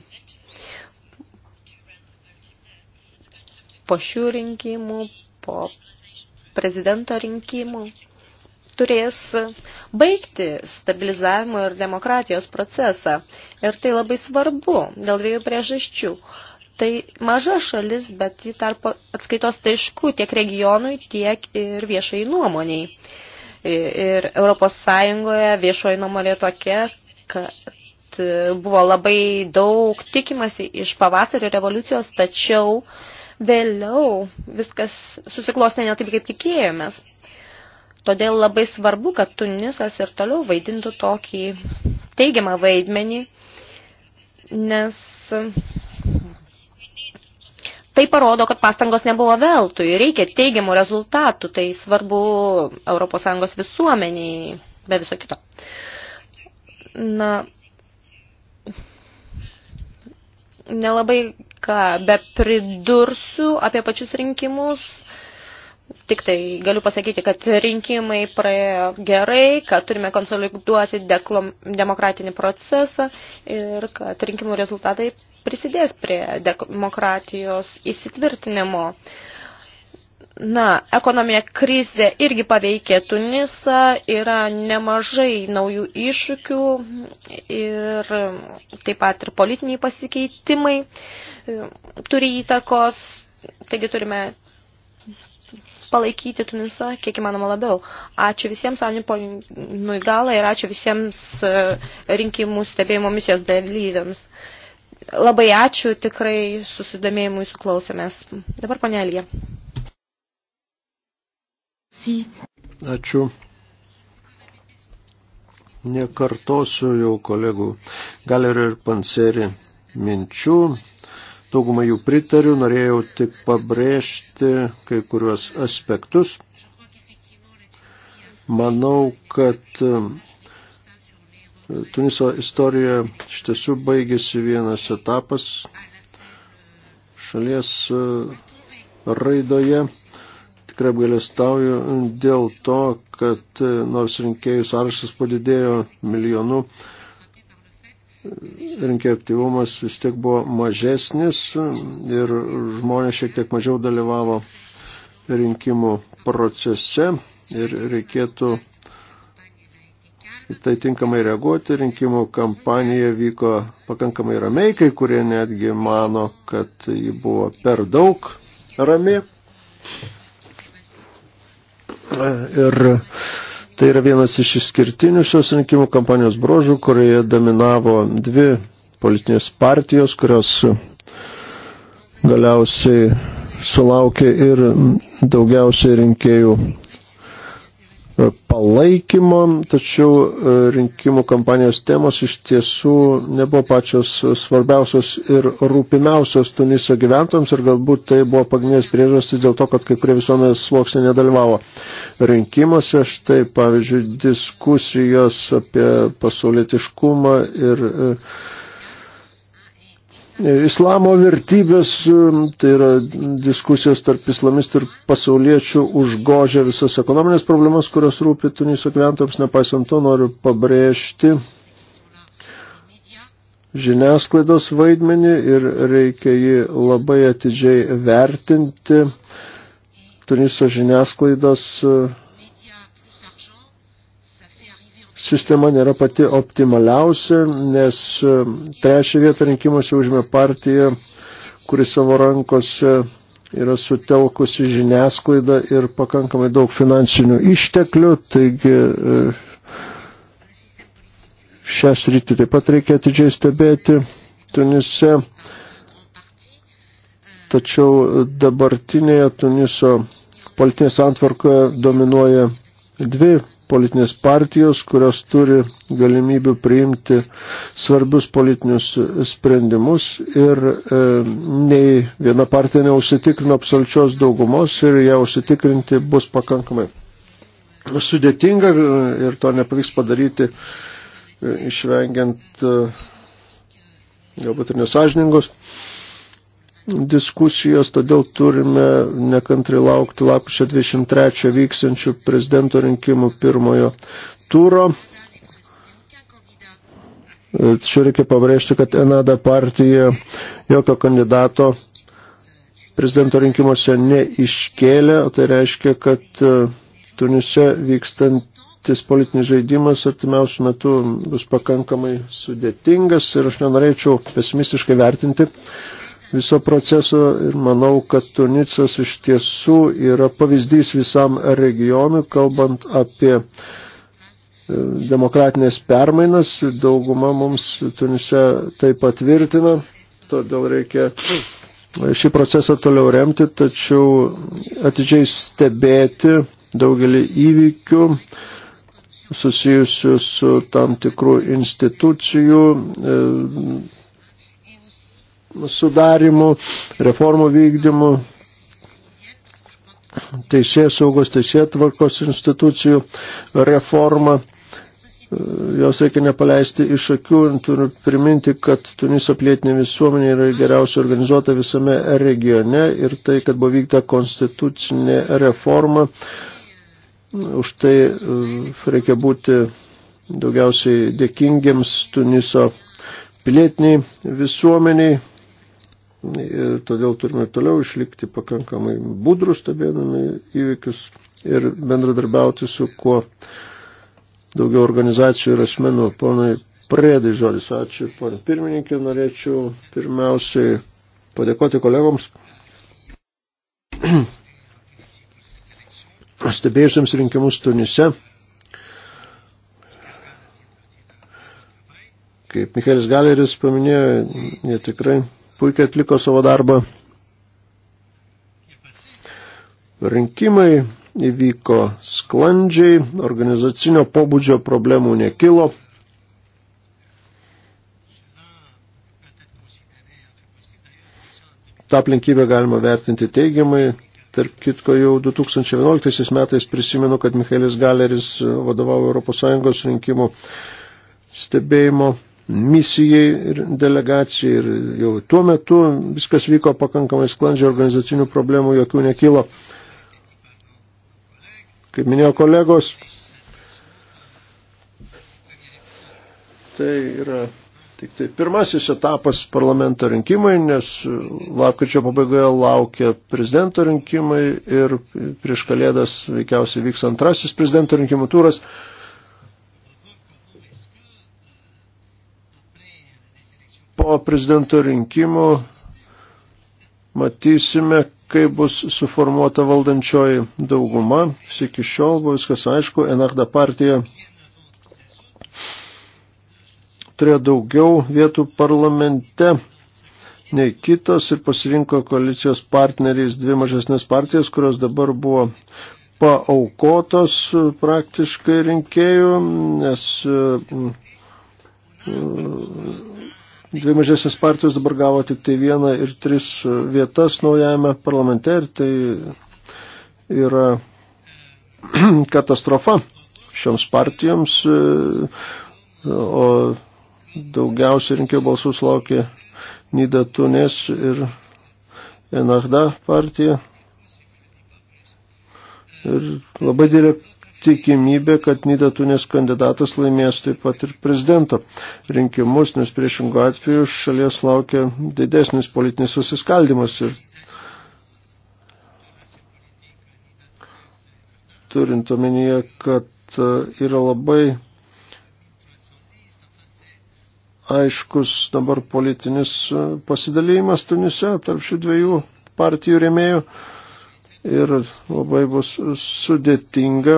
Po šių rinkimų, po prezidento rinkimų turės baigti stabilizavimo ir demokratijos procesą. Ir tai labai svarbu dėl dviejų priežasčių. Uh, tai maža šalis, bet ji tarpo atskaitos taišku tiek regionui, tiek ir viešai nuomoniai. Ir Europos Sąjungoje viešoji nuomonė tokia, kad buvo labai daug tikimasi iš pavasario revoliucijos, tačiau vėliau viskas susiklostė ne taip, kaip tikėjomės. Todėl labai svarbu, kad Tunisas ir toliau vaidintų tokį teigiamą vaidmenį, nes Tai parodo, kad pastangos nebuvo veltui, reikia teigiamų rezultatų, tai svarbu ES visuomeniai, be viso kito. Na, nelabai ką be pridursiu apie pačius rinkimus. Tik tai galiu pasakyti, kad rinkimai praėjo gerai, kad turime konsoliduoti demokratinį procesą ir kad rinkimų rezultatai prisidės prie demokratijos įsitvirtinimo. Na, ekonominė krizė irgi paveikė Tunisą, yra nemažai naujų iššūkių ir taip pat ir politiniai pasikeitimai turi įtakos, taigi turime palaikyti Tunisą kiek įmanoma labiau. Ačiū visiems Anipolnui galą ir ačiū visiems rinkimų stebėjimo misijos dalyviams. Labai ačiū, tikrai susidomėjimų jūsų klausėmės. Dabar ponė Elgė. Ačiū. Nekartosiu jau kolegų Galerio ir Panseri minčių. Daugumą jų pritariu, norėjau tik pabrėžti kai kuriuos aspektus. Manau, kad Tuniso istorijoje iš tiesų baigėsi vienas etapas šalies e, raidoje. Tikrai apgalėstauju dėl to, kad e, nors rinkėjų sąrašas padidėjo milijonu, rinkėjų aktyvumas vis tiek buvo mažesnis ir žmonės šiek tiek mažiau dalyvavo rinkimų procese ir reikėtų tai tinkamai reaguoti. Rinkimų kampanija vyko pakankamai ramiai, kai kurie netgi mano, kad ji buvo per daug rami. Ir tai yra vienas iš išskirtinių šios rinkimų kampanijos brožų, kurioje dominavo dvi politinės partijos, kurios galiausiai sulaukė ir daugiausiai rinkėjų E, palaikymo, tačiau e, rinkimų kampanijos temos iš tiesų nebuvo pačios svarbiausios ir rūpimiausios Tuniso gyventojams ir galbūt tai buvo pagrindinės priežastis dėl to, kad kai kurie visuomenės sluoksniai nedalyvavo rinkimuose. Štai, pavyzdžiui, diskusijos apie pasaulietiškumą ir e, Islamo vertybės, um, tai yra diskusijos tarp islamistų ir pasauliečių, užgožia visas ekonominės problemas, kurios rūpi Tuniso gyventojams. Nepaisant to, noriu pabrėžti žiniasklaidos vaidmenį ir reikia jį labai atidžiai vertinti. Tuniso žiniasklaidos sistema nėra pati optimaliausia, nes e, trečią vietą rinkimuose užėmė partija, kuri savo rankose yra sutelkusi žiniasklaidą ir pakankamai daug finansinių išteklių, taigi e, šią sritį taip pat reikia atidžiai stebėti Tunise. Tačiau dabartinėje Tuniso politinės antvarkoje dominuoja dvi politinės partijos, kurios turi galimybių priimti svarbius politinius sprendimus ir e, nei viena partija neužsitikrino absoliučios daugumos ir ją užsitikrinti bus pakankamai sudėtinga e, ir to nepavyks padaryti e, išvengiant e, galbūt ir nesažiningos diskusijos, todėl turime nekantrai laukti lapkričio 23 vyksiančių prezidento rinkimų pirmojo turo. Čia reikia pabrėžti, kad Enada partija jokio kandidato prezidento rinkimuose neiškėlė, o tai reiškia, kad e, Tunise vykstantis politinis žaidimas artimiausių metų bus pakankamai sudėtingas ir aš nenorėčiau pesimistiškai vertinti viso proceso ir manau, kad Tunicas iš tiesų yra pavyzdys visam regionui, kalbant apie e, demokratinės permainas. Dauguma mums Tunise tai patvirtina, todėl reikia šį procesą toliau remti, tačiau atidžiai stebėti daugelį įvykių susijusių su tam tikrų institucijų e, sudarimu, reformų vykdymu, teisės saugos, teisėtvarkos institucijų reforma. Jos reikia nepaleisti iš akių ir turiu priminti, kad Tuniso plėtinė visuomenė yra geriausiai organizuota visame regione ir tai, kad buvo vykta konstitucinė reforma, už tai e, reikia būti daugiausiai dėkingiems Tuniso pilietiniai visuomeniai, ir todėl turime toliau išlikti pakankamai budrus stebėdami įvykius ir bendradarbiauti su kuo daugiau organizacijų ir asmenų. Ponai Prėdai žodis, ačiū ponė pirmininkė, norėčiau pirmiausiai padėkoti kolegoms (clears throat) stebėjusiems rinkimus Tunise. Kaip Michaelis Galeris paminėjo, jie tikrai puikiai atliko savo darbą. Rinkimai įvyko sklandžiai, organizacinio pobūdžio problemų nekilo. Ta aplinkybė galima vertinti teigiamai. Tarp kitko jau 2011 metais prisimenu, kad Michaelis Galeris vadovavo ES rinkimų stebėjimo misijai ir delegacijai ir jau tuo metu viskas vyko pakankamai sklandžiai, organizacinių problemų jokių nekilo. Kaip minėjo kolegos, tai yra tik tai pirmasis etapas parlamento rinkimai, nes lapkričio pabaigoje laukia prezidento rinkimai ir prieš kalėdas veikiausiai vyks antrasis prezidento rinkimų turas. po prezidento rinkimų matysime, kaip bus suformuota valdančioji dauguma. Iki šiol buvo viskas aišku, Enarda partija turėjo daugiau vietų parlamente nei kitos ir pasirinko koalicijos partneriais dvi mažesnės partijas, kurios dabar buvo paaukotos praktiškai rinkėjų, nes Dvi mažesnės partijos dabar gavo tik tai vieną ir tris vietas naujame parlamente ir tai yra (clears throat) katastrofa šioms partijoms, o daugiausiai rinkėjų balsų sulaukė Nida Tunės ir Enahda partija. Ir labai didelė tikimybė, kad Nida Tunės kandidatas laimės taip pat ir prezidento rinkimus, nes priešingų atveju šalies laukia didesnis politinis susiskaldimas ir turint omenyje, kad e, yra labai aiškus dabar politinis e, pasidalėjimas Tunise tarp šių dviejų partijų rėmėjų ir labai bus sudėtinga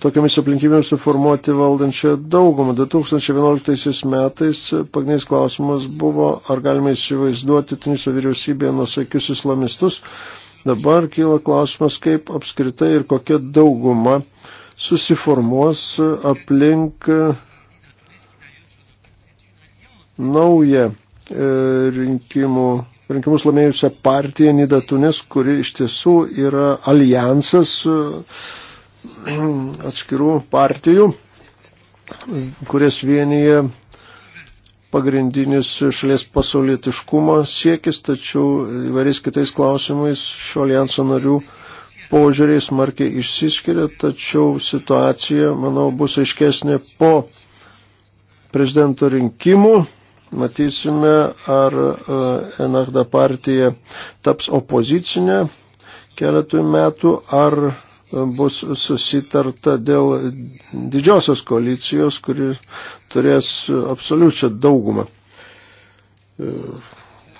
tokiamis aplinkybėmis suformuoti valdančią daugumą. 2011 metais pagrindinis klausimas buvo, ar galime įsivaizduoti Tuniso vyriausybėje nusaikius islamistus. Dabar kyla klausimas, kaip apskritai ir kokia dauguma susiformuos aplink e, naują e, rinkimų, rinkimus lamėjusią partiją Nida Tunes, kuri iš tiesų yra alijansas uh, atskirų partijų, kurias vienyje pagrindinis šalies pasaulietiškumo siekis, tačiau įvairiais kitais klausimais šio alijanso narių požiūriai smarkiai išsiskiria, tačiau situacija, manau, bus aiškesnė po prezidento rinkimų. Matysime, ar e, Enagda partija taps opozicinė keletui metų, ar bus susitarta dėl didžiosios koalicijos, kuri turės absoliučią daugumą. E,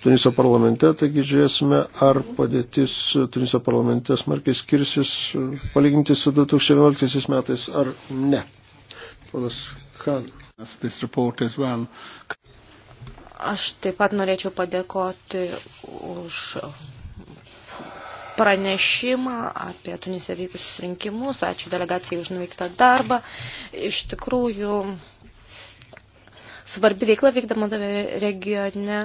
Tuniso parlamente, taigi žiūrėsime, ar padėtis Tuniso parlamente smarkiai skirsis e, palyginti su 2011 metais ar ne. Ponas Khan. Aš taip pat norėčiau padėkoti už pranešimą apie Tunise vykusius rinkimus. Ačiū delegacijai už nuveiktą darbą. Iš tikrųjų, svarbi veikla vykdama regione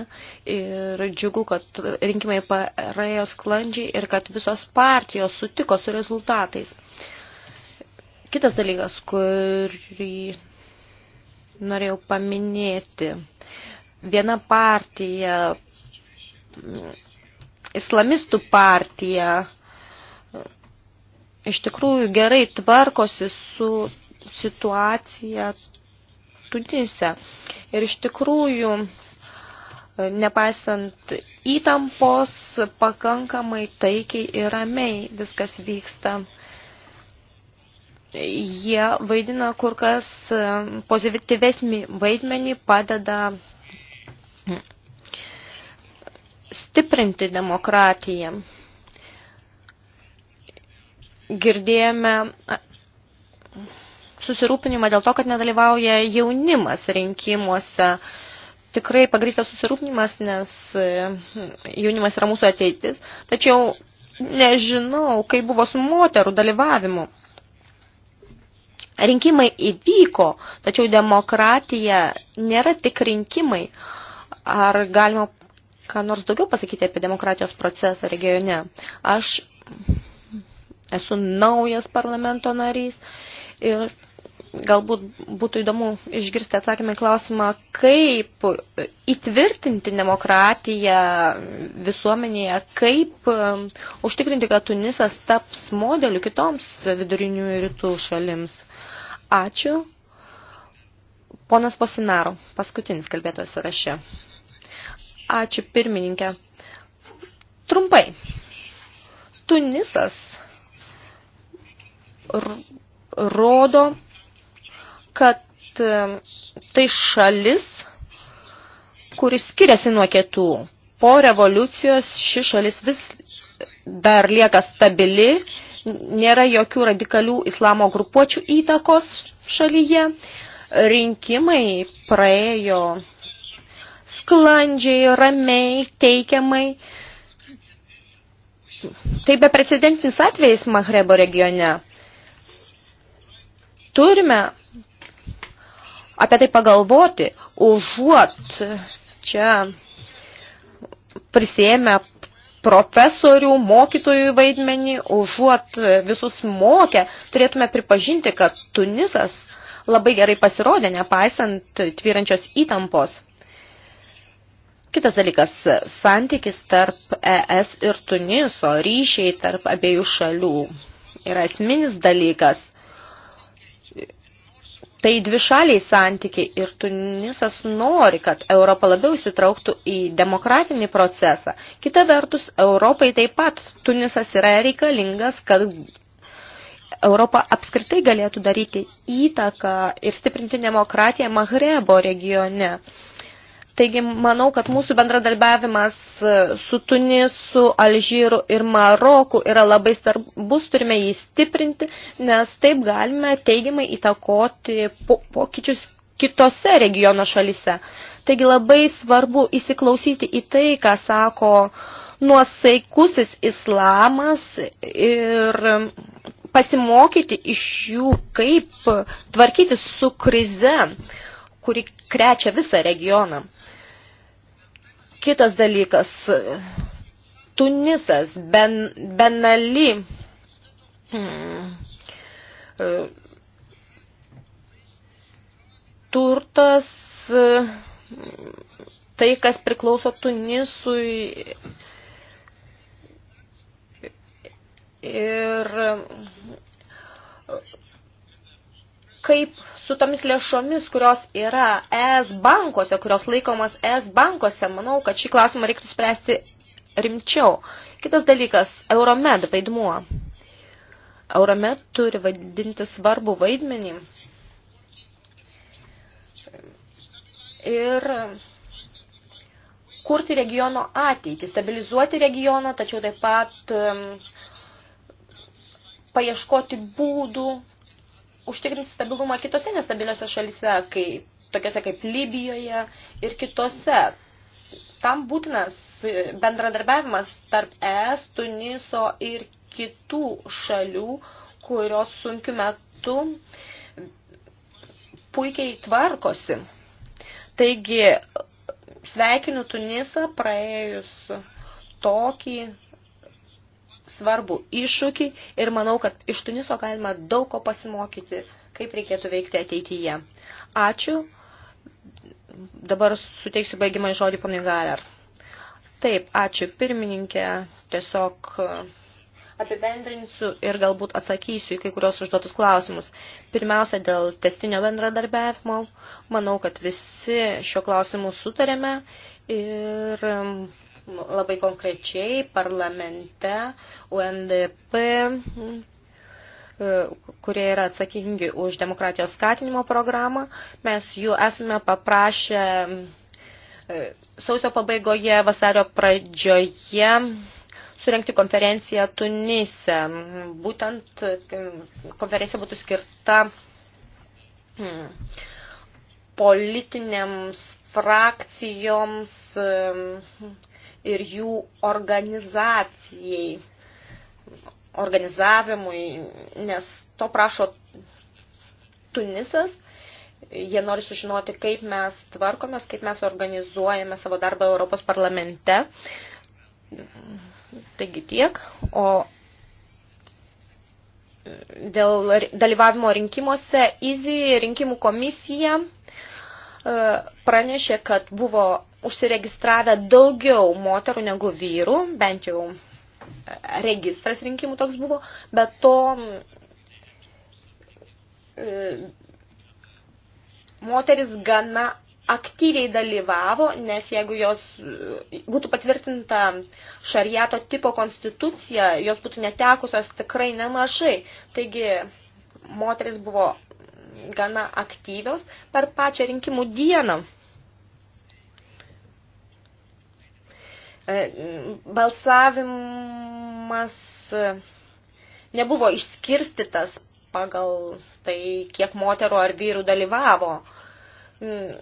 ir džiugu, kad rinkimai parėjo sklandžiai ir kad visos partijos sutiko su rezultatais. Kitas dalykas, kurį norėjau paminėti. Viena partija islamistų partija iš tikrųjų gerai tvarkosi su situacija Tunise. Ir iš tikrųjų, nepaisant įtampos, pakankamai taikiai ir ramiai viskas vyksta. Jie vaidina kur kas pozityvesnį vaidmenį, padeda stiprinti demokratiją. Girdėjome susirūpinimą dėl to, kad nedalyvauja jaunimas rinkimuose. Tikrai pagrįstas susirūpinimas, nes e, jaunimas yra mūsų ateitis. Tačiau nežinau, kaip buvo su moterų dalyvavimu. Rinkimai įvyko, tačiau demokratija nėra tik rinkimai. Ar galima ką nors daugiau pasakyti apie demokratijos procesą regione. Aš esu naujas parlamento narys ir galbūt būtų įdomu išgirsti atsakymą į klausimą, kaip įtvirtinti demokratiją visuomenėje, kaip um, užtikrinti, kad Tunisas taps modeliu kitoms vidurinių rytų šalims. Ačiū. Ponas Posinaro, paskutinis kalbėtojas rašė. Ačiū pirmininkė. Trumpai. Tunisas rodo, kad tai šalis, kuris skiriasi nuo kitų. Po revoliucijos ši šalis vis dar lieka stabili, nėra jokių radikalių islamo grupuočių įtakos šalyje. Rinkimai praėjo sklandžiai, ramiai, teikiamai. Tai beprecedentinis atvejis Mahrebo regione. Turime apie tai pagalvoti, užuot čia prisėmę profesorių, mokytojų vaidmenį, užuot visus mokę, turėtume pripažinti, kad Tunisas labai gerai pasirodė, nepaisant tvyrančios įtampos. Kitas dalykas – santykis tarp ES ir Tuniso, ryšiai tarp abiejų šalių yra esminis dalykas. Tai dvi šaliai santykiai ir Tunisas nori, kad Europa labiau įsitrauktų į demokratinį procesą. Kita vertus, Europai taip pat Tunisas yra reikalingas, kad Europa apskritai galėtų daryti įtaką ir stiprinti demokratiją Magrebo regione. Taigi manau, kad mūsų bendradarbiavimas e, su Tunisu, Alžyru ir Maroku yra labai svarbus, turime jį stiprinti, nes taip galime teigiamai įtakoti po, pokyčius kitose regiono šalise. Taigi labai svarbu įsiklausyti į tai, ką sako nuosaikusis islamas ir pasimokyti iš jų, kaip tvarkytis su krize, kuri krečia visą regioną. Kitas dalykas, Tunisas, ben, Benali, hmm, turtas, tai, kas priklauso Tunisui ir kaip su tomis lėšomis, kurios yra ES bankose, kurios laikomas ES bankose, manau, kad šį klausimą reiktų spręsti rimčiau. Kitas dalykas – Euromed vaidmuo. Euromed turi vaidinti svarbų vaidmenį. Ir kurti regiono ateitį, stabilizuoti regioną, tačiau taip pat um, paieškoti būdų, užtikrinti stabilumą kitose nestabiliose šalise, kaip, tokiose kaip Libijoje ir kitose. Tam būtinas bendradarbiavimas tarp ES, Tuniso ir kitų šalių, kurios sunkiu metu puikiai tvarkosi. Taigi, sveikinu Tunisą praėjus tokį svarbų iššūkį ir manau, kad iš Tuniso galima daug ko pasimokyti, kaip reikėtų veikti ateityje. Ačiū. Dabar suteiksiu baigimą žodį ponui Galer. Taip, ačiū pirmininkė. Tiesiog e, apibendrinsiu ir galbūt atsakysiu į kai kurios užduotus klausimus. Pirmiausia, dėl testinio bendradarbiavimo. Manau, kad visi šio klausimu sutarėme ir labai konkrečiai parlamente UNDP kurie yra atsakingi už demokratijos skatinimo programą. Mes jų esame paprašę e, sausio pabaigoje, vasario pradžioje surengti konferenciją Tunise. Būtent e, konferencija būtų skirta hmm, politinėms frakcijoms e, ir jų organizacijai, organizavimui, nes to prašo Tunisas. Jie nori sužinoti, kaip mes tvarkomės, kaip mes organizuojame savo darbą Europos parlamente. Taigi tiek. O dėl dalyvavimo rinkimuose, IZI rinkimų komisija e, pranešė, kad buvo užsiregistravę daugiau moterų negu vyrų, bent jau e, registras rinkimų toks buvo, bet to e, moteris gana aktyviai dalyvavo, nes jeigu jos e, būtų patvirtinta šariato tipo konstitucija, jos būtų netekusios tikrai nemažai. Taigi moteris buvo gana aktyvios per pačią rinkimų dieną. E, balsavimas e, nebuvo išskirstytas pagal tai, kiek moterų ar vyrų dalyvavo. Mm,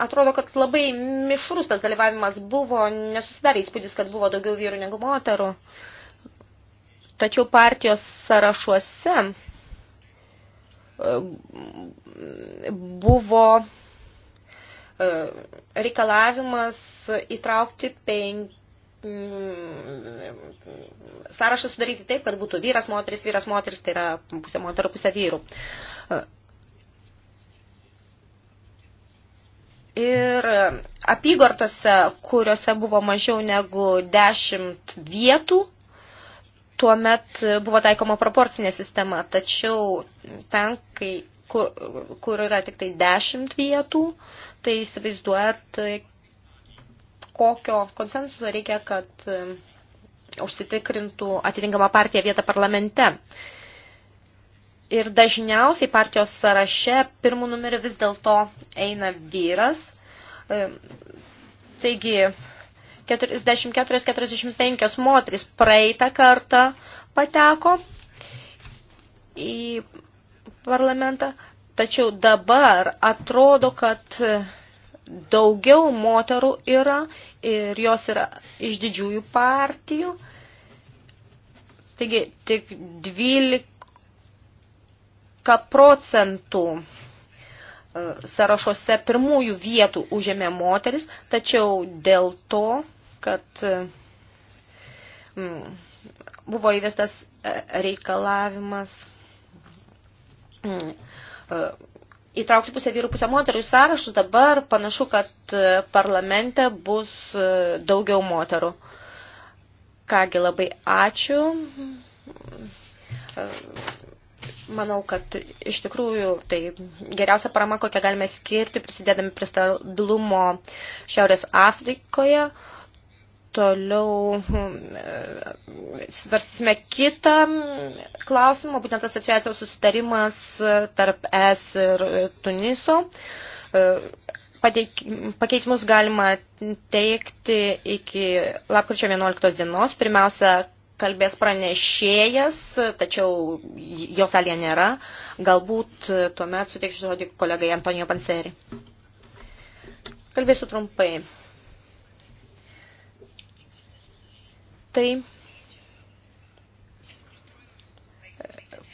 atrodo, kad labai mišrus tas dalyvavimas buvo, nesusidarė įspūdis, kad buvo daugiau vyrų negu moterų. Tačiau partijos sąrašuose e, buvo E, reikalavimas įtraukti penki sąrašą sudaryti taip, kad būtų vyras, moteris, vyras, moteris, tai yra pusė moterų, pusė vyrų. E, ir apygartose, kuriuose buvo mažiau negu 10 vietų, tuomet buvo taikoma proporcinė sistema, tačiau ten, kai kur, kur yra tik tai 10 vietų, tai įsivaizduojat, kokio konsensuso reikia, kad e, užsitikrintų atitinkamą partiją vietą parlamente. Ir dažniausiai partijos sąraše pirmų numerių vis dėlto eina vyras. E, taigi 44-45 moteris praeitą kartą pateko į parlamentą, tačiau dabar atrodo, kad e, daugiau moterų yra ir jos yra iš didžiųjų partijų. Taigi tik 12 procentų e, sąrašuose pirmųjų vietų užėmė moteris, tačiau dėl to, kad e, buvo įvestas reikalavimas įtraukti pusę vyrų, pusę moterų į sąrašus, dabar panašu, kad e, parlamente bus e, daugiau moterų. Kągi labai ačiū. E, manau, kad iš tikrųjų tai geriausia parama, kokią galime skirti, prisidėdami prie stabilumo Šiaurės Afrikoje. Uh, Toliau hmm, svarstysime kitą klausimą, būtent asociacijos susitarimas tarp ES ir Tuniso. Pateik, pakeitimus galima teikti iki lapkričio 11 dienos. Pirmiausia, kalbės pranešėjas, tačiau jo salėje nėra. Galbūt tuomet suteiksiu žodį kolegai Antonijo Panseri. Kalbėsiu trumpai. tai e,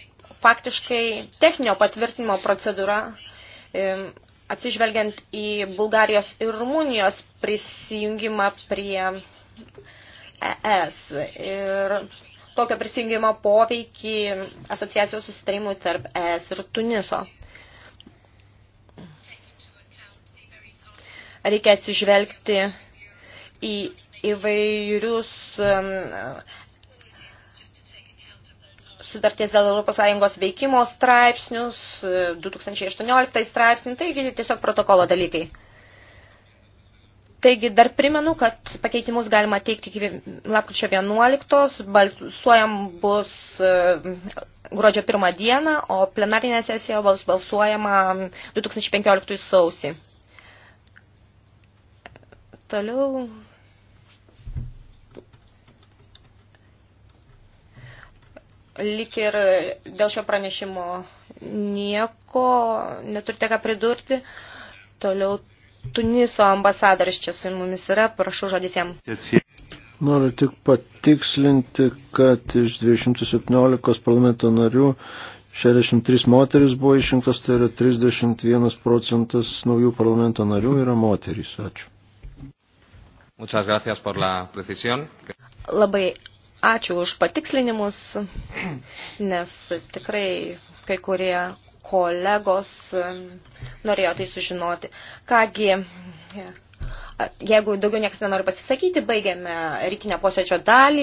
faktiškai techninio patvirtinimo procedūra e, atsižvelgiant į Bulgarijos ir Rumunijos prisijungimą prie ES ir tokio prisijungimo poveikį asociacijos susitarimui tarp ES ir Tuniso. Reikia atsižvelgti į įvairius sutarties dėl ES veikimo straipsnius, 2018 e, straipsnį, taigi tiesiog protokolo dalykai. Taigi dar primenu, kad pakeitimus galima teikti iki lapkričio 11, balsuojam bus e, gruodžio 1 dieną, o plenarinė sesija bus balsuojama 2015 sausį. Toliau lik ir dėl šio pranešimo nieko neturite ką pridurti. Toliau Tuniso ambasadoris čia su mumis yra, prašau žodis jam. Noriu tik patikslinti, kad iš 217 parlamento narių 63 moteris buvo išrinktos, tai yra 31 procentas naujų parlamento narių yra moterys. Ačiū. Muchas gracias por la precisión. Labai Ačiū už patikslinimus, nes tikrai kai kurie kolegos norėjo tai sužinoti. Kągi, jeigu daugiau niekas nenori pasisakyti, baigiame rytinę posėdžio dalį.